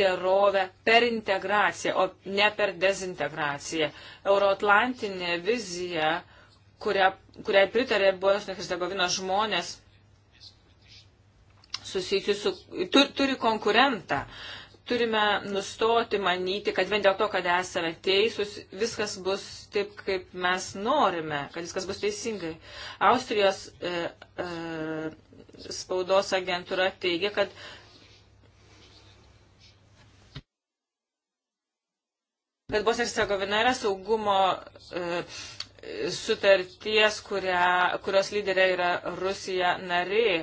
gerovę per integraciją, o ne per dezintegraciją. Euroatlantinė vizija, kurią, kuriai pritarė Bosnijos ir Hercegovinos žmonės, susijusių su, tu, turi konkurentą. Uh, turime nustoti manyti, kad vien dėl to, kad esame teisūs, viskas bus taip, kaip mes norime, kad viskas bus teisingai. Austrijos e, e, spaudos agentūra teigia, kad kad Bosnija ir Hercegovina yra saugumo e, sutarties, kuria, kurios lyderė yra Rusija nariai.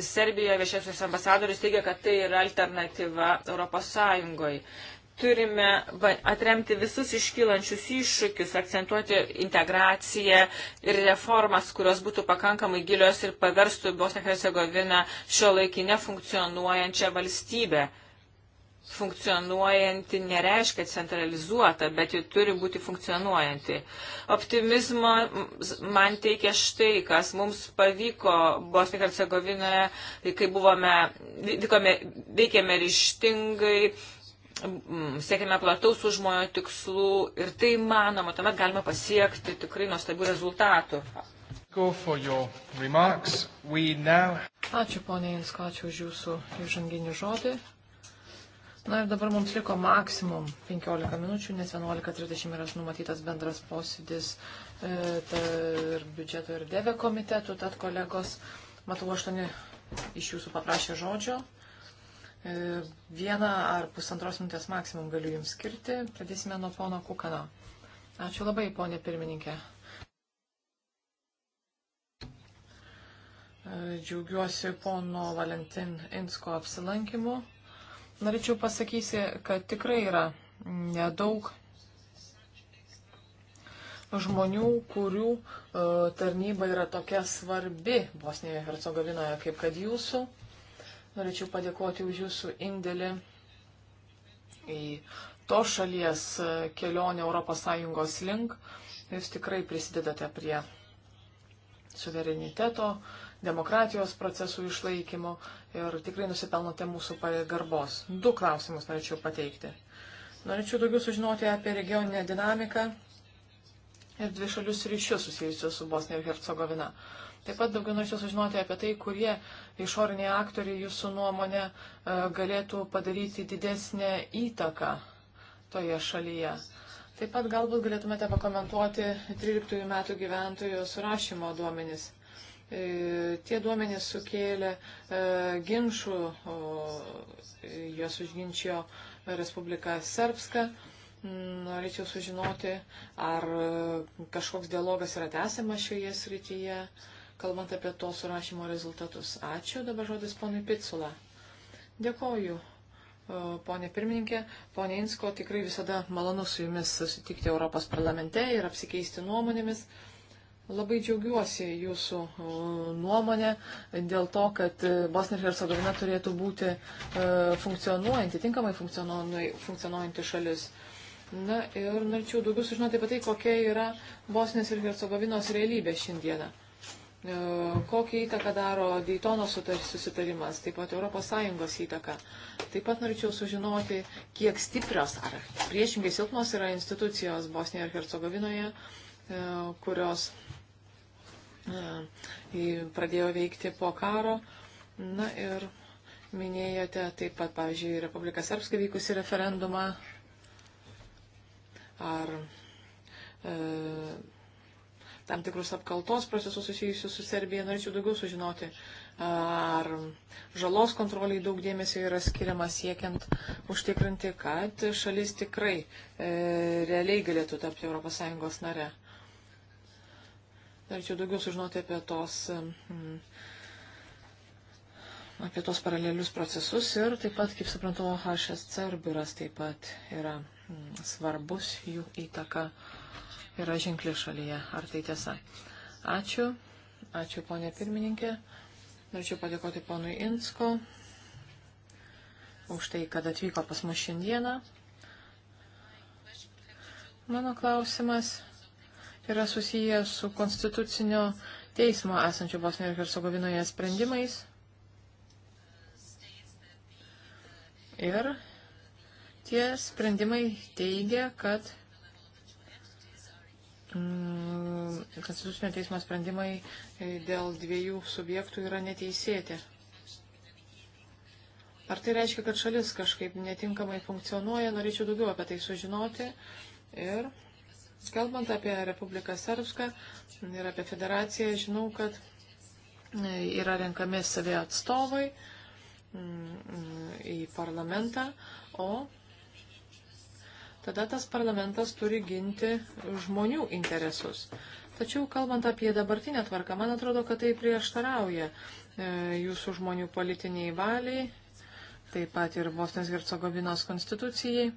Serbijoje viešasis ambasadorius teigia, kad tai yra alternatyva Europos Sąjungoje. Turime atremti visus iškylančius iššūkius, akcentuoti integraciją ir reformas, kurios būtų pakankamai gilios ir paverstų Bosnę Hercegoviną šio laikinę funkcionuojančią valstybę funkcionuojanti nereiškia centralizuota, bet ji turi būti funkcionuojanti. Optimizmo man teikia štai, kas mums pavyko Bosnijoje ir Cegovinoje, kai buvome, vykome, veikėme ryštingai, siekėme plataus užmojo tikslų ir tai manoma, tuomet galima pasiekti tikrai nuostabių rezultatų.
Now...
Ačiū ponia Insko, ačiū už jūsų įžanginį žodį. Na ir dabar mums liko maksimum 15 minučių, nes 11.30 yra numatytas bendras posėdis e, tarp biudžeto ir devė komitetų, tad kolegos, matau, aštuoni iš jūsų paprašė žodžio. E, vieną ar pusantros minutės maksimum galiu jums skirti. Pradėsime nuo pono Kukano. Ačiū labai, ponė pirmininkė. E, džiaugiuosi pono Valentin Insko apsilankimu. Norėčiau pasakysi, kad tikrai yra nedaug žmonių, kurių e, tarnyba yra tokia svarbi Bosnijoje ir Hercegovinoje, kaip kad jūsų. Norėčiau padėkoti už jūsų indėlį į to šalies e, kelionę ES link. Jūs tikrai prisidedate prie suvereniteto demokratijos procesų išlaikymu ir tikrai nusipelnote mūsų pagarbos. Du klausimus norėčiau pateikti. Norėčiau daugiau sužinoti apie regioninę dinamiką ir dvišalius ryšius susijusius su Bosnija ir Hercegovina. Taip pat daugiau norėčiau sužinoti apie tai, kurie išoriniai aktoriai jūsų nuomonė e, galėtų padaryti didesnę įtaką toje šalyje. Taip pat galbūt galėtumėte pakomentuoti 13 metų gyventojų surašymo duomenys. E, tie duomenys sukėlė e, ginčių, e, juos užginčio Respublika Serbska. Norėčiau sužinoti, ar kažkoks dialogas yra tęsiamas šioje srityje, kalbant apie to surašymo rezultatus. Ačiū, dabar žodis ponui Pitsula. Dėkoju, ponė pirmininkė. Ponė Insko, tikrai visada malonu su jumis susitikti Europos parlamente ir apsikeisti nuomonėmis. Labai džiaugiuosi jūsų e, nuomonė dėl to, kad e, Bosnija ir Hercegovina turėtų būti e, funkcionuojanti, tinkamai funkcionuojanti šalis. Na ir norėčiau daugiau sužinoti apie tai, kokia yra Bosnijos ir Hercegovinos realybė šiandieną. Kokią įtaką daro Daytono susitarimas, taip pat ES įtaka. Taip pat norėčiau sužinoti, kiek stiprios ar priešingai silpnos yra institucijos Bosnijoje ir Hercegovinoje, kurios pradėjo veikti po karo. Na ir minėjote taip pat, pavyzdžiui, Republika Serbska vykusi referendumą ar e, tam tikrus apkaltos procesus susijusius su Serbija. Norėčiau daugiau sužinoti, ar žalos kontroliai daug dėmesio yra skiriama siekiant užtikrinti, kad šalis tikrai e, realiai galėtų tapti ES nare. Norėčiau daugiau sužinoti apie tos, apie tos paralelius procesus ir taip pat, kaip suprantu, HSC ir biuras taip pat yra svarbus, jų įtaka yra ženkli šalyje. Ar tai tiesa? Ačiū. Ačiū, ponė pirmininkė. Norėčiau padėkoti ponui Insko už tai, kad atvyko pas mus šiandieną. Mano klausimas yra susijęs su konstitucinio teismo esančio Bosnijoje ir Hercegovinoje sprendimais. Ir tie sprendimai teigia, kad mm, Konstitucinio teismo sprendimai e, dėl dviejų subjektų yra neteisėti. Ar tai reiškia, kad šalis kažkaip netinkamai funkcionuoja? Norėčiau daugiau apie tai sužinoti. Ir Kalbant apie Republiką Serbską ir apie federaciją, žinau, kad e, yra renkami savi atstovai mm, mm, į parlamentą, o tada tas parlamentas turi ginti žmonių interesus. Tačiau, kalbant apie dabartinę tvarką, man atrodo, kad tai prieštarauja e, jūsų žmonių politiniai valiai, taip pat ir Bosnės Gercogovinos konstitucijai.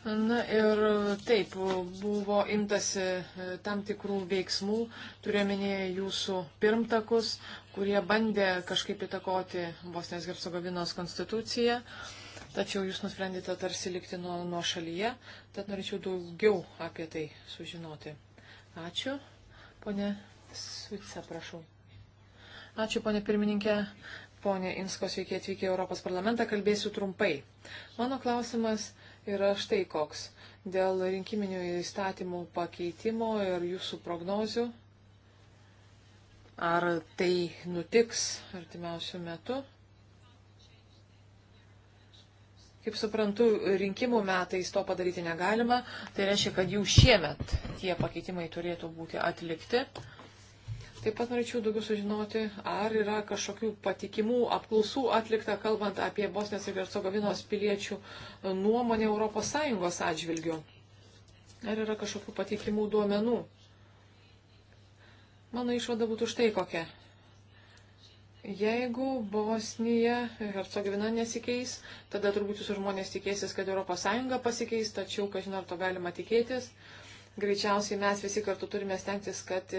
Na ir e, taip, buvo imtasi e, tam tikrų veiksmų, turiuomenėje jūsų pirmtakus, kurie bandė kažkaip įtakoti Bosnijos Hercegovinos konstituciją, tačiau jūs nusprendėte tarsi likti nuo, nuo šalyje, tad norėčiau daugiau apie tai sužinoti. Ačiū, ponė Suica, prašau. Ačiū, ponė pirmininkė. Pone Insko, sveiki atvykę į Europos parlamentą, kalbėsiu trumpai. Mano klausimas yra štai koks. Dėl rinkiminių įstatymų pakeitimo ir jūsų prognozių, ar tai nutiks artimiausių metų? Kaip suprantu, rinkimų metais to padaryti negalima, tai reiškia, kad jau šiemet tie pakeitimai turėtų būti atlikti. Taip pat norėčiau daugiau sužinoti, ar yra kažkokių patikimų apklausų atlikta, kalbant apie Bosnijos ir Hercegovinos piliečių nuomonę ES atžvilgiu. Ar yra kažkokių patikimų duomenų? Mano išvada būtų štai kokia. Jeigu Bosnija ir Hercegovina nesikeis, tada turbūt jūsų žmonės tikėsis, kad ES pasikeis, tačiau, kažin ar to galima tikėtis. Uh, greičiausiai mes visi kartu turime stengtis, kad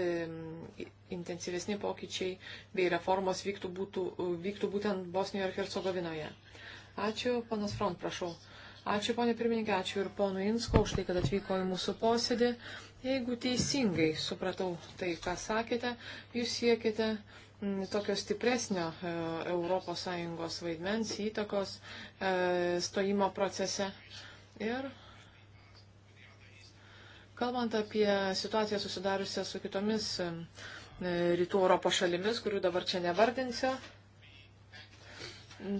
intensyvesni pokyčiai bei reformos vyktų, būtų, vyktų būtent Bosnijoje ir Hercegovinoje. Ačiū, panas Front, prašau. Ačiū, ponė pirmininkė, ačiū ir ponui Insko už tai, kad atvyko į mūsų posėdį. Jeigu teisingai supratau tai, ką sakėte, jūs siekite tokio stipresnio ES vaidmens įtakos e, stojimo procese. Ir Kalbant apie situaciją susidariusią su kitomis e, rytų Europos šalimis, kurių dabar čia nevardinsiu,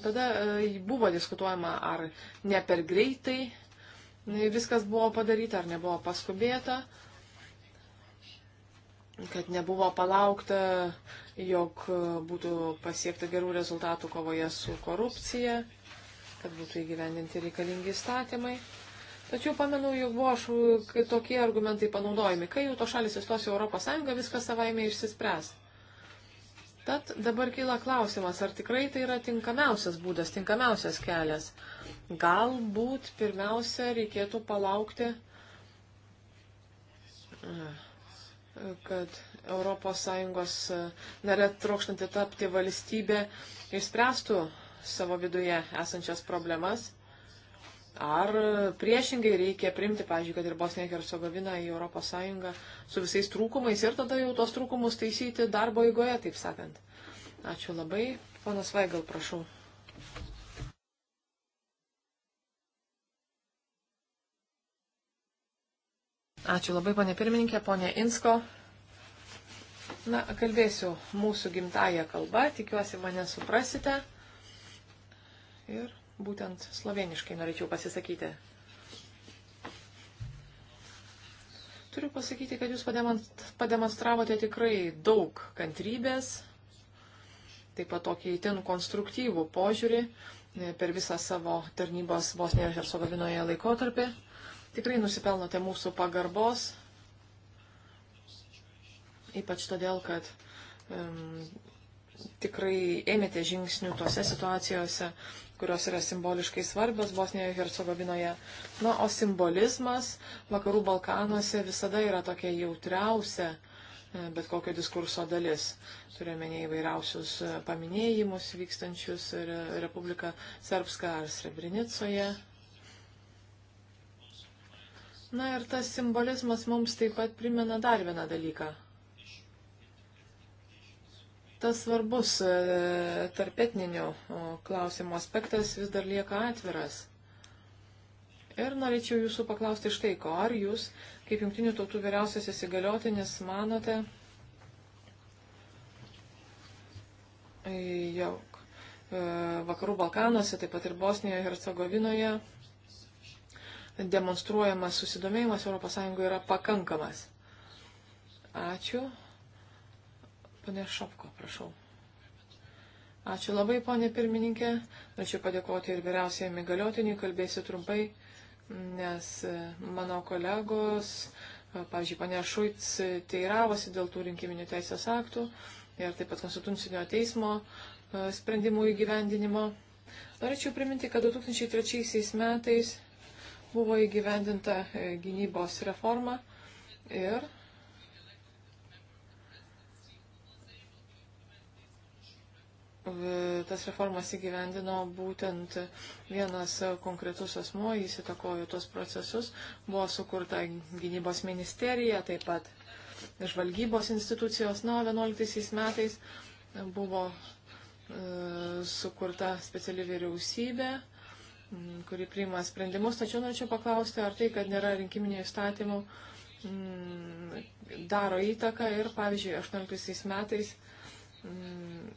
tada e, buvo diskutuojama, ar ne per greitai e, viskas buvo padaryta, ar nebuvo paskubėta, kad nebuvo palaukta, jog būtų pasiekta gerų rezultatų kovoje su korupcija, kad būtų įgyvendinti reikalingi įstatymai. Tačiau pamenu, jog buvo aš, tokie argumentai panaudojami. Kai jau to šalis įstos į Europos Sąjungą, viskas savaime išsispręs. Tad dabar kyla klausimas, ar tikrai tai yra tinkamiausias būdas, tinkamiausias kelias. Galbūt pirmiausia reikėtų palaukti, kad ES narė trokštanti tapti valstybė išspręstų savo viduje esančias problemas Ar priešingai reikia primti, pavyzdžiui, kad ir Bosnija Hercegovina į ES su visais trūkumais ir tada jau tos trūkumus taisyti darbo įgoje, taip sakant. Ačiū labai. Ponas Vaigal, prašau. Ačiū labai, ponė pirmininkė, ponė Insko. Na, kalbėsiu mūsų gimtają kalbą, tikiuosi mane suprasite. Ir Būtent sloveniškai norėčiau pasisakyti. Turiu pasakyti, kad jūs pademonstravote tikrai daug kantrybės, taip pat tokį itin konstruktyvų požiūrį e, per visą savo tarnybos Bosnijos ir Sovavinoje laikotarpį. Tikrai nusipelnote mūsų pagarbos, ypač todėl, kad um, tikrai ėmėte žingsnių tose situacijose, kurios yra simboliškai svarbios Bosnijoje ir Hercegovinoje. Na, o simbolizmas vakarų Balkanuose visada yra tokia jautriausia e, bet kokio diskurso dalis. Turime neįvairiausius e, paminėjimus vykstančius Republika Serbska ar Srebrenicoje. Na ir tas simbolizmas mums taip pat primena dar vieną dalyką. Tas svarbus e, tarpetninių klausimų aspektas vis dar lieka atviras. Ir norėčiau jūsų paklausti štai ko. Ar jūs, kaip jungtinių tautų vyriausiasis įgaliotinis, manote, jog e, vakarų Balkanuose, taip pat ir Bosnijoje, Hercegovinoje demonstruojamas susidomėjimas ES yra pakankamas? Ačiū. Pane Šopko, prašau. Ačiū labai, ponė pirmininkė. Norėčiau padėkoti ir vyriausiai įgaliotiniui, kalbėsiu trumpai, nes e, mano kolegos, e, pavyzdžiui, ponė Šuits e, teiravosi dėl tų rinkiminių teisės aktų ir taip pat konstitucinio teismo sprendimų įgyvendinimo. Norėčiau priminti, kad 2003 metais buvo įgyvendinta gynybos reforma ir tas reformas įgyvendino būtent vienas konkretus asmuo, jis įtakojo tos procesus, buvo sukurta gynybos ministerija, taip pat žvalgybos institucijos, na, 11 metais buvo e, sukurta speciali vyriausybė, kuri priima sprendimus, tačiau norėčiau paklausti, ar tai, kad nėra rinkiminių įstatymų, m, daro įtaką ir, pavyzdžiui, 18 metais m,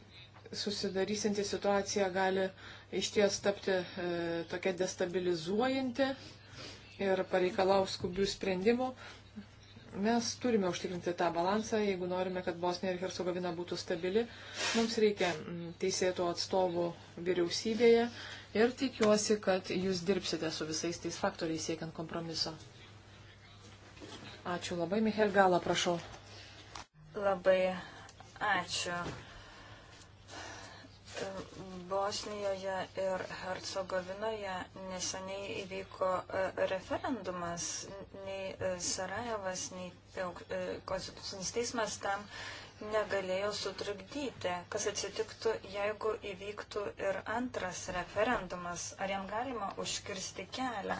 susidarysinti situacija gali iš ties tapti e, tokia destabilizuojanti ir pareikalaus skubių sprendimų. Mes turime užtikrinti tą balansą, jeigu norime, kad Bosnija ir Hercegovina būtų stabili. Mums reikia teisėtų atstovų vyriausybėje ir tikiuosi, kad jūs dirbsite su visais tais faktoriais siekiant kompromiso. Ačiū labai, Michael Gala, prašau.
Labai ačiū. Bosnijoje ir Hercegovinoje neseniai įvyko e, referendumas, nei e, Sarajevas, nei e, Konstitucinis teismas tam negalėjo sutrukdyti. Kas atsitiktų, jeigu įvyktų ir antras referendumas? Ar jam galima užkirsti kelią?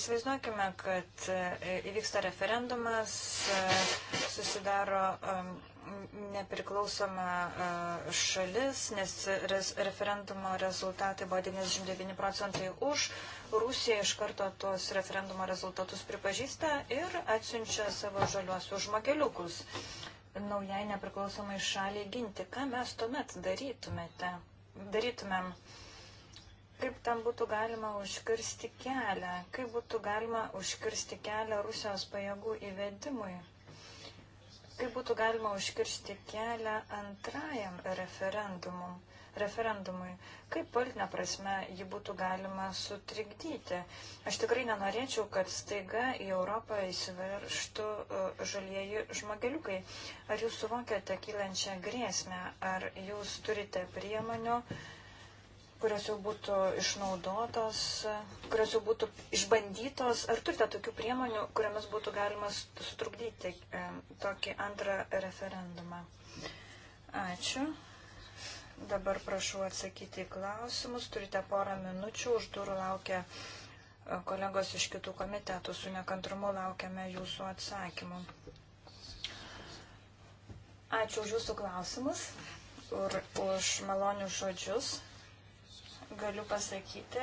Įsivaizduokime, kad įvyksta referendumas, susidaro nepriklausoma e, šalis, nes referendumo rezultatai buvo 99 procentai už. Rusija iš karto tuos referendumo rezultatus pripažįsta ir atsiunčia savo žaliuosius žmogeliukus naujai nepriklausomai šaliai ginti. Ką mes tuomet darytumėte? Darytumėm kaip tam būtų galima užkirsti kelią, kaip būtų galima užkirsti kelią Rusijos pajėgų įvedimui Tai būtų galima užkirsti kelią antrajam referendumum. referendumui. Kaip politinė prasme jį būtų galima sutrikdyti? Aš tikrai nenorėčiau, kad staiga į Europą įsiverštų e, žalieji žmogeliukai. Ar jūs suvokiate kylančią grėsmę? Ar jūs turite priemonių? Uh, kurios jau būtų išnaudotos, kurios jau būtų išbandytos. Ar turite tokių priemonių, kuriamis būtų galima sutrukdyti e, tokį antrą referendumą? Ačiū. Dabar prašau atsakyti į klausimus. Turite porą minučių. Už durų laukia e, kolegos iš kitų komitetų. Su nekantrumu laukiame jūsų atsakymų. Ačiū už jūsų klausimus ir už malonius žodžius galiu pasakyti,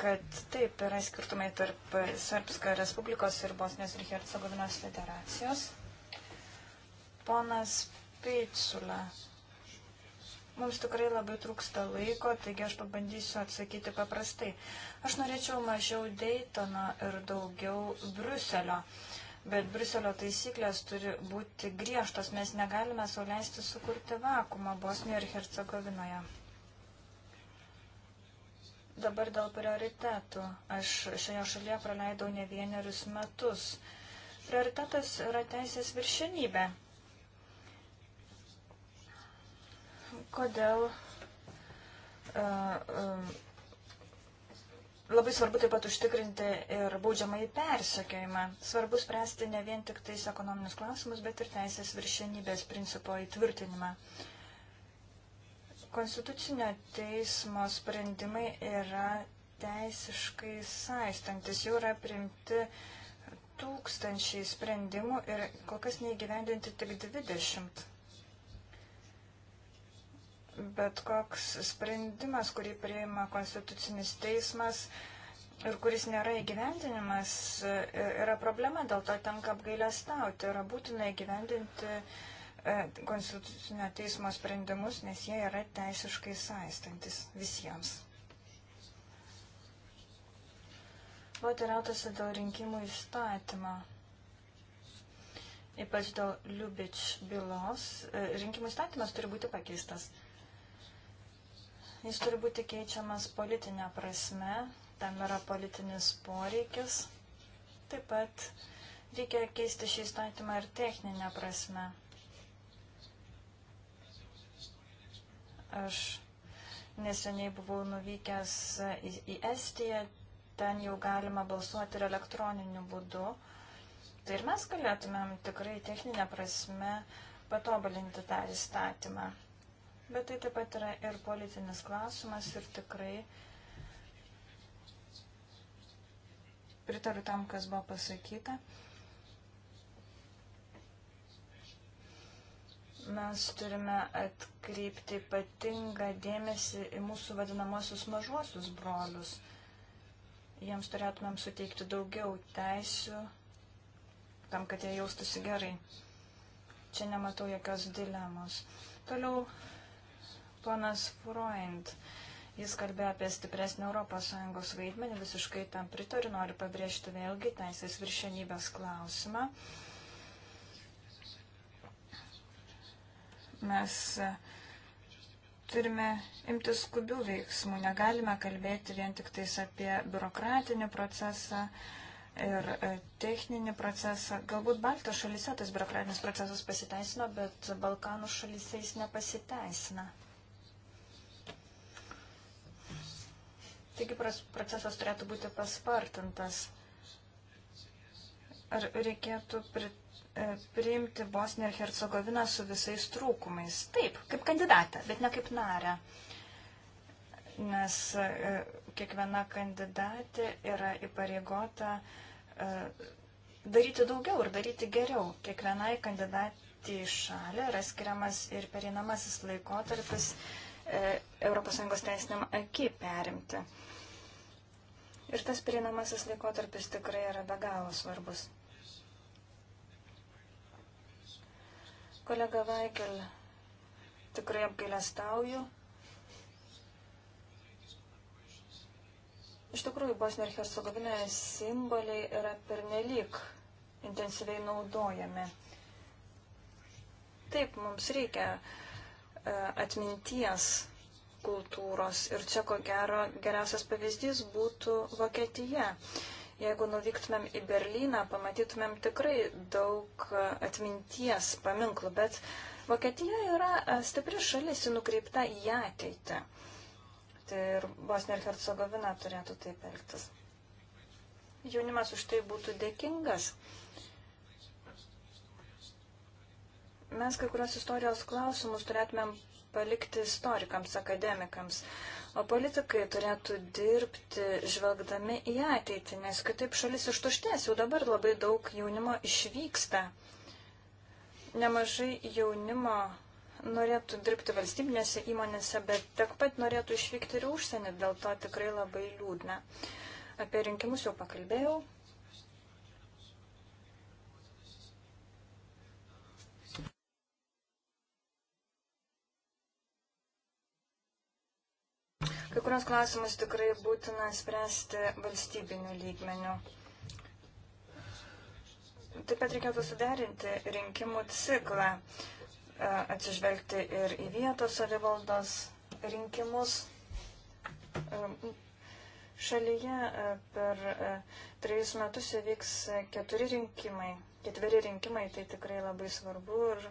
kad taip yra skirtumai tarp Serbsko Respublikos ir Bosnijos ir Hercegovinos federacijos. Ponas Pitsula, mums tikrai labai trūksta laiko, taigi aš pabandysiu atsakyti paprastai. Aš norėčiau mažiau Daytono ir daugiau Bruselio. Bet Briuselio taisyklės turi būti griežtos, mes negalime sauliaisti sukurti vakumą Bosnijoje ir Hercegovinoje. Dabar dėl prioritetų. Aš šioje šalyje praleidau ne vienerius metus. Prioritetas yra teisės viršenybė. Kodėl? Uh, uh, Labai svarbu taip pat užtikrinti ir baudžiamąjį persekiojimą. Svarbu spręsti ne vien tik tais ekonominius klausimus, bet ir teisės viršenybės principo įtvirtinimą. Uh, Konstitucinio teismo sprendimai yra teisiškai saistantis, jau yra primti tūkstančiai sprendimų ir kol kas neįgyvendinti tik 20. Bet koks sprendimas, kurį priima konstitucinis teismas ir kuris nėra įgyvendinimas, yra problema, dėl to tenka apgailę stauti, yra būtina įgyvendinti uh, E, konstitucinio teismo sprendimus, nes jie yra teisiškai saistantis visiems. Buvo teirautasi dėl rinkimų įstatymą, ypač dėl Liubič bylos. E, rinkimų įstatymas turi būti pakeistas. Jis turi būti keičiamas politinė prasme, tam yra politinis poreikis. Taip pat reikia keisti šį įstatymą ir techninę prasme. Aš neseniai buvau nuvykęs į, į Estiją, ten jau galima balsuoti ir elektroniniu būdu. Tai ir mes galėtumėm tikrai techninę prasme patobulinti tą įstatymą. Bet tai taip pat yra ir politinis klausimas ir tikrai pritariu tam, kas buvo pasakyta. Mes turime atkreipti ypatingą dėmesį į mūsų vadinamosius mažuosius brolius. Jiems turėtumėm suteikti daugiau teisių tam, kad jie jaustųsi gerai. Čia nematau jokios dilemos. Toliau ponas Freund. Jis kalbėjo apie stipresnį ES vaidmenį, visiškai tam pritariu, noriu pabrėžti vėlgi teisės viršenybės klausimą. Uh, Mes turime imti skubių veiksmų, negalime kalbėti vien tik tais apie biurokratinį procesą ir e, techninį procesą. Galbūt Baltijos šalyse tas biurokratinis procesas pasiteisino, bet Balkanų šalyse jis nepasiteisina. Taigi procesas turėtų būti paspartintas. Ar reikėtų prit E, priimti Bosniją ir Hercegoviną su visais trūkumais. Taip, kaip kandidatą, bet ne kaip narę. Nes e, kiekviena kandidatė yra įpareigota e, daryti daugiau ir daryti geriau. Kiekvienai kandidatė į šalį yra skiriamas ir pereinamasis laikotarpis ES teisiniam aki perimti. Ir tas pereinamasis laikotarpis tikrai yra be galo svarbus. Kolega Vaikel, tikrai apgailestauju. Iš tikrųjų, Bosnija ir Hercegovinoje simboliai yra pernelyg intensyviai naudojami. Taip, mums reikia e, atminties kultūros ir čia ko gero geriausias pavyzdys būtų Vokietija. Jeigu nuvyktumėm į Berliną, pamatytumėm tikrai daug atminties paminklų, bet Vokietija yra e, stipri šalis, ji nukreipta į ateitį. Tai ir Bosnija ir Hercegovina turėtų taip elgtis. Jaunimas už tai būtų dėkingas. Mes kai kurios istorijos klausimus turėtumėm palikti istorikams, akademikams. O politikai turėtų dirbti žvelgdami į ateitį, nes kitaip šalis ištuštės, jau dabar labai daug jaunimo išvyksta. Nemažai jaunimo norėtų dirbti valstybinėse įmonėse, bet tiek pat norėtų išvykti ir užsienį, dėl to tikrai labai liūdna. Apie rinkimus jau pakalbėjau. Kai kurios klausimus tikrai būtina spręsti valstybiniu lygmeniu. Taip pat reikėtų suderinti rinkimų ciklą, e, atsižvelgti ir į vietos savivaldos rinkimus. E, šalyje e, per trejus metus įvyks keturi rinkimai. Ketveri rinkimai tai tikrai labai svarbu ir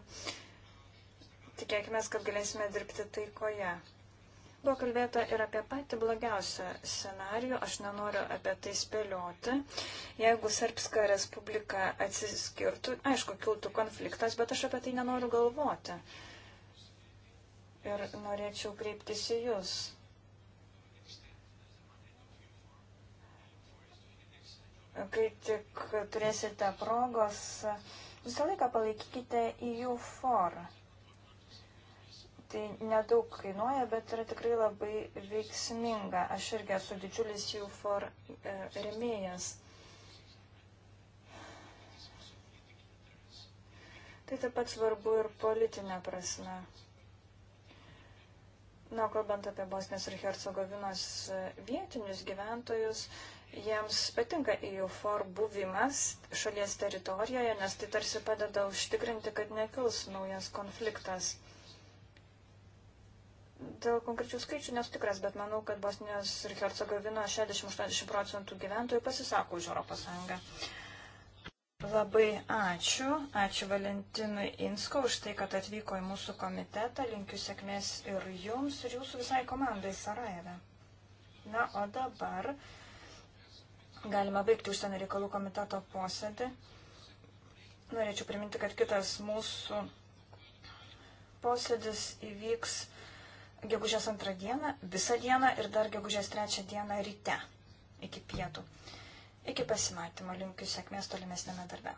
tikėkime, kad galėsime dirbti taikoje. Buvo kalbėta ir apie patį blogiausią scenarių, aš nenoriu apie tai spėlioti. Jeigu Serbska Respublika atsiskirtų, aišku, kiltų konfliktas, bet aš apie tai nenoriu galvoti. Ir norėčiau kreiptis į Jūs. Kai tik turėsite progos, visą laiką palaikykite į jų forą. Tai nedaug kainuoja, bet yra tikrai labai veiksminga. Aš irgi esu didžiulis jų for e, remėjas. Tai taip pat svarbu ir politinė prasme. Na, kalbant apie Bosnės ir Hercegovinos e, vietinius gyventojus, jiems patinka EUFOR buvimas šalies teritorijoje, nes tai tarsi padeda užtikrinti, kad nekils naujas konfliktas dėl konkrečių skaičių nesu tikras, bet manau, kad Bosnijos ir Hercegovino 60-80 procentų gyventojų pasisako už Europos Sąjungą. Labai ačiū. Ačiū Valentinui Insko už tai, kad atvyko į mūsų komitetą. Linkiu sėkmės ir jums, ir jūsų visai komandai Sarajeve. Na, o dabar galima baigti užsienio reikalų komiteto posėdį. Norėčiau priminti, kad kitas mūsų posėdis įvyks gegužės antrą dieną, visą dieną ir dar gegužės trečią dieną ryte iki pietų. Iki pasimatymo
linkiu sėkmės tolimesnėme darbe.